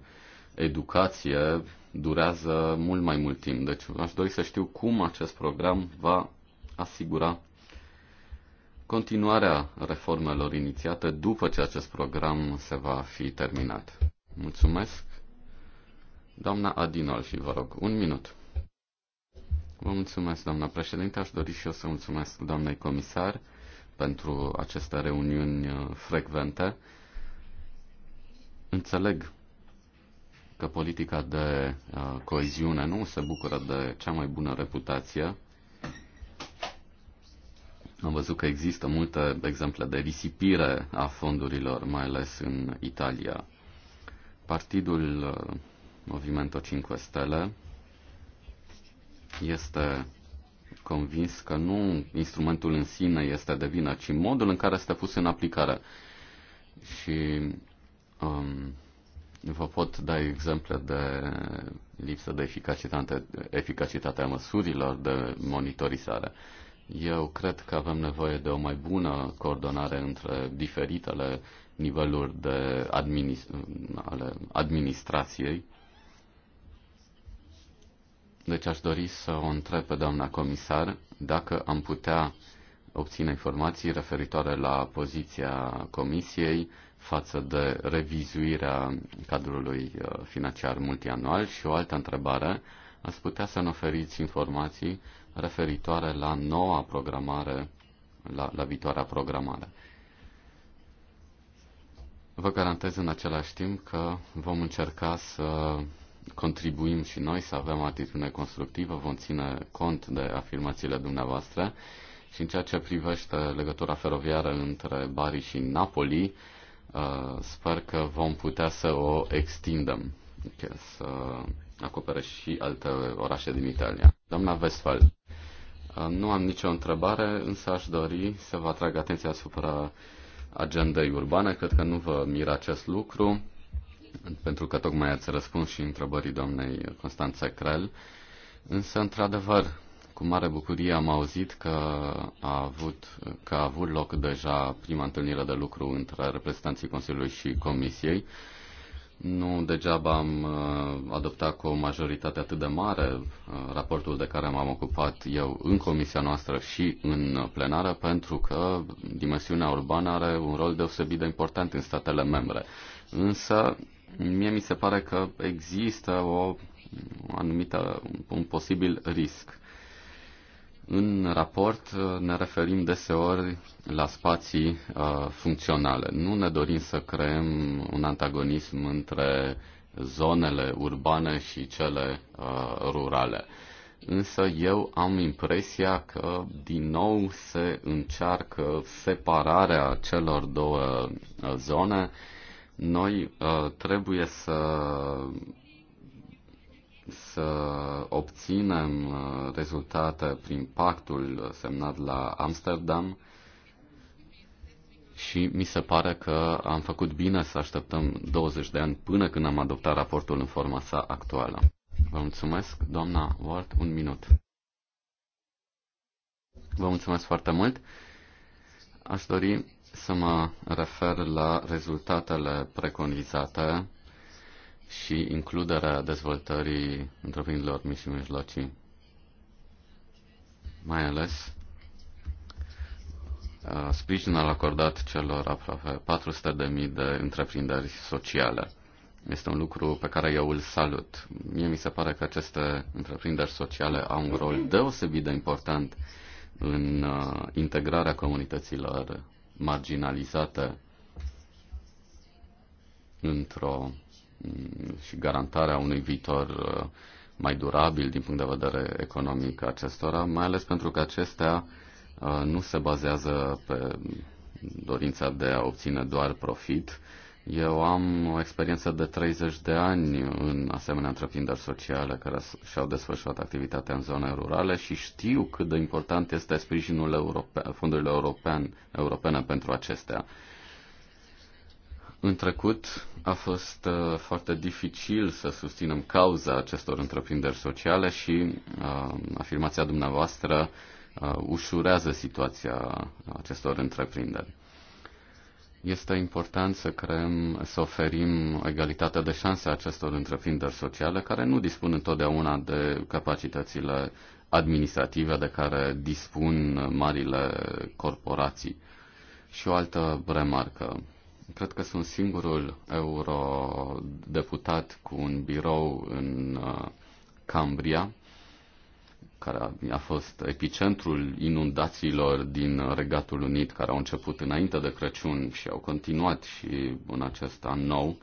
educație durează mult mai mult timp. Deci aș dori să știu cum acest program va asigura continuarea reformelor inițiate după ce acest program se va fi terminat. Mulțumesc. Doamna Adinol și vă rog, un minut. Vă mulțumesc, doamna președinte. Aș dori și eu să mulțumesc doamnei comisar pentru aceste reuniuni frecvente. Înțeleg că politica de uh, coeziune nu se bucură de cea mai bună reputație. Am văzut că există multe exemple de risipire a fondurilor, mai ales în Italia. Partidul uh, Movimento 5 Stele este convins că nu instrumentul în sine este de vină, ci modul în care este pus în aplicare. Și um, Vă pot da exemple de lipsă de eficacitate, eficacitatea măsurilor de monitorizare. Eu cred că avem nevoie de o mai bună coordonare între diferitele niveluri de administ- ale administrației. Deci aș dori să o întreb pe doamna comisar dacă am putea obține informații referitoare la poziția comisiei față de revizuirea cadrului uh, financiar multianual și o altă întrebare. Ați putea să ne oferiți informații referitoare la noua programare, la, la viitoarea programare. Vă garantez în același timp că vom încerca să contribuim și noi să avem atitudine constructivă, vom ține cont de afirmațiile dumneavoastră și în ceea ce privește legătura feroviară între Bari și Napoli, Uh, sper că vom putea să o extindem, că să acopere și alte orașe din Italia. Doamna Westphal, uh, nu am nicio întrebare, însă aș dori să vă atrag atenția asupra agendei urbane. Cred că nu vă miră acest lucru, pentru că tocmai ați răspuns și întrebării doamnei Constanțe Crel. Însă, într-adevăr, cu mare bucurie am auzit că a avut, că a avut loc deja prima întâlnire de lucru între reprezentanții Consiliului și Comisiei. Nu degeaba am uh, adoptat cu o majoritate atât de mare uh, raportul de care m-am ocupat eu în comisia noastră și în plenară, pentru că dimensiunea urbană are un rol deosebit de important în statele membre. Însă, mie mi se pare că există o anumită, un posibil risc în raport uh, ne referim deseori la spații uh, funcționale. Nu ne dorim să creăm un antagonism între zonele urbane și cele uh, rurale. Însă eu am impresia că din nou se încearcă separarea celor două zone. Noi uh, trebuie să să obținem uh, rezultate prin pactul semnat la Amsterdam și mi se pare că am făcut bine să așteptăm 20 de ani până când am adoptat raportul în forma sa actuală. Vă mulțumesc, doamna Ward, un minut. Vă mulțumesc foarte mult. Aș dori să mă refer la rezultatele preconizate și includerea dezvoltării întreprinderilor mici și mijlocii. Mai ales uh, sprijinul acordat celor aproape 400.000 de întreprinderi sociale. Este un lucru pe care eu îl salut. Mie mi se pare că aceste întreprinderi sociale au un rol deosebit de important în uh, integrarea comunităților marginalizate într-o Mm, și garantarea unui viitor uh, mai durabil din punct de vedere economic acestora, mai ales pentru că acestea uh, nu se bazează pe dorința de a obține doar profit. Eu am o experiență de 30 de ani în asemenea întreprinderi sociale care și-au desfășurat activitatea în zone rurale și știu cât de important este sprijinul europe- fondurilor european, europene pentru acestea. În trecut a fost uh, foarte dificil să susținem cauza acestor întreprinderi sociale și uh, afirmația dumneavoastră uh, ușurează situația acestor întreprinderi. Este important să creăm, să oferim egalitatea de șanse acestor întreprinderi sociale care nu dispun întotdeauna de capacitățile administrative de care dispun marile corporații. Și o altă remarcă Cred că sunt singurul eurodeputat cu un birou în uh, Cambria, care a fost epicentrul inundațiilor din Regatul Unit, care au început înainte de Crăciun și au continuat și în acest an nou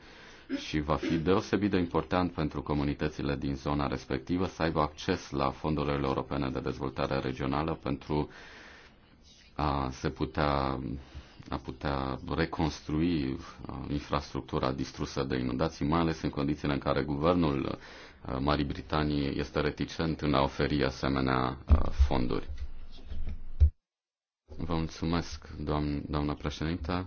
și va fi deosebit de important pentru comunitățile din zona respectivă să aibă acces la fondurile europene de dezvoltare regională pentru a se putea a putea reconstrui uh, infrastructura distrusă de inundații, mai ales în condițiile în care guvernul uh, Marii Britanii este reticent în a oferi asemenea uh, fonduri. Vă mulțumesc, doamn, doamna președinte.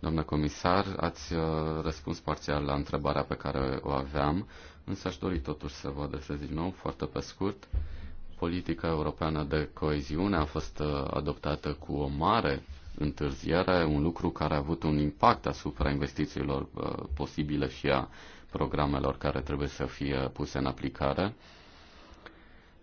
Doamna comisar, ați răspuns parțial la întrebarea pe care o aveam, însă aș dori totuși să vă adresez din nou, foarte pe scurt. Politica europeană de coeziune a fost adoptată cu o mare întârziere, un lucru care a avut un impact asupra investițiilor uh, posibile și a programelor care trebuie să fie puse în aplicare.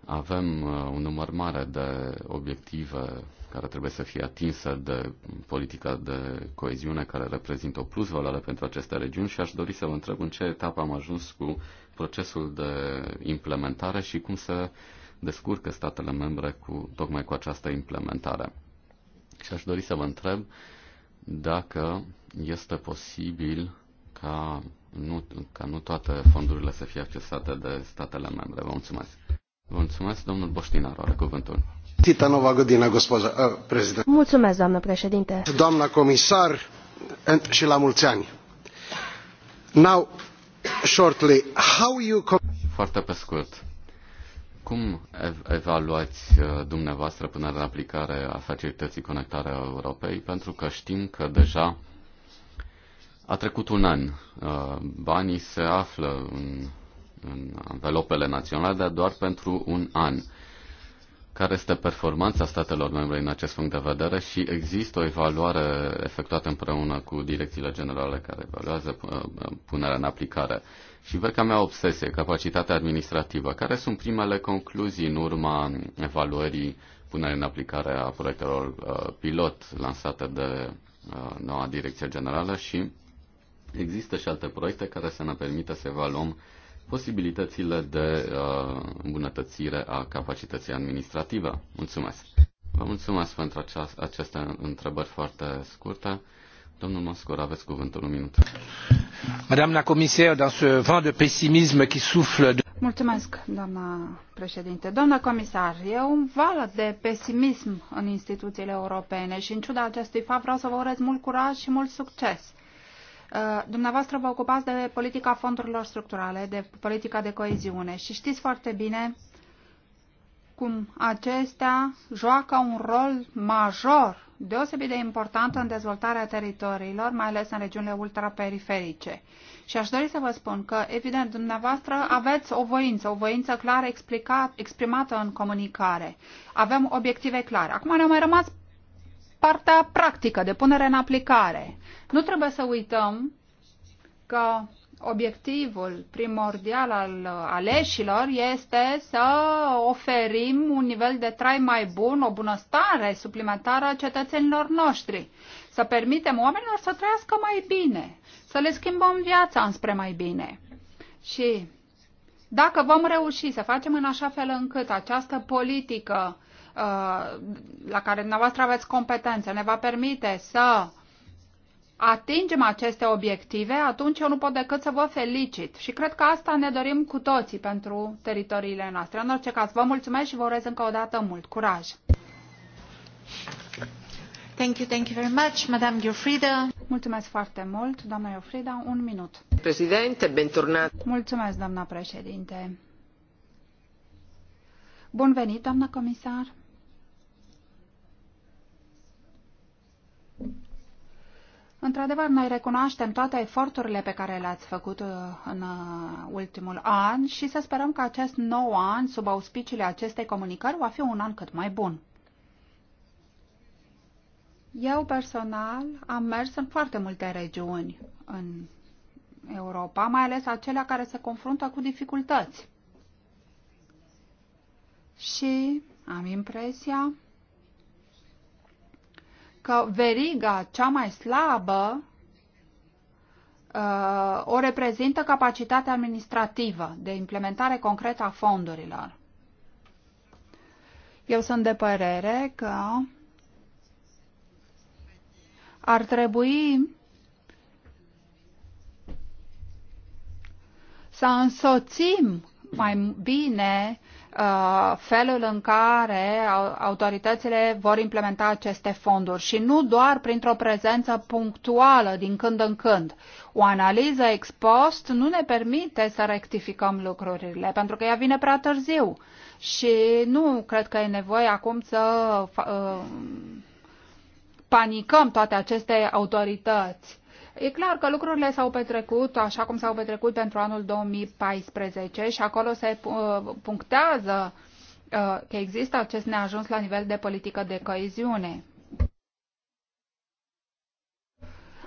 Avem uh, un număr mare de obiective care trebuie să fie atinse de politica de coeziune care reprezintă o plus valoare pentru aceste regiuni și aș dori să vă întreb în ce etapă am ajuns cu procesul de implementare și cum se descurcă statele membre cu, tocmai cu această implementare. Și aș dori să vă întreb dacă este posibil ca nu, ca nu toate fondurile să fie accesate de statele membre. Vă mulțumesc. Vă mulțumesc, domnul Boștinar, are cuvântul. Titanova Godina, gospoza, președinte. Mulțumesc, doamnă președinte. Doamna comisar, și la mulți ani. Now, shortly, how you... Foarte pe scurt, cum evaluați uh, dumneavoastră până la aplicare a facilității conectarea Europei? Pentru că știm că deja a trecut un an. Uh, banii se află în, în anvelopele naționale, dar doar pentru un an care este performanța statelor membre în acest punct de vedere și există o evaluare efectuată împreună cu direcțiile generale care evaluează uh, uh, punerea în aplicare. Și că mea obsesie, capacitatea administrativă. Care sunt primele concluzii în urma evaluării punerii în aplicare a proiectelor uh, pilot lansate de noua direcție generală și există și alte proiecte care să ne permită să evaluăm posibilitățile de uh, îmbunătățire a capacității administrative. Mulțumesc! Vă mulțumesc pentru aceast- aceste întrebări foarte scurte. Domnul Moscor, aveți cuvântul un minut. Madame la comisar, dans ce vent de pesimism qui souffle... De... Mulțumesc, doamna președinte. Doamna comisar, e un val de pesimism în instituțiile europene și în ciuda acestui fapt vreau să vă urez mult curaj și mult succes. Uh, dumneavoastră vă ocupați de politica fondurilor structurale, de politica de coeziune și știți foarte bine cum acestea joacă un rol major, deosebit de important în dezvoltarea teritoriilor, mai ales în regiunile ultraperiferice. Și aș dori să vă spun că, evident, dumneavoastră aveți o voință, o voință clar explicat, exprimată în comunicare. Avem obiective clare. Acum ne-au mai rămas partea practică de punere în aplicare. Nu trebuie să uităm că obiectivul primordial al aleșilor este să oferim un nivel de trai mai bun, o bunăstare suplimentară a cetățenilor noștri, să permitem oamenilor să trăiască mai bine, să le schimbăm viața înspre mai bine. Și dacă vom reuși să facem în așa fel încât această politică uh, Uh, la care dumneavoastră aveți competență ne va permite să atingem aceste obiective, atunci eu nu pot decât să vă felicit. Și cred că asta ne dorim cu toții pentru teritoriile noastre. În orice caz, vă mulțumesc și vă urez încă o dată mult curaj. Thank you, thank you very much, Madame Giuffrida. Mulțumesc foarte mult, doamna Giuffrida. Un minut. Președinte, bentornat. Mulțumesc, doamna președinte. Bun venit, doamna comisar. Într-adevăr, noi recunoaștem toate eforturile pe care le-ați făcut uh, în uh, ultimul an și să sperăm că acest nou an, sub auspiciile acestei comunicări, va fi un an cât mai bun. Eu personal am mers în foarte multe regiuni în Europa, mai ales acelea care se confruntă cu dificultăți. Și am impresia că veriga cea mai slabă uh, o reprezintă capacitatea administrativă de implementare concretă a fondurilor. Eu sunt de părere că ar trebui să însoțim mai bine uh, Uh, felul în care autoritățile vor implementa aceste fonduri și nu doar printr-o prezență punctuală din când în când. O analiză ex post nu ne permite să rectificăm lucrurile, pentru că ea vine prea târziu și nu cred că e nevoie acum să uh, panicăm toate aceste autorități E clar că lucrurile s-au petrecut așa cum s-au petrecut pentru anul 2014 și acolo se uh, punctează uh, că există acest neajuns la nivel de politică de coeziune.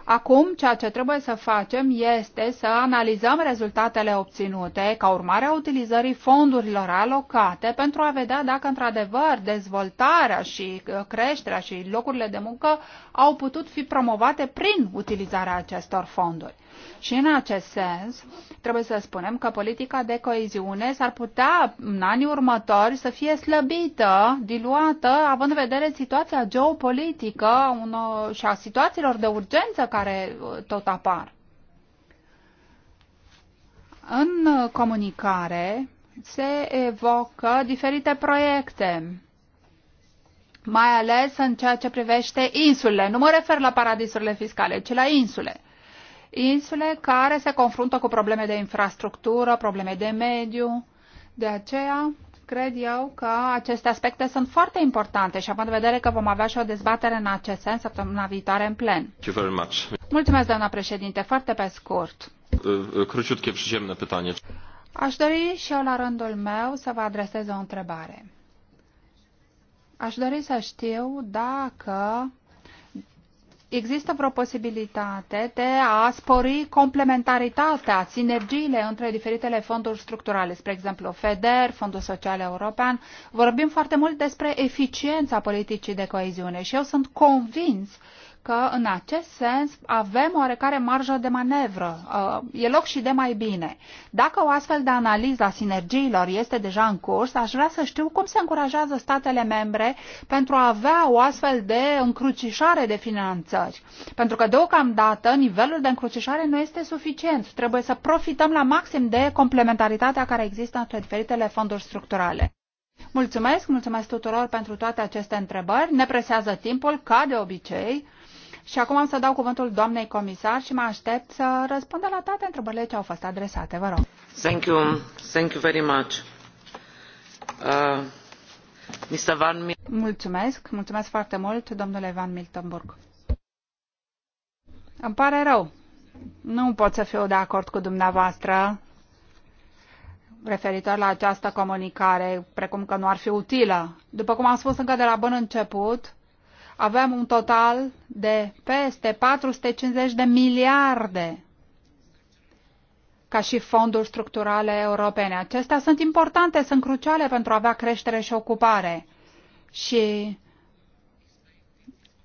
Acum, ceea ce trebuie să facem este să analizăm rezultatele obținute ca urmare a utilizării fondurilor alocate pentru a vedea dacă, într-adevăr, dezvoltarea și uh, creșterea și locurile de muncă au putut fi promovate prin utilizarea acestor fonduri. Și în acest sens, trebuie să spunem că politica de coeziune s-ar putea în anii următori să fie slăbită, diluată, având în vedere situația geopolitică și a situațiilor de urgență care uh, tot apar. În comunicare se evocă diferite proiecte mai ales în ceea ce privește insulele. Nu mă refer la paradisurile fiscale, ci la insule insule care se confruntă cu probleme de infrastructură, probleme de mediu. De aceea, cred eu că aceste aspecte sunt foarte importante și având în vedere că vom avea și o dezbatere în acest sens săptămâna viitoare în plen. Mulțumesc, doamna președinte. Foarte pe scurt. Aș dori și eu la rândul meu să vă adresez o întrebare. Aș dori să știu dacă există vreo posibilitate de a spori complementaritatea, sinergiile între diferitele fonduri structurale, spre exemplu FEDER, Fondul Social European. Vorbim foarte mult despre eficiența politicii de coeziune și eu sunt convins uh, că în acest sens avem oarecare marjă de manevră. Uh, e loc și de mai bine. Dacă o astfel de analiză a sinergiilor este deja în curs, aș vrea să știu cum se încurajează statele membre pentru a avea o astfel de încrucișare de finanțări. Pentru că deocamdată nivelul de încrucișare nu este suficient. Trebuie să profităm la maxim de complementaritatea care există între diferitele fonduri structurale. Mulțumesc, mulțumesc tuturor pentru toate aceste întrebări. Ne presează timpul, ca de obicei. Și acum am să dau cuvântul doamnei comisar și mă aștept să răspundă la toate întrebările ce au fost adresate. Vă rog. Thank you. Thank you very much. Uh, Mr. Van mulțumesc. Mulțumesc foarte mult, domnule Van Miltenburg. Îmi pare rău. Nu pot să fiu de acord cu dumneavoastră referitor la această comunicare, precum că nu ar fi utilă. După cum am spus încă de la bun început, avem un total de peste 450 de miliarde ca și fonduri structurale europene. Acestea sunt importante, sunt cruciale pentru a avea creștere și ocupare. Și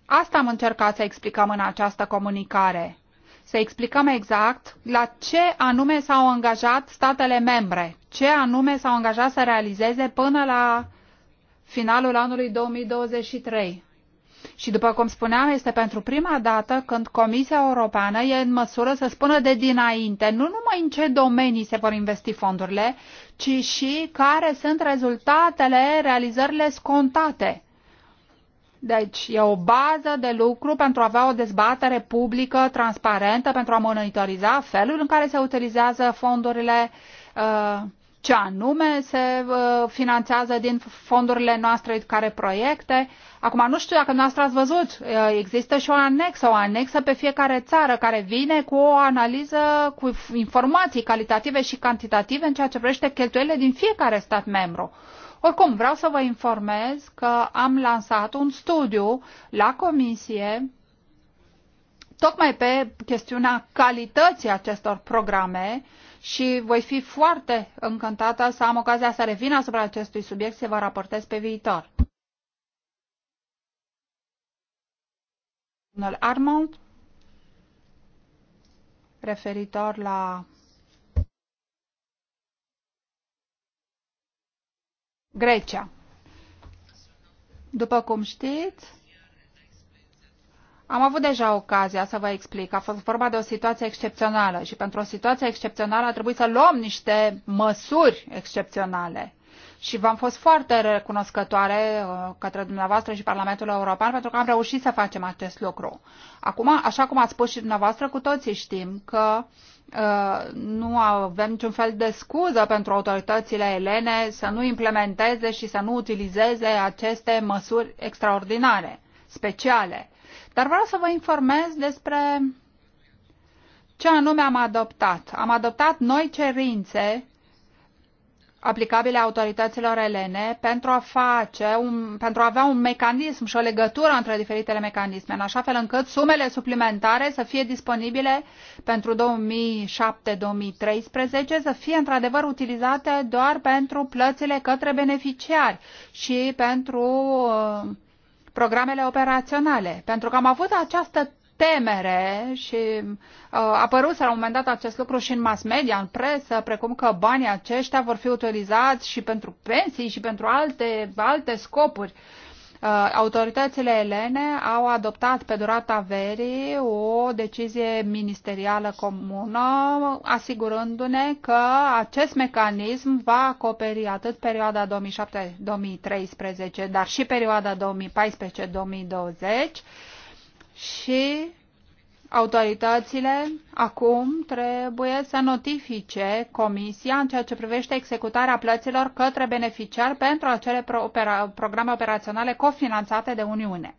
asta am încercat să explicăm în această comunicare. Să explicăm exact la ce anume s-au angajat statele membre, ce anume s-au angajat să realizeze până la finalul anului 2023. Și după cum spuneam, este pentru prima dată când Comisia Europeană e în măsură să spună de dinainte nu numai în ce domenii se vor investi fondurile, ci și care sunt rezultatele, realizările scontate. Deci e o bază de lucru pentru a avea o dezbatere publică, transparentă, pentru a monitoriza felul în care se utilizează fondurile uh, ce anume se uh, finanțează din fondurile noastre, care proiecte. Acum, nu știu dacă noastră ați văzut, uh, există și o anexă, o anexă pe fiecare țară care vine cu o analiză cu informații calitative și cantitative în ceea ce privește cheltuielile din fiecare stat membru. Oricum, vreau să vă informez că am lansat un studiu la comisie tocmai pe chestiunea calității acestor programe și voi fi foarte încântată să am ocazia să revin asupra acestui subiect și să vă raportez pe viitor. Domnul Armand, referitor la Grecia. După cum știți, am avut deja ocazia să vă explic. A fost vorba de o situație excepțională și pentru o situație excepțională a trebuit să luăm niște măsuri excepționale. Și v-am fost foarte recunoscătoare uh, către dumneavoastră și Parlamentul European pentru că am reușit să facem acest lucru. Acum, așa cum ați spus și dumneavoastră, cu toții știm că Uh, nu avem niciun fel de scuză pentru autoritățile elene să nu implementeze și să nu utilizeze aceste măsuri extraordinare, speciale. Dar vreau să vă informez despre ce anume am adoptat. Am adoptat noi cerințe aplicabile autorităților elene pentru a face un, pentru a avea un mecanism și o legătură între diferitele mecanisme, în așa fel încât sumele suplimentare să fie disponibile pentru 2007-2013, să fie într-adevăr utilizate doar pentru plățile către beneficiari și pentru uh, programele operaționale, pentru că am avut această temere și uh, apărut la un moment dat acest lucru și în mass media, în presă, precum că banii aceștia vor fi utilizați și pentru pensii și pentru alte, alte scopuri. Uh, Uh, autoritățile elene au adoptat pe durata verii o decizie ministerială comună, asigurându-ne că acest mecanism va acoperi atât perioada 2007-2013, dar și perioada 2014-2020 și Autoritățile acum trebuie să notifice Comisia în ceea ce privește executarea plăților către beneficiari pentru acele pro opera programe operaționale cofinanțate de Uniune.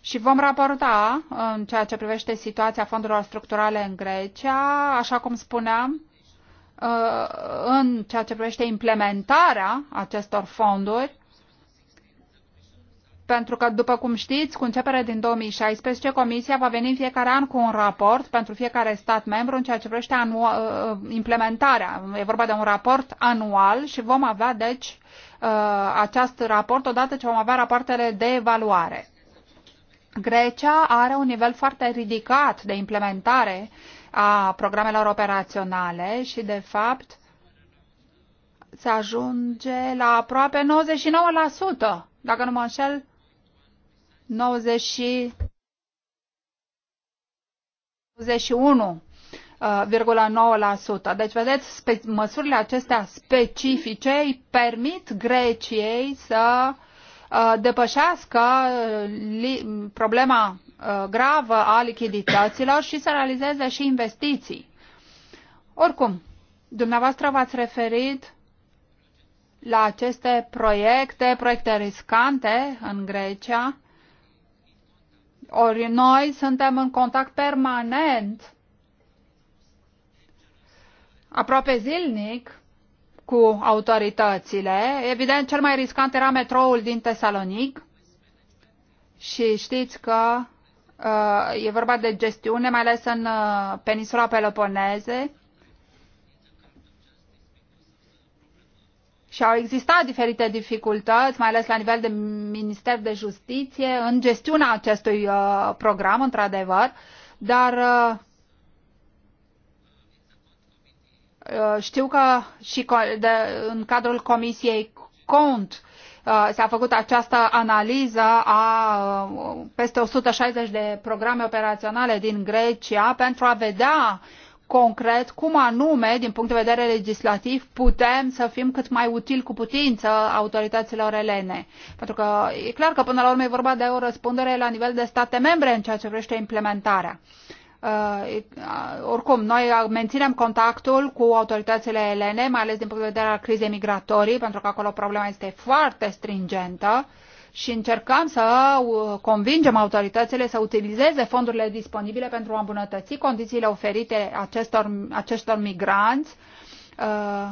Și vom raporta în ceea ce privește situația fondurilor structurale în Grecia, așa cum spuneam, uh, în ceea ce privește implementarea acestor fonduri pentru că, după cum știți, cu începerea din 2016, Comisia va veni fiecare an cu un raport pentru fiecare stat membru în ceea ce privește ă, ă, implementarea. E vorba de un raport anual și vom avea, deci, ă, acest raport odată ce vom avea rapoartele de evaluare. Grecia are un nivel foarte ridicat de implementare a programelor operaționale și, de fapt, se ajunge la aproape 99%, dacă nu mă înșel, 91,9%. Uh, deci, vedeți, măsurile acestea specifice îi permit Greciei să uh, depășească uh, problema gravă a lichidităților și să realizeze și investiții. Oricum, dumneavoastră v-ați referit la aceste proiecte, proiecte riscante în Grecia, ori noi suntem în contact permanent, aproape zilnic, cu autoritățile. Evident, cel mai riscant era metroul din Tesalonic și știți că uh, e vorba de gestiune, mai ales în uh, peninsula Peloponeze și au existat diferite dificultăți, mai ales la nivel de Minister de Justiție, în gestiunea acestui uh, program, într-adevăr, dar uh, uh știu că și de, în cadrul Comisiei Cont uh, s-a făcut această analiză a uh, peste 160 de programe operaționale din Grecia pentru a vedea uh, concret cum anume, din punct de vedere legislativ, putem să fim cât mai utili cu putință autorităților elene. Pentru că e clar că până la urmă e vorba de o răspundere la nivel de state membre în ceea ce vrește implementarea. Uh, uh, oricum, noi menținem contactul cu autoritățile elene, mai ales din punct de vedere al crizei migratorii, pentru că acolo problema este foarte stringentă. Uh, și încercăm să uh, convingem autoritățile să utilizeze fondurile disponibile pentru a îmbunătăți condițiile oferite acestor, acestor migranți. Uh,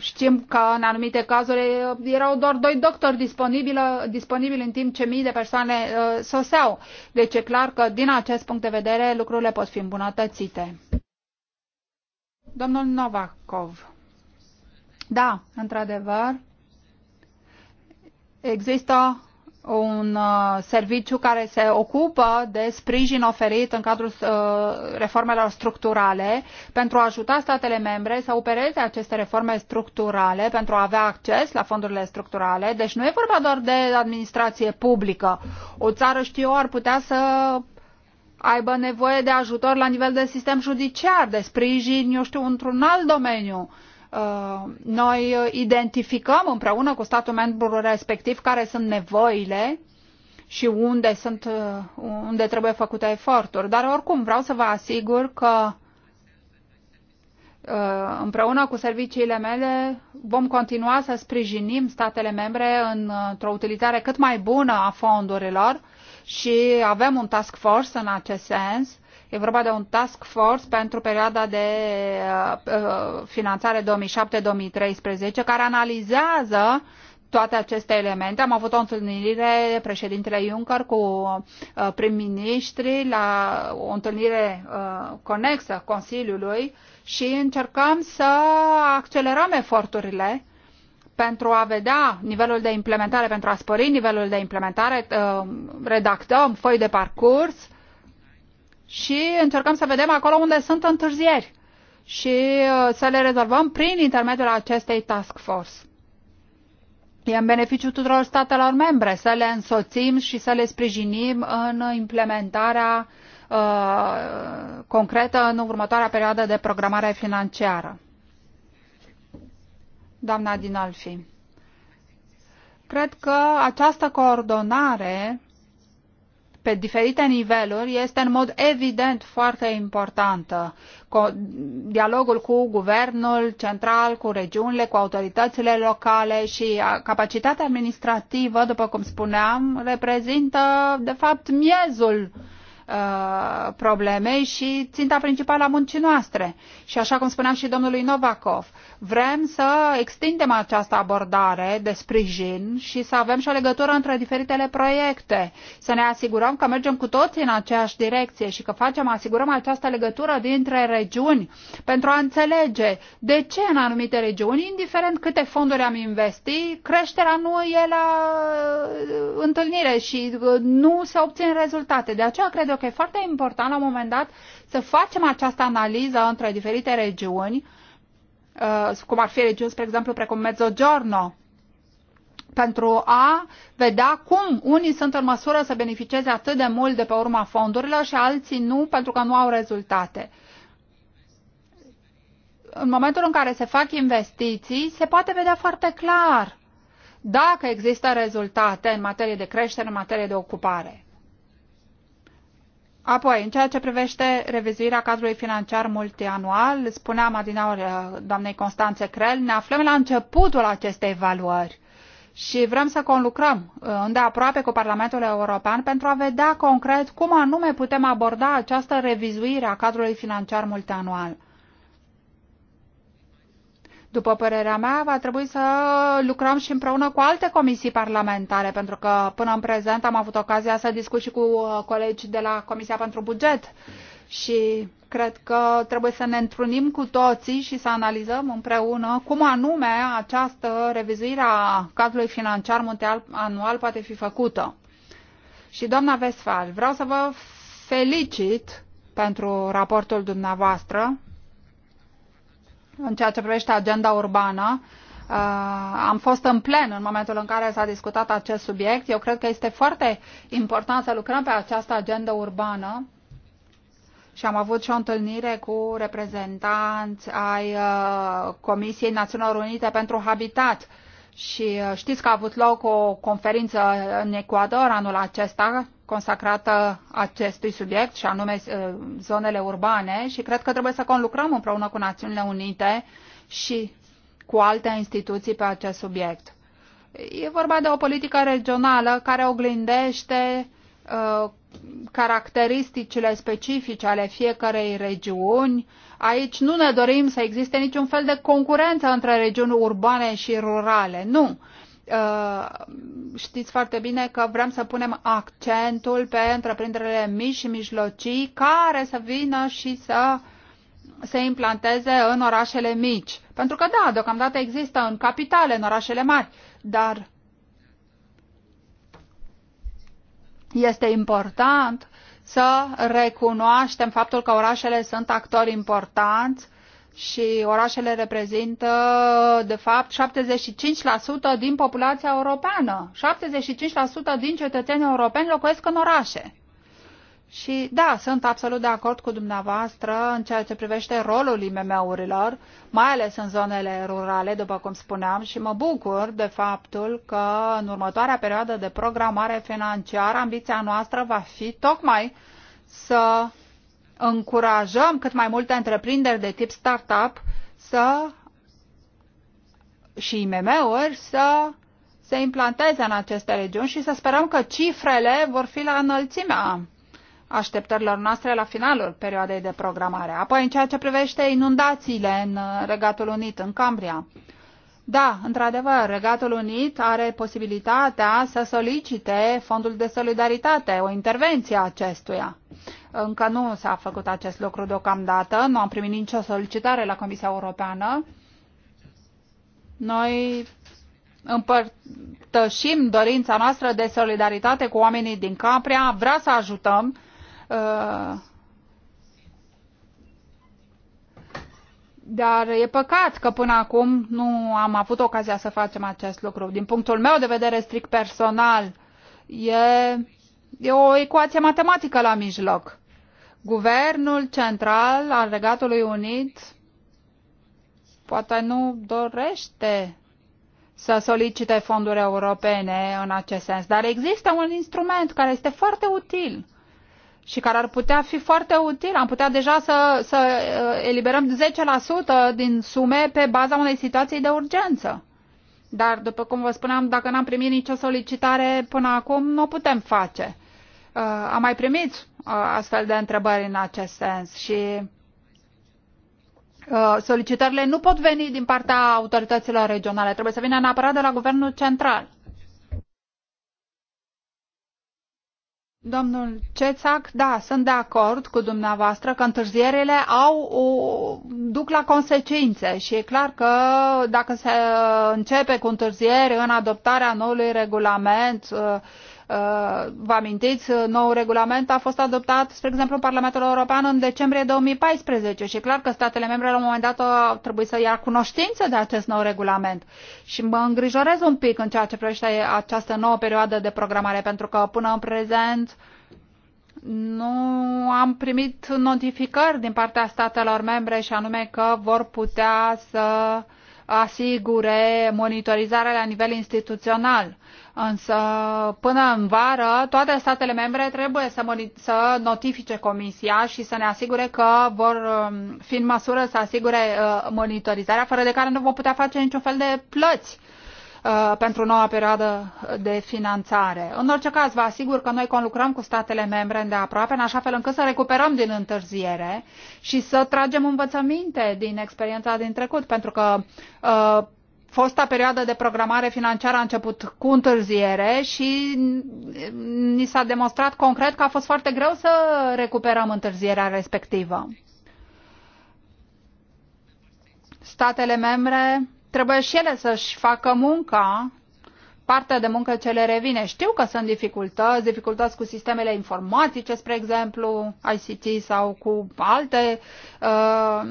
știm că în anumite cazuri erau doar doi doctori disponibili, disponibili în timp ce mii de persoane uh, soseau. Deci e clar că din acest punct de vedere lucrurile pot fi îmbunătățite. Domnul Novakov. Da, într-adevăr, există un uh, serviciu care se ocupă de sprijin oferit în cadrul uh, reformelor structurale pentru a ajuta statele membre să opereze aceste reforme structurale pentru a avea acces la fondurile structurale. Deci nu e vorba doar de administrație publică. O țară, știu, ar putea să aibă nevoie de ajutor la nivel de sistem judiciar, de sprijin, eu știu, într-un alt domeniu. Uh, Uh, noi identificăm împreună cu statul membru respectiv care sunt nevoile și unde, sunt, uh, unde trebuie făcute eforturi. Dar oricum vreau să vă asigur că uh, împreună cu serviciile mele vom continua să sprijinim statele membre într-o utilizare cât mai bună a fondurilor și avem un task force în acest sens E vorba de un task force pentru perioada de uh, uh, finanțare 2007-2013 care analizează toate aceste elemente. Am avut o întâlnire, președintele Juncker, cu uh, prim-ministri, la o întâlnire conexă Consiliului și încercăm să accelerăm eforturile pentru a vedea nivelul de implementare, pentru a spori nivelul de implementare, redactăm foi de parcurs și încercăm să vedem acolo unde sunt întârzieri și uh, să le rezolvăm prin intermediul acestei task force. E în beneficiu tuturor statelor membre să le însoțim și să le sprijinim în implementarea uh, concretă în următoarea perioadă de programare financiară. Doamna Dinalfi, cred că această coordonare pe diferite niveluri este în mod evident foarte importantă. Dialogul cu guvernul central, cu regiunile, cu autoritățile locale și capacitatea administrativă, după cum spuneam, reprezintă de fapt miezul uh, probleme uh, problemei și ținta principală a muncii noastre. Și așa cum spuneam și domnului Novakov, vrem să extindem această abordare de sprijin și să avem și o legătură între diferitele proiecte, să ne asigurăm că mergem cu toții în aceeași direcție și că facem, asigurăm această legătură dintre regiuni pentru a înțelege de ce în anumite regiuni, indiferent câte fonduri am investi, creșterea nu e la uh, întâlnire și uh, nu se obțin rezultate. De aceea cred cred că e foarte important la un moment dat să facem această analiză între diferite regiuni, uh, cum ar fi regiuni, spre exemplu, precum Mezzogiorno, pentru a vedea cum unii sunt în măsură să beneficieze atât de mult de pe urma fondurilor și alții nu, pentru că nu au rezultate în momentul în care se fac investiții, se poate vedea foarte clar dacă există rezultate în materie de creștere, în materie de ocupare. Apoi, în ceea ce privește revizuirea cadrului financiar multianual, spuneam adinaur uh, doamnei Constanțe Crel, ne aflăm la începutul acestei evaluări și vrem să conlucrăm uh, îndeaproape cu Parlamentul European pentru a vedea concret cum anume putem aborda această revizuire a cadrului financiar multianual. După părerea mea, va trebui să lucrăm și împreună cu alte comisii parlamentare, pentru că până în prezent am avut ocazia să discut și cu uh, colegi de la Comisia pentru Buget și cred că trebuie să ne întrunim cu toții și să analizăm împreună cum anume această revizuire a cadrului financiar mondial anual poate fi făcută. Și doamna Vesfal, vreau să vă felicit pentru raportul dumneavoastră în ceea ce privește agenda urbană. Uh, am fost în plen în momentul în care s-a discutat acest subiect. Eu cred că este foarte important să lucrăm pe această agenda urbană și am avut și o întâlnire cu reprezentanți ai uh, Comisiei Națiunilor Unite pentru Habitat. Și uh, știți că a avut loc o conferință în Ecuador anul acesta consacrată acestui subiect și anume uh, zonele urbane și cred că trebuie să conlucrăm împreună cu Națiunile Unite și cu alte instituții pe acest subiect. E vorba de o politică regională care oglindește uh, caracteristicile specifice ale fiecărei regiuni. Aici nu ne dorim să existe niciun fel de concurență între regiuni urbane și rurale. Nu. Uh, știți foarte bine că vrem să punem accentul pe întreprinderile mici și mijlocii care să vină și să se implanteze în orașele mici. Pentru că, da, deocamdată există în capitale, în orașele mari, dar este important să recunoaștem faptul că orașele sunt actori importanți și orașele reprezintă, de fapt, 75% din populația europeană. 75% din cetățenii europeni locuiesc în orașe. Și da, sunt absolut de acord cu dumneavoastră în ceea ce privește rolul IMM-urilor, mai ales în zonele rurale, după cum spuneam, și mă bucur de faptul că în următoarea perioadă de programare financiară ambiția noastră va fi tocmai să încurajăm cât mai multe întreprinderi de tip startup să și IMM-uri să se implanteze în aceste regiuni și să sperăm că cifrele vor fi la înălțimea așteptărilor noastre la finalul perioadei de programare. Apoi, în ceea ce privește inundațiile în Regatul Unit, în Cambria. Da, într-adevăr, Regatul Unit are posibilitatea să solicite fondul de solidaritate, o intervenție a acestuia. Încă nu s-a făcut acest lucru deocamdată, nu am primit nicio solicitare la Comisia Europeană. Noi împărtășim dorința noastră de solidaritate cu oamenii din Capria, vrea să ajutăm. Uh, dar e păcat că până acum nu am avut ocazia să facem acest lucru. Din punctul meu de vedere strict personal, e, e o ecuație matematică la mijloc. Guvernul central al Regatului Unit poate nu dorește să solicite fonduri europene în acest sens, dar există un instrument care este foarte util și care ar putea fi foarte util. Am putea deja să, să eh, eliberăm 10% din sume pe baza unei situații de urgență. Dar, după cum vă spuneam, dacă n-am primit nicio solicitare până acum, nu o putem face. Uh, am mai primit uh, astfel de întrebări în acest sens și uh, solicitările nu pot veni din partea autorităților regionale, trebuie să vină neapărat de la guvernul central. Domnul Cețac, da, sunt de acord cu dumneavoastră că întârzierile au, o, duc la consecințe și e clar că dacă se începe cu întârzieri în adoptarea noului regulament, Vă amintiți, nou regulament a fost adoptat, spre exemplu, în Parlamentul European în decembrie 2014 și e clar că statele membre la un moment dat au trebuit să ia cunoștință de acest nou regulament. Și mă îngrijorez un pic în ceea ce privește această nouă perioadă de programare, pentru că până în prezent nu am primit notificări din partea statelor membre și anume că vor putea să uh, asigure monitorizarea la nivel instituțional. Însă, până în vară, toate statele membre trebuie să, să notifice Comisia și să ne asigure că vor um, fi în măsură să asigure uh, monitorizarea, fără de care nu vom putea face niciun fel de plăți Uh, pentru noua perioadă de finanțare. În orice caz, vă asigur că noi conlucrăm cu statele membre de aproape, în așa fel încât să recuperăm din întârziere și să tragem învățăminte din experiența din trecut, pentru că uh, fosta perioadă de programare financiară a început cu întârziere și ni s-a demonstrat concret că a fost foarte greu să recuperăm întârzierea respectivă. Statele membre trebuie și ele să-și facă munca, partea de muncă ce le revine. Știu că sunt dificultăți, dificultăți cu sistemele informatice, spre exemplu, ICT sau cu alte uh, uh,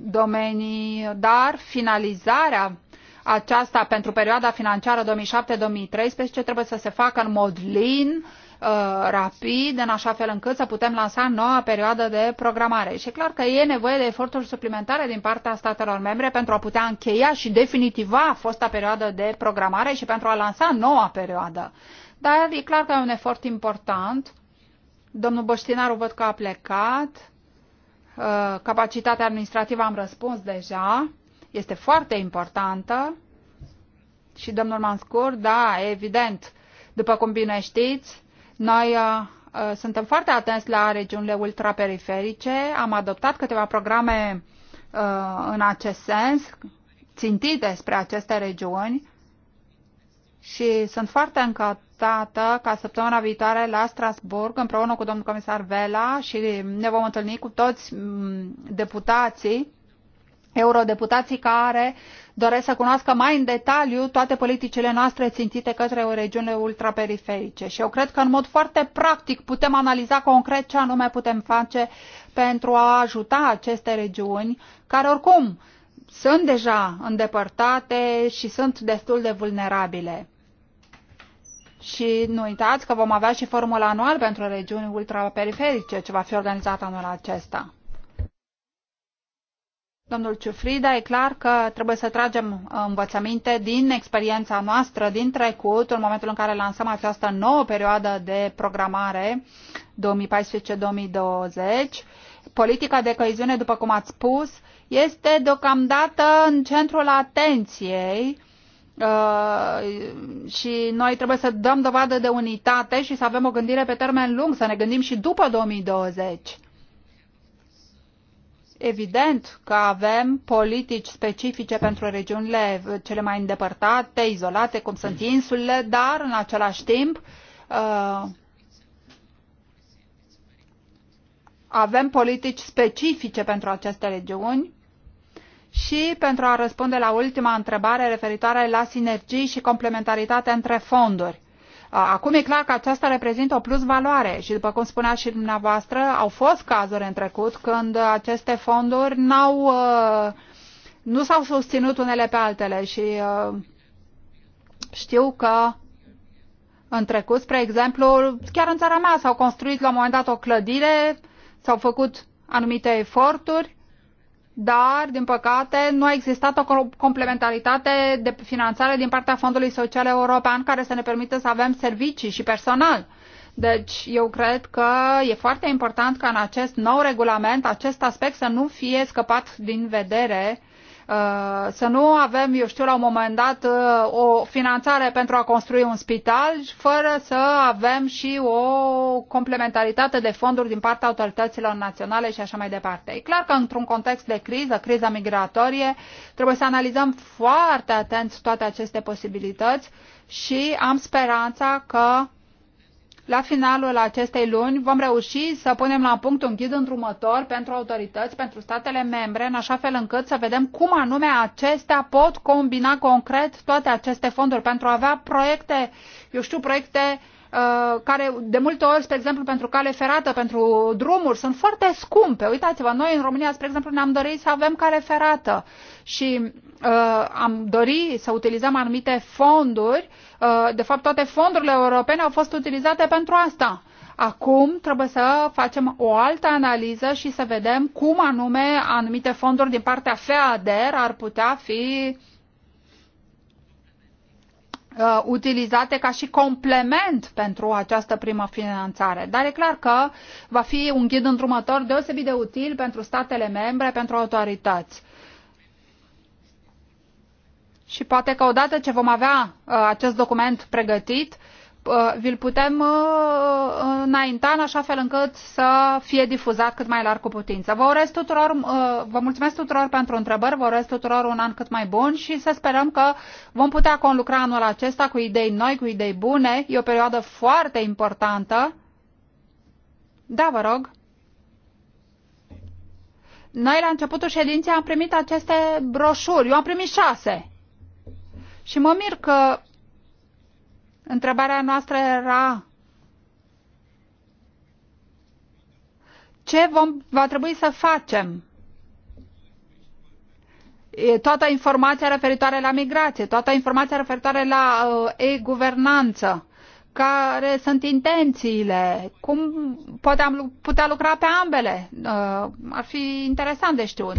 domenii, dar finalizarea aceasta pentru perioada financiară 2007-2013 trebuie să se facă în mod lin, Uh, rapid, în așa fel încât să putem lansa noua perioadă de programare. Și e clar că e nevoie de eforturi suplimentare din partea statelor membre pentru a putea încheia și definitiva fosta perioadă de programare și pentru a lansa noua perioadă. Dar e clar că e un efort important. Domnul Băștinaru văd că a plecat. Uh, capacitatea administrativă am răspuns deja. Este foarte importantă și domnul Manscur, da, evident, după cum bine știți, noi uh, uh, suntem foarte atenți la regiunile ultraperiferice, am adoptat câteva programe uh, în acest sens, țintite spre aceste regiuni și sunt foarte încătată ca săptămâna viitoare la Strasburg, împreună cu domnul comisar Vela și ne vom întâlni cu toți mm, deputații eurodeputații care doresc să cunoască mai în detaliu toate politicile noastre țintite către o regiune ultraperiferice. Și eu cred că în mod foarte practic putem analiza concret ce anume putem face pentru a ajuta aceste regiuni care oricum sunt deja îndepărtate și sunt destul de vulnerabile. Și nu uitați că vom avea și formula anual pentru regiuni ultraperiferice, ce va fi organizată anul acesta. Domnul Ciufrida, e clar că trebuie să tragem uh, învățăminte din experiența noastră din trecut, în momentul în care lansăm această nouă perioadă de programare 2014-2020. Politica de coeziune, după cum ați spus, este deocamdată în centrul atenției uh, și noi trebuie să dăm dovadă de unitate și să avem o gândire pe termen lung, să ne gândim și după 2020 Evident că avem politici specifice pentru regiunile cele mai îndepărtate, izolate, cum sunt insulele, dar în același timp uh, avem politici specifice pentru aceste regiuni și pentru a răspunde la ultima întrebare referitoare la sinergii și complementaritate între fonduri. Acum e clar că aceasta reprezintă o plus valoare și, după cum spuneați și dumneavoastră, au fost cazuri în trecut când aceste fonduri n-au, uh, nu s-au susținut unele pe altele și uh, știu că în trecut, spre exemplu, chiar în țara mea s-au construit la un moment dat o clădire, s-au făcut anumite eforturi dar, din păcate, nu a existat o complementaritate de finanțare din partea Fondului Social European care să ne permită să avem servicii și personal. Deci, eu cred că e foarte important ca în acest nou regulament acest aspect să nu fie scăpat din vedere Uh, să nu avem, eu știu, la un moment dat uh, o finanțare pentru a construi un spital fără să avem și o complementaritate de fonduri din partea autorităților naționale și așa mai departe. E clar că într-un context de criză, criza migratorie, trebuie să analizăm foarte atent toate aceste posibilități și am speranța că la finalul acestei luni vom reuși să punem la punct un ghid îndrumător pentru autorități, pentru statele membre, în așa fel încât să vedem cum anume acestea pot combina concret toate aceste fonduri pentru a avea proiecte, eu știu, proiecte uh, care de multe ori, spre exemplu, pentru cale ferată, pentru drumuri, sunt foarte scumpe. Uitați-vă, noi în România, spre exemplu, ne-am dorit să avem cale ferată și uh, am dorit să utilizăm anumite fonduri uh, Uh, de fapt toate fondurile europene au fost utilizate pentru asta. Acum trebuie să facem o altă analiză și să vedem cum anume anumite fonduri din partea FEADER ar putea fi uh, utilizate ca și complement pentru această primă finanțare. Dar e clar că va fi un ghid îndrumător deosebit de util pentru statele membre, pentru autorități și poate că odată ce vom avea uh, acest document pregătit, uh, vi-l putem uh, înainta în așa fel încât să fie difuzat cât mai larg cu putință. Vă, urez tuturor, vă mulțumesc tuturor pentru întrebări, vă urez tuturor un an cât mai bun și să sperăm că vom putea conlucra anul acesta cu idei noi, cu idei bune. E o perioadă foarte importantă. Da, vă rog. Noi la începutul ședinței am primit aceste broșuri. Eu am primit șase și mă mir că întrebarea noastră era ce vom, va trebui să facem toată informația referitoare la migrație, toată informația referitoare la uh, e-guvernanță, care sunt intențiile, cum putem putea lucra pe ambele. Uh, ar fi interesant de știut.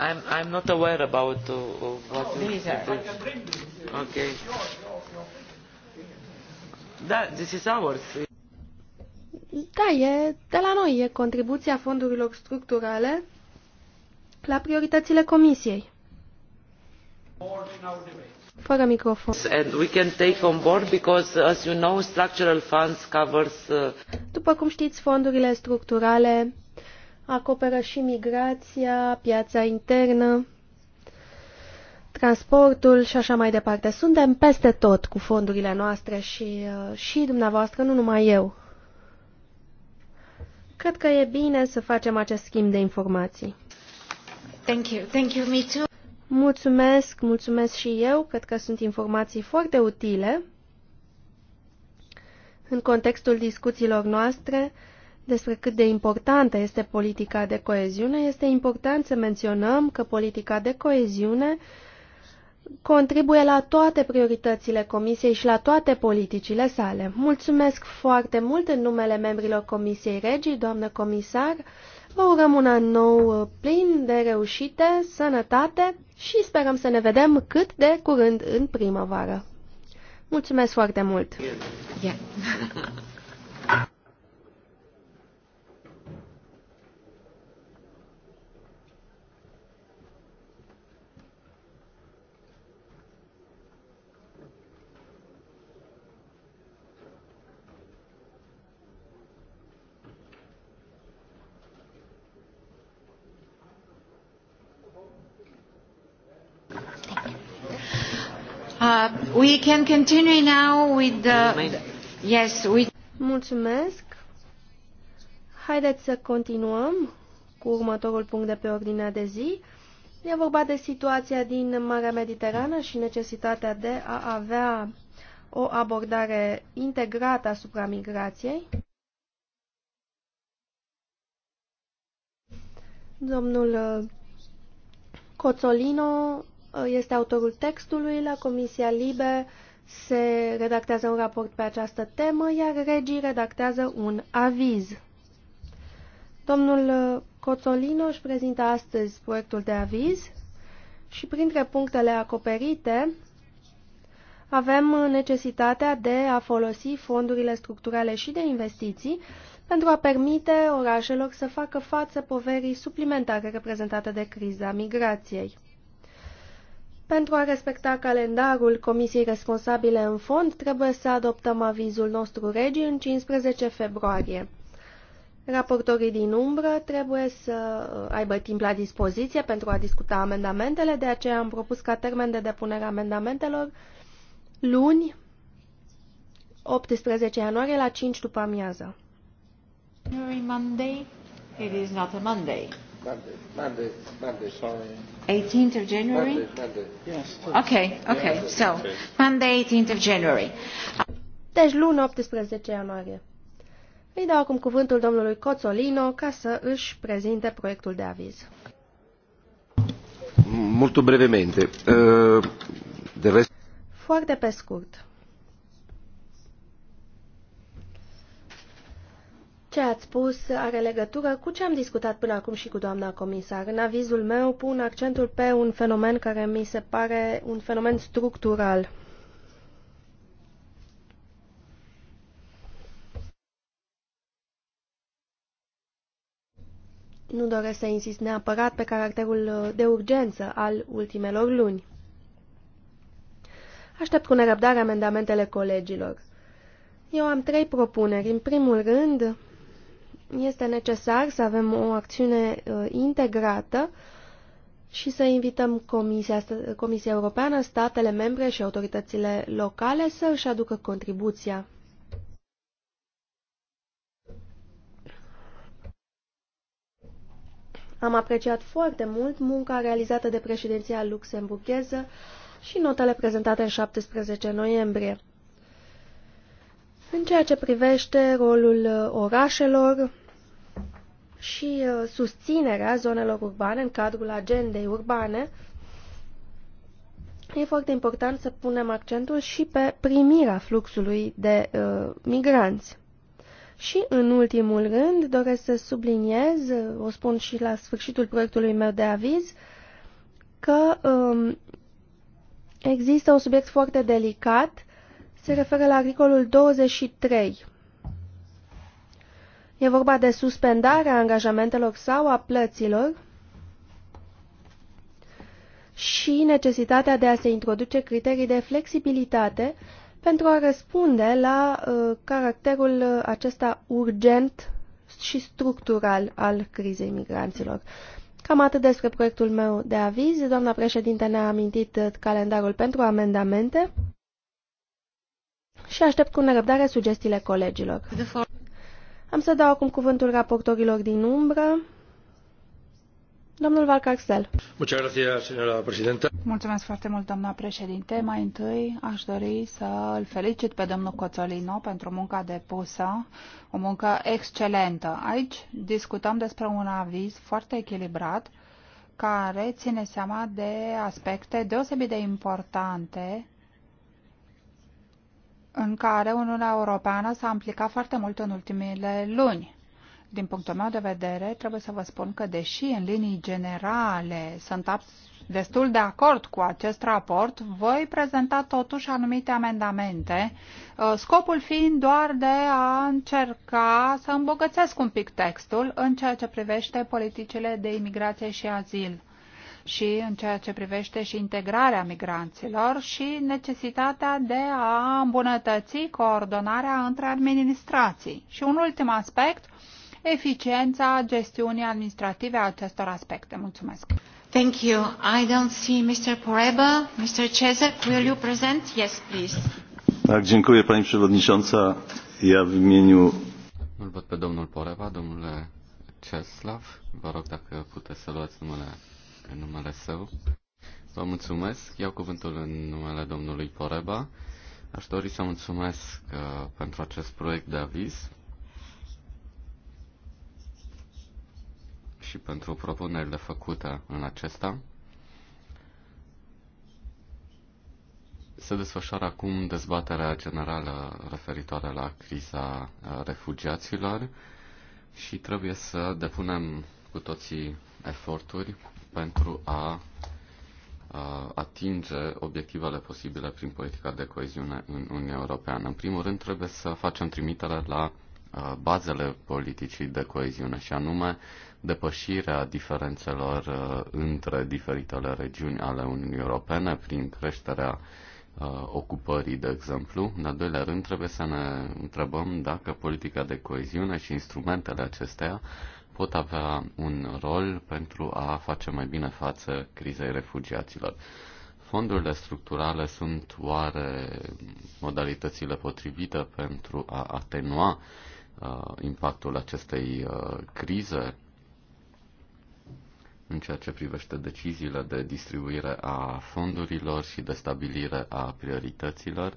I'm, I'm not aware about uh, what no, is it. Okay. Da, this is ours. Da, e de la noi, e contribuția fondurilor structurale la prioritățile comisiei. Fără microfon. And we can take on board because, as you know, structural funds covers. Uh... După cum știți, fondurile structurale acoperă și migrația, piața internă, transportul și așa mai departe. Suntem peste tot cu fondurile noastre și, uh, și dumneavoastră, nu numai eu. Cred că e bine să facem acest schimb de informații. Thank you. Thank you, me too. Mulțumesc, mulțumesc și eu. Cred că sunt informații foarte utile în contextul discuțiilor noastre despre cât de importantă este politica de coeziune, este important să menționăm că politica de coeziune contribuie la toate prioritățile Comisiei și la toate politicile sale. Mulțumesc foarte mult în numele membrilor Comisiei Regii, doamnă comisar. Vă urăm un an nou uh, plin de reușite, sănătate și sperăm să ne vedem cât de curând în primăvară. Mulțumesc foarte mult! Yeah. Uh, we can continue now with the... Uh, yes, we... Mulțumesc. Haideți să continuăm cu următorul punct de pe ordinea de zi. E vorba de situația din Marea Mediterană și necesitatea de a avea o abordare integrată asupra migrației. Domnul Cozzolino este autorul textului, la Comisia Libe se redactează un raport pe această temă, iar regii redactează un aviz. Domnul Coțolino își prezintă astăzi proiectul de aviz și printre punctele acoperite avem necesitatea de a folosi fondurile structurale și de investiții pentru a permite orașelor să facă față poverii suplimentare reprezentate de criza migrației. Pentru a respecta calendarul comisiei responsabile în fond, trebuie să adoptăm avizul nostru regi în 15 februarie. Raportorii din umbră trebuie să aibă timp la dispoziție pentru a discuta amendamentele, de aceea am propus ca termen de depunere a amendamentelor luni, 18 ianuarie, la 5 după amiază. Monday, it is not a Monday. Monday, Monday, Monday. Sorry. 18th of January? Monday, Monday. Yes. Okay, okay. So, Monday, 18th of January. Deci luni 18 ianuarie. Îi dau acum cuvântul domnului Coțolino ca să își prezinte proiectul de aviz. Mult brevemente. Eh, de rest... Foarte pe scurt. Ce ați spus are legătură cu ce am discutat până acum și cu doamna comisar. În avizul meu pun accentul pe un fenomen care mi se pare un fenomen structural. Nu doresc să insist neapărat pe caracterul de urgență al ultimelor luni. Aștept cu nerăbdare amendamentele colegilor. Eu am trei propuneri. În primul rând, este necesar să avem o acțiune uh, integrată și să invităm Comisia, Comisia Europeană, statele membre și autoritățile locale să își aducă contribuția. Am apreciat foarte mult munca realizată de președinția luxemburgheză și notele prezentate în 17 noiembrie. În ceea ce privește rolul uh, orașelor, și uh, susținerea zonelor urbane în cadrul agendei urbane, e foarte important să punem accentul și pe primirea fluxului de uh, migranți. Și, în ultimul rând, doresc să subliniez, uh, o spun și la sfârșitul proiectului meu de aviz, că um, există un subiect foarte delicat, se referă la articolul 23 E vorba de suspendarea angajamentelor sau a plăților și necesitatea de a se introduce criterii de flexibilitate pentru a răspunde la uh, caracterul uh, acesta urgent și structural al crizei migranților. Cam atât despre proiectul meu de aviz. Doamna președinte ne-a amintit uh, calendarul pentru amendamente și aștept cu nerăbdare sugestiile colegilor. Am să dau acum cuvântul raportorilor din umbră. Domnul Valcarcel. Mulțumesc foarte mult, doamna președinte. Mai întâi aș dori să îl felicit pe domnul Coțolino pentru munca depusă, o muncă excelentă. Aici discutăm despre un aviz foarte echilibrat care ține seama de aspecte deosebit de importante în care Uniunea Europeană s-a implicat foarte mult în ultimele luni. Din punctul meu de vedere, trebuie să vă spun că, deși în linii generale sunt destul de acord cu acest raport, voi prezenta totuși anumite amendamente, uh, scopul fiind doar de a încerca să îmbogățesc un pic textul în ceea ce privește politicile de imigrație și azil și în ceea ce privește și integrarea migranților și necesitatea de a îmbunătăți coordonarea între administrații. Și un ultim aspect, eficiența gestiunii administrative a acestor aspecte. Mulțumesc! Thank you. I don't see Mr. Poreba. Mr. Cezek, will you present? Yes, please. Tak, dziękuję Pani Przewodnicząca. Ja w imieniu... Îl văd pe domnul Poreba, domnule Ceslav. Vă rog dacă puteți să luați numele în numele său. Vă mulțumesc. Iau cuvântul în numele domnului Poreba. Aș dori să mulțumesc uh, pentru acest proiect de aviz și pentru propunerile făcute în acesta. Se desfășoară acum dezbaterea generală referitoare la criza uh, refugiaților și trebuie să depunem cu toții eforturi pentru a atinge obiectivele posibile prin politica de coeziune în Uniunea Europeană. În primul rând, trebuie să facem trimitere la bazele politicii de coeziune și anume depășirea diferențelor între diferitele regiuni ale Uniunii Europene prin creșterea ocupării, de exemplu. În al doilea rând, trebuie să ne întrebăm dacă politica de coeziune și instrumentele acesteia pot avea un rol pentru a face mai bine față crizei refugiaților. Fondurile structurale sunt oare modalitățile potrivite pentru a atenua uh, impactul acestei uh, crize în ceea ce privește deciziile de distribuire a fondurilor și de stabilire a priorităților?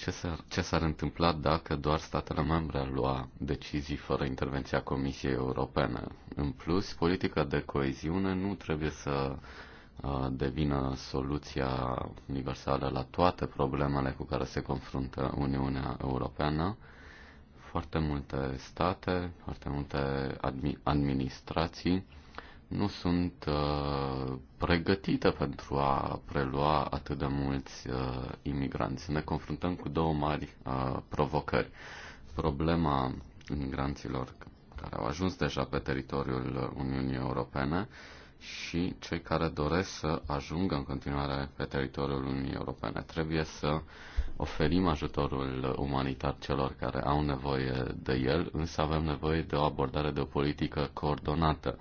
ce s-ar, ce s-ar întâmpla dacă doar statele membre ar lua decizii fără intervenția Comisiei Europene. În plus, politica de coeziune nu trebuie să uh, devină soluția universală la toate problemele cu care se confruntă Uniunea Europeană. Foarte multe state, foarte multe administrații nu sunt uh, pregătite pentru a prelua atât de mulți uh, imigranți. Ne confruntăm cu două mari uh, provocări. Problema imigranților care au ajuns deja pe teritoriul Uniunii Europene și cei care doresc să ajungă în continuare pe teritoriul Uniunii Europene. Trebuie să oferim ajutorul umanitar celor care au nevoie de el, însă avem nevoie de o abordare de o politică coordonată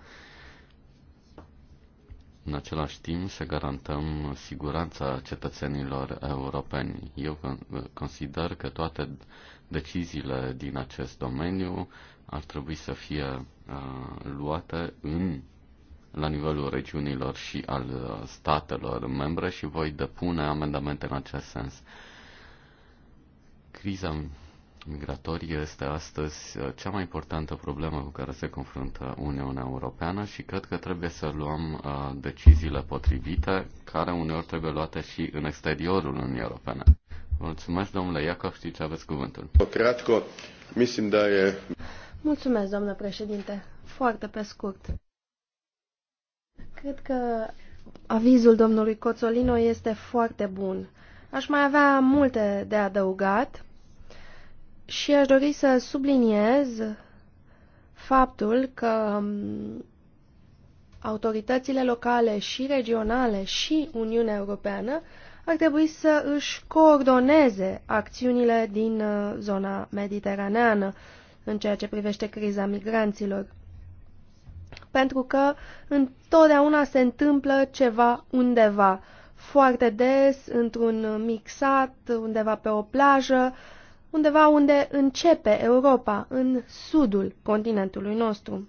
în același timp să garantăm siguranța cetățenilor europeni. Eu consider că toate deciziile din acest domeniu ar trebui să fie uh, luate în, la nivelul regiunilor și al uh, statelor membre și voi depune amendamente în acest sens. Criza migratorii este astăzi uh, cea mai importantă problemă cu care se confruntă Uniunea Europeană și cred că trebuie să luăm uh, deciziile potrivite, care uneori trebuie luate și în exteriorul Uniunii Europene. Mulțumesc, domnule Iacov, știți ce aveți cuvântul. Kratko, mislim da e... Mulțumesc, domnule președinte. Foarte pe scurt. Cred că avizul domnului Coțolino este foarte bun. Aș mai avea multe de adăugat, și aș dori să subliniez faptul că um, autoritățile locale și regionale și Uniunea Europeană ar trebui să își coordoneze acțiunile din uh, zona mediteraneană în ceea ce privește criza migranților. Pentru că întotdeauna se întâmplă ceva undeva, foarte des, într-un mixat, undeva pe o plajă, undeva unde începe Europa, în sudul continentului nostru.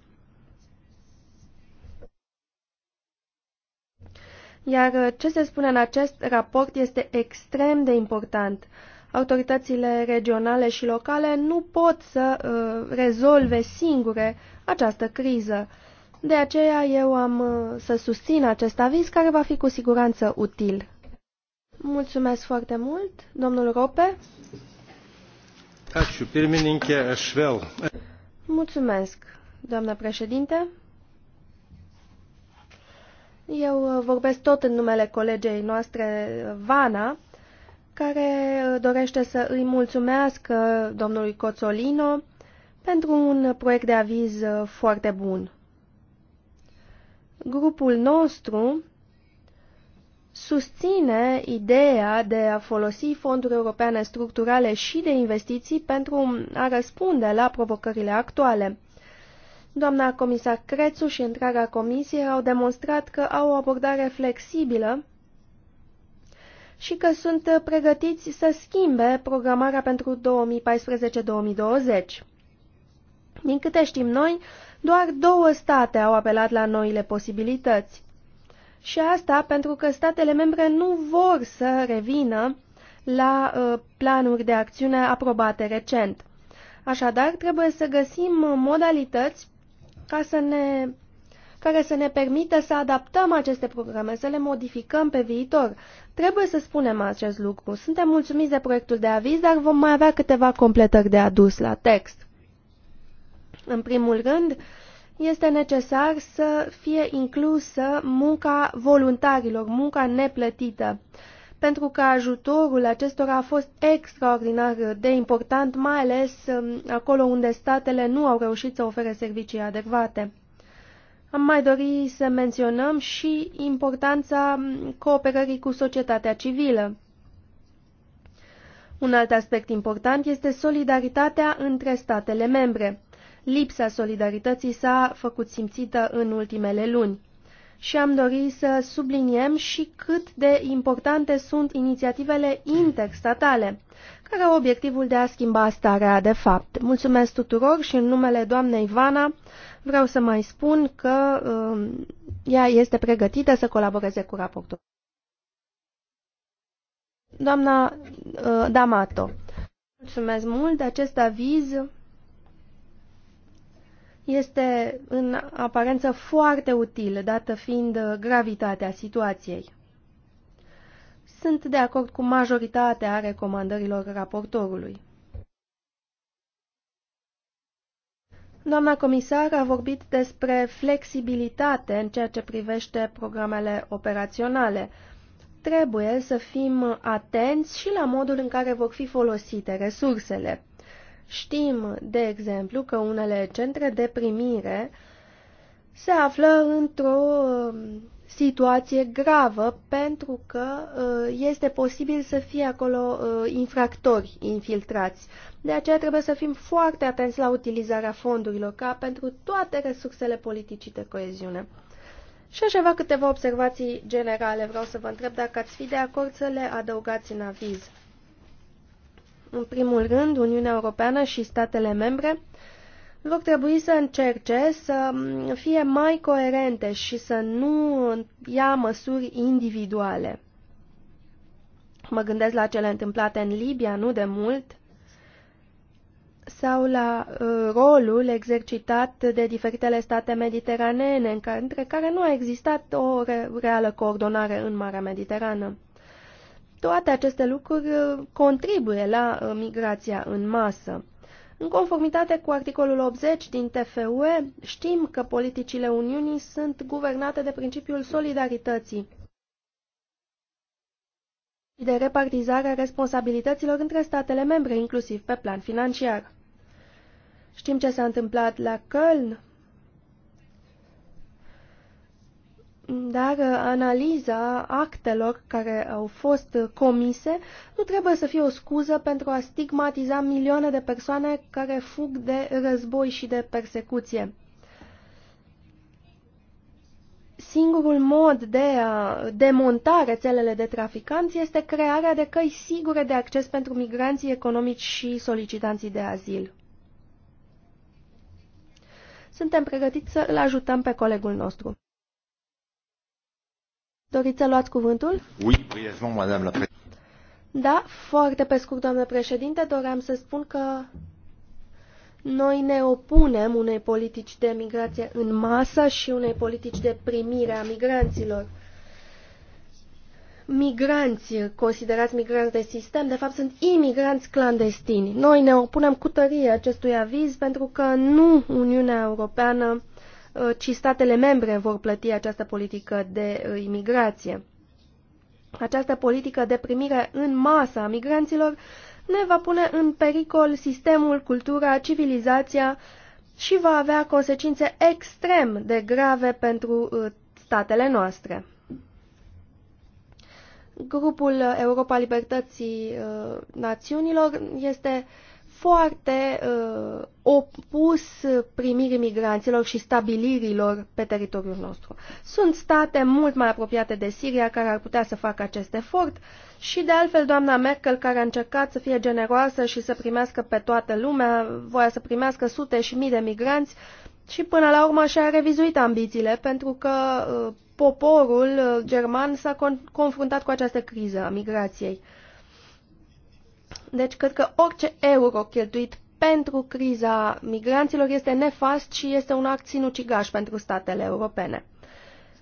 Iar uh, ce se spune în acest raport este extrem de important. Autoritățile regionale și locale nu pot să uh, rezolve singure această criză. De aceea eu am uh, să susțin acest aviz care va fi cu siguranță util. Mulțumesc foarte mult, domnul Rope. Mulțumesc, doamnă președinte. Eu vorbesc tot în numele colegei noastre, Vana, care dorește să îi mulțumească domnului Coțolino pentru un proiect de aviz foarte bun. Grupul nostru susține ideea de a folosi fonduri europene structurale și de investiții pentru a răspunde la provocările actuale. Doamna comisar Crețu și întreaga comisie au demonstrat că au o abordare flexibilă și că sunt pregătiți să schimbe programarea pentru 2014-2020. Din câte știm noi, doar două state au apelat la noile posibilități. Și asta pentru că statele membre nu vor să revină la uh, planuri de acțiune aprobate recent. Așadar, trebuie să găsim modalități ca să ne, care să ne permită să adaptăm aceste programe, să le modificăm pe viitor. Trebuie să spunem acest lucru. Suntem mulțumiți de proiectul de aviz, dar vom mai avea câteva completări de adus la text. În primul rând, este necesar să fie inclusă munca voluntarilor, munca neplătită, pentru că ajutorul acestora a fost extraordinar de important, mai ales um, acolo unde statele nu au reușit să ofere servicii adecvate. Am mai dori să menționăm și importanța um, cooperării cu societatea civilă. Un alt aspect important este solidaritatea între statele membre lipsa solidarității s-a făcut simțită în ultimele luni. Și am dorit să subliniem și cât de importante sunt inițiativele interstatale, care au obiectivul de a schimba starea de fapt. Mulțumesc tuturor și în numele doamnei Ivana vreau să mai spun că um, ea este pregătită să colaboreze cu raportul. Doamna uh, D'Amato, mulțumesc mult de acest aviz este în aparență foarte util, dată fiind gravitatea situației. Sunt de acord cu majoritatea recomandărilor raportorului. Doamna comisar a vorbit despre flexibilitate în ceea ce privește programele operaționale. Trebuie să fim atenți și la modul în care vor fi folosite resursele. Știm, de exemplu, că unele centre de primire se află într-o um, situație gravă pentru că uh, este posibil să fie acolo uh, infractori infiltrați. De aceea trebuie să fim foarte atenți la utilizarea fondurilor, ca pentru toate resursele politicii de coeziune. Și așa câteva observații generale. Vreau să vă întreb dacă ați fi de acord să le adăugați în aviz. În primul rând, Uniunea Europeană și statele membre vor trebui să încerce să fie mai coerente și să nu ia măsuri individuale. Mă gândesc la cele întâmplate în Libia nu de mult sau la uh, rolul exercitat de diferitele state mediteranene, între care nu a existat o re reală coordonare în Marea Mediterană. Toate aceste lucruri uh, contribuie la uh, migrația în masă. În conformitate cu articolul 80 din TFUE, știm că politicile Uniunii sunt guvernate de principiul solidarității și de repartizarea responsabilităților între statele membre, inclusiv pe plan financiar. Știm ce s-a întâmplat la Köln, Dar analiza actelor care au fost comise nu trebuie să fie o scuză pentru a stigmatiza milioane de persoane care fug de război și de persecuție. Singurul mod de a demonta rețelele de traficanți este crearea de căi sigure de acces pentru migranții economici și solicitanții de azil suntem pregătiți să îl ajutăm pe colegul nostru. Doriți să luați cuvântul? Oui, brièvement, madame la Da, foarte pe scurt, doamnă președinte, doream să spun că noi ne opunem unei politici de migrație în masă și unei politici de primire a migranților. Migranți, considerați migranți de sistem, de fapt sunt imigranți clandestini. Noi ne opunem cu tărie acestui aviz pentru că nu Uniunea Europeană Uh, ci statele membre vor plăti această politică de uh, imigrație. Această politică de primire în masă a migranților ne va pune în pericol sistemul, cultura, civilizația și va avea consecințe extrem de grave pentru uh, statele noastre. Grupul Europa Libertății Națiunilor este uh, foarte uh, opus primirii migranților și stabilirilor pe teritoriul nostru. Sunt state mult mai apropiate de Siria care ar putea să facă acest efort și de altfel doamna Merkel care a încercat să fie generoasă și să primească pe toată lumea, voia să primească sute și mii de migranți și până la urmă și-a revizuit ambițiile pentru că uh, poporul german s-a con confruntat cu această criză a migrației. Deci cred că orice euro cheltuit pentru criza migranților este nefast și este un act sinucigaș pentru statele europene.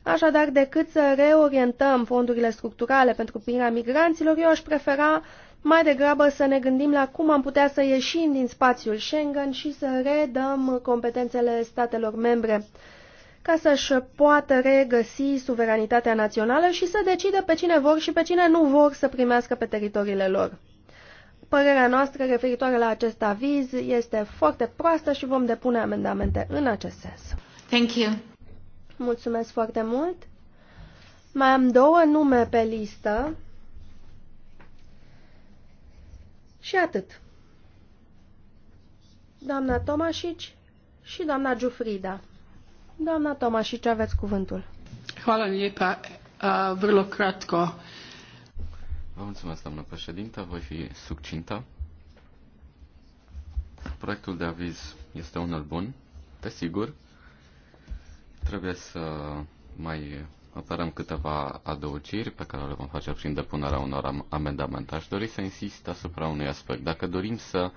Așadar, decât să reorientăm fondurile structurale pentru primirea migranților, eu aș prefera mai degrabă să ne gândim la cum am putea să ieșim din spațiul Schengen și să redăm competențele statelor membre ca să-și poată regăsi suveranitatea națională și să decidă pe cine vor și pe cine nu vor să primească pe teritoriile lor. Părerea noastră referitoare la acest aviz este foarte proastă și vom depune amendamente în acest sens. Thank you. Mulțumesc foarte mult. Mai am două nume pe listă. Și atât. Doamna Tomașici și doamna Giufrida. Doamna Tomașici, aveți cuvântul. Hvala lijepa. Vrlo kratko. Vă mulțumesc, doamnă președintă. Voi fi succintă. Proiectul de aviz este unul bun, desigur. Trebuie să mai apărăm câteva adăugiri pe care le vom face prin depunerea unor amendamente. Aș dori să insist asupra unui aspect. Dacă dorim să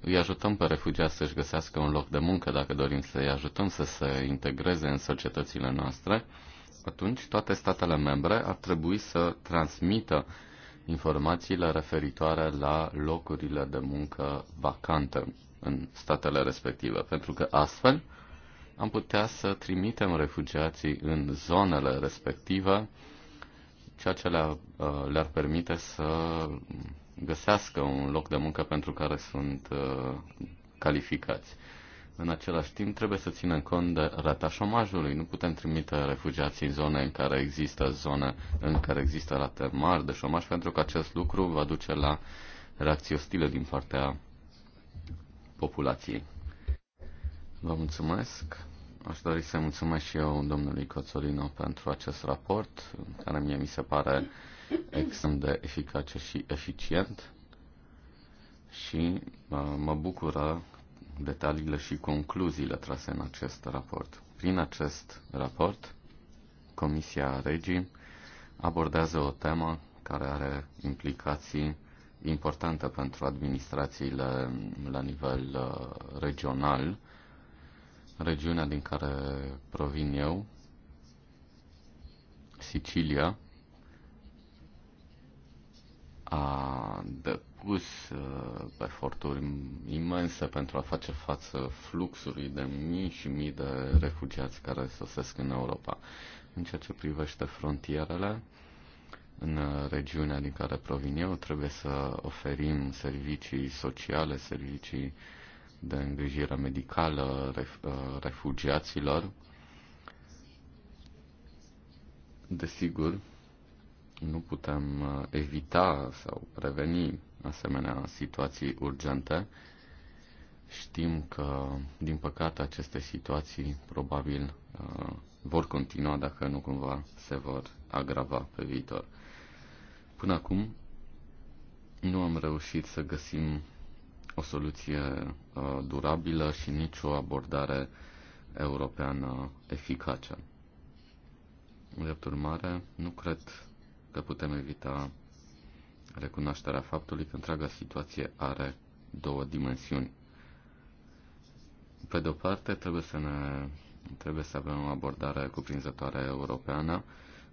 îi ajutăm pe refugiați să-și găsească un loc de muncă, dacă dorim să îi ajutăm să se integreze în societățile noastre, atunci toate statele membre ar trebui să transmită uh, informațiile referitoare la locurile de muncă vacante în statele respective, pentru că astfel am putea să trimitem refugiații în zonele respective, ceea ce uh, le-ar le permite să găsească un loc de muncă pentru care sunt uh, calificați. În același timp, trebuie să ținem cont de rata șomajului. Nu putem trimite refugiații în zone în care există zone în care există rate mari de șomaj, pentru că acest lucru va duce la reacții ostile din partea populației. Vă mulțumesc. Aș dori să mulțumesc și eu domnului Coțolino pentru acest raport, care mie mi se pare extrem de eficace și eficient și uh, mă bucură detaliile și concluziile trase în acest raport. Prin acest raport, Comisia Regii abordează o temă care are implicații importante pentru administrațiile la nivel uh, regional. Regiunea din care provin eu, Sicilia, a depus uh, eforturi imense pentru a face față fluxului de mii și mii de refugiați care sosesc în Europa. În ceea ce privește frontierele, în regiunea din care provin eu, trebuie să oferim servicii sociale, servicii de îngrijire medicală uh, refugiaților. Desigur, nu putem uh, evita sau preveni asemenea situații urgente. Știm că, din păcate, aceste situații probabil uh, vor continua dacă nu cumva se vor agrava pe viitor. Până acum nu am reușit să găsim o soluție uh, durabilă și nicio abordare europeană eficace. Drept urmare, nu cred că putem evita recunoașterea faptului că întreaga situație are două dimensiuni. Pe de o parte, trebuie să, ne, trebuie să avem o abordare cuprinzătoare europeană.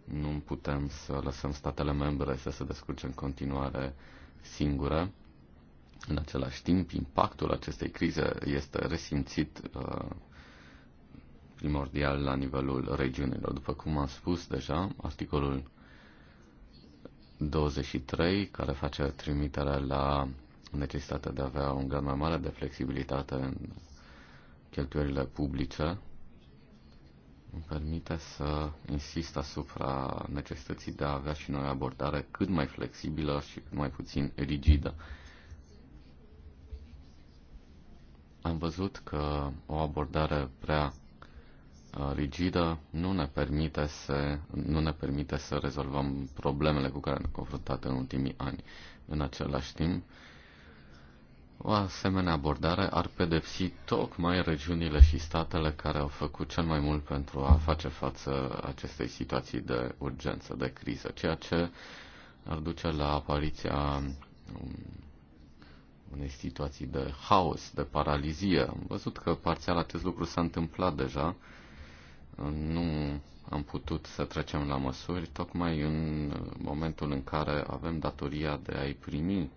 Nu putem să lăsăm statele membre să se descurce în continuare singure. În același timp, impactul acestei crize este resimțit uh, primordial la nivelul regiunilor. După cum am spus deja, articolul 23, care face trimitere la necesitatea de a avea un grad mai mare de flexibilitate în cheltuielile publice, îmi permite să insist asupra necesității de a avea și noi abordare cât mai flexibilă și cât mai puțin rigidă. Am văzut că o abordare prea Uh, rigidă nu ne permite să, nu ne permite să rezolvăm problemele cu care ne-am confruntat în ultimii ani. În același timp, o asemenea abordare ar pedepsi tocmai regiunile și statele care au făcut cel mai mult pentru a face față acestei situații de urgență, de criză, ceea ce ar duce la apariția unei situații de haos, de paralizie. Am văzut că parțial acest lucru s-a întâmplat deja, nu am putut să trecem la măsuri tocmai în momentul în care avem datoria de a-i primi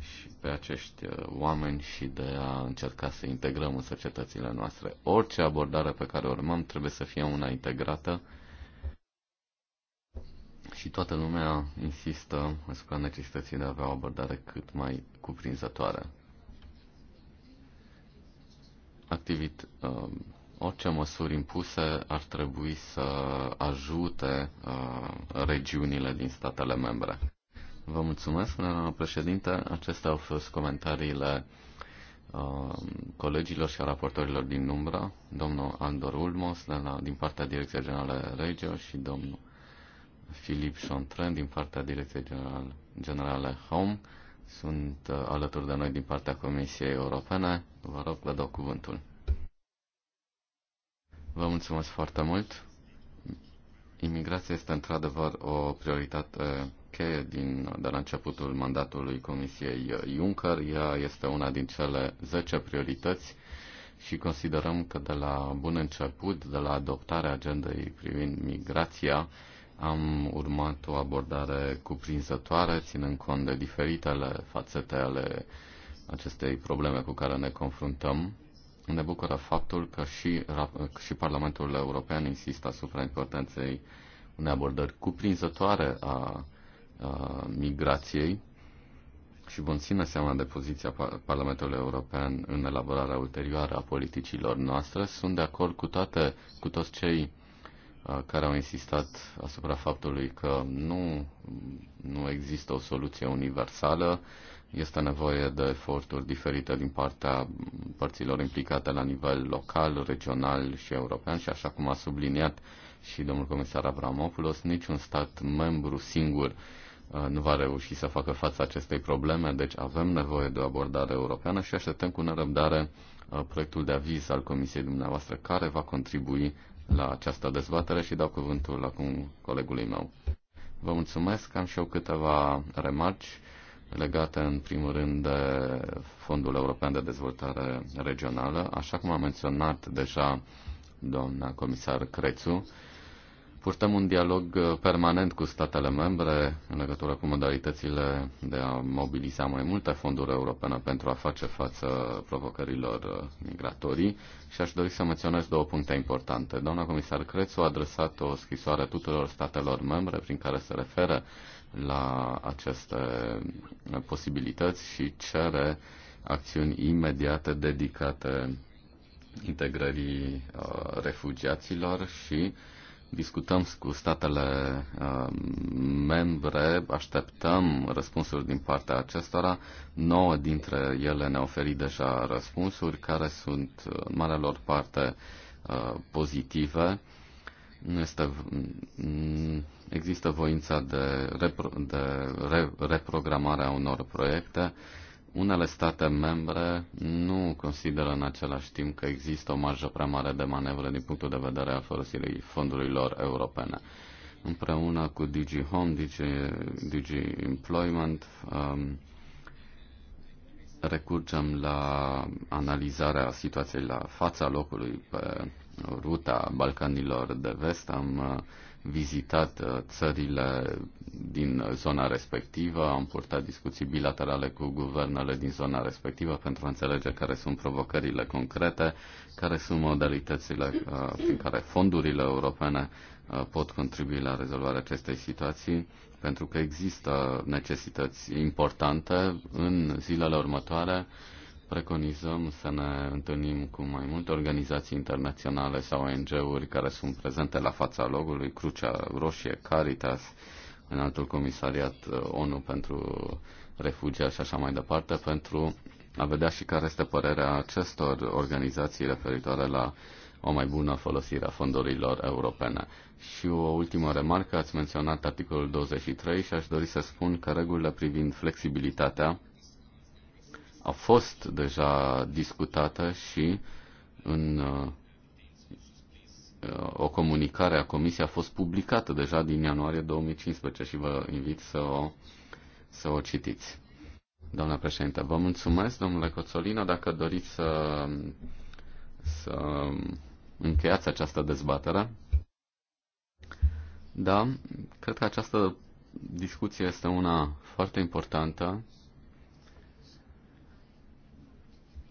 și pe acești uh, oameni și de a încerca să integrăm în societățile noastre. Orice abordare pe care o urmăm trebuie să fie una integrată și toată lumea insistă asupra necesității de a avea o abordare cât mai cuprinzătoare. Activit, uh, Orice măsuri impuse ar trebui să ajute uh, regiunile din statele membre. Vă mulțumesc, doamna președinte. Acestea au fost comentariile uh, colegilor și a raportorilor din Umbra, domnul Andor Ulmos de la, din partea Direcției Generale Regio și domnul Filip Chantren din partea Direcției Generale, Generale Home. Sunt uh, alături de noi din partea Comisiei Europene. Vă rog, vă dau cuvântul. Vă mulțumesc foarte mult. Imigrația este într-adevăr o prioritate cheie din, de la începutul mandatului Comisiei Juncker. Ea este una din cele 10 priorități și considerăm că de la bun început, de la adoptarea agendei privind migrația, am urmat o abordare cuprinzătoare, ținând cont de diferitele fațete ale acestei probleme cu care ne confruntăm ne bucură faptul că și, și Parlamentul European insistă asupra importanței unei abordări cuprinzătoare a, a migrației și vom ține seama de poziția Parlamentului European în elaborarea ulterioară a politicilor noastre. Sunt de acord cu toate, cu toți cei care au insistat asupra faptului că nu, nu există o soluție universală, este nevoie de eforturi diferite din partea părților implicate la nivel local, regional și european și așa cum a subliniat și domnul comisar Avramopoulos, niciun stat membru singur uh, nu va reuși să facă față acestei probleme, deci avem nevoie de o abordare europeană și așteptăm cu nerăbdare uh, proiectul de aviz al comisiei dumneavoastră care va contribui la această dezbatere și dau cuvântul acum colegului meu. Vă mulțumesc, am și eu câteva remarci legate în primul rând de Fondul European de Dezvoltare Regională. Așa cum a menționat deja doamna comisar Crețu, purtăm un dialog uh, permanent cu statele membre în legătură cu modalitățile de a mobiliza mai multe fonduri europene pentru a face față provocărilor uh, migratorii și aș dori să menționez două puncte importante. Doamna comisar Crețu a adresat o scrisoare tuturor statelor membre prin care se referă la aceste posibilități și cere acțiuni imediate dedicate integrării uh, refugiaților și discutăm cu statele uh, membre, așteptăm răspunsuri din partea acestora. Nouă dintre ele ne-au oferit deja răspunsuri care sunt uh, în marelor parte pozitive. Nu este, există voința de, repro- de re- reprogramare a unor proiecte. Unele state membre nu consideră în același timp că există o marjă prea mare de manevră din punctul de vedere al folosirii fondurilor europene. Împreună cu DG Home, DG, DG Employment, um, recurgem la analizarea situației la fața locului pe ruta Balcanilor de vest. Am uh, vizitat uh, țările din zona respectivă, am purtat discuții bilaterale cu guvernele din zona respectivă pentru a înțelege care sunt provocările concrete, care sunt modalitățile uh, prin care fondurile europene uh, pot contribui la rezolvarea acestei situații, pentru că există necesități importante în zilele următoare preconizăm să ne întâlnim cu mai multe organizații internaționale sau ONG-uri care sunt prezente la fața locului, Crucea Roșie, Caritas, în altul comisariat uh, ONU pentru refugiați și așa mai departe, pentru a vedea și care este părerea acestor organizații referitoare la o mai bună folosire a fondurilor europene. Și o ultimă remarcă, ați menționat articolul 23 și aș dori să spun că regulile privind flexibilitatea a fost deja discutată și în uh, o comunicare a Comisiei a fost publicată deja din ianuarie 2015 și vă invit să o, să o citiți. Doamna președinte, vă mulțumesc, domnule Coțolino, dacă doriți să, să încheiați această dezbatere. Da, cred că această discuție este una foarte importantă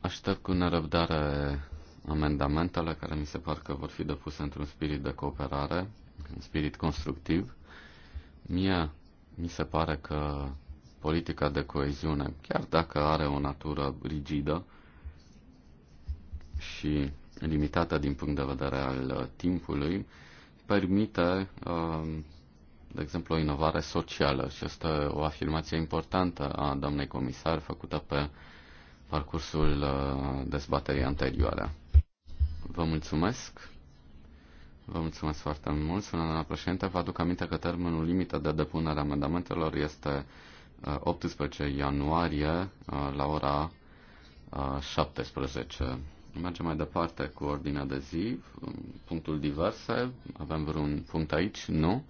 Aștept cu nerăbdare amendamentele care mi se par că vor fi depuse într-un spirit de cooperare, un spirit constructiv. Mie mi se pare că politica de coeziune, chiar dacă are o natură rigidă și limitată din punct de vedere al uh, timpului, permite, uh, de exemplu, o inovare socială și e o afirmație importantă a doamnei comisar făcută pe parcursul uh, dezbaterii anterioare. Vă mulțumesc. Vă mulțumesc foarte mult. Sună doamna președinte. Vă aduc aminte că termenul limită de depunere a amendamentelor este 18 uh, ianuarie uh, la ora 17. Mergem mai departe cu ordinea de zi. Punctul diverse. Avem vreun punct aici? Nu.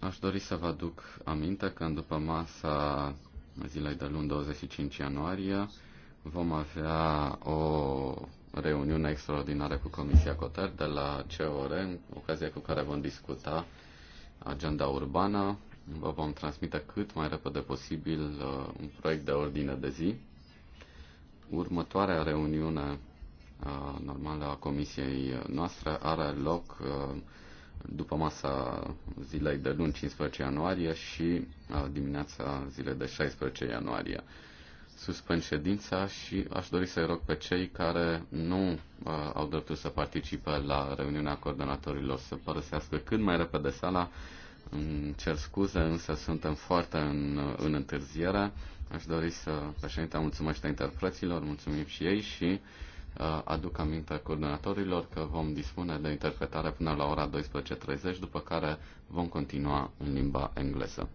Aș dori să vă aduc aminte că în după masa zilei de luni 25 ianuarie vom avea o reuniune extraordinară cu Comisia Cotar de la COR, ocazia cu care vom discuta agenda urbană. Vă vom transmite cât mai repede posibil uh, un proiect de ordine de zi. Următoarea reuniune uh, normală a Comisiei noastre are loc uh, după masa zilei de luni 15 ianuarie și dimineața zilei de 16 ianuarie. Suspend ședința și aș dori să-i rog pe cei care nu au dreptul să participe la reuniunea coordonatorilor să părăsească cât mai repede sala. Îmi cer scuze, însă suntem foarte în, în întârziere. Aș dori să președinte mulțumește interpreților, mulțumim și ei și Uh, aduc aminte coordonatorilor că vom dispune de interpretare până la ora 12.30, după care vom continua în limba engleză.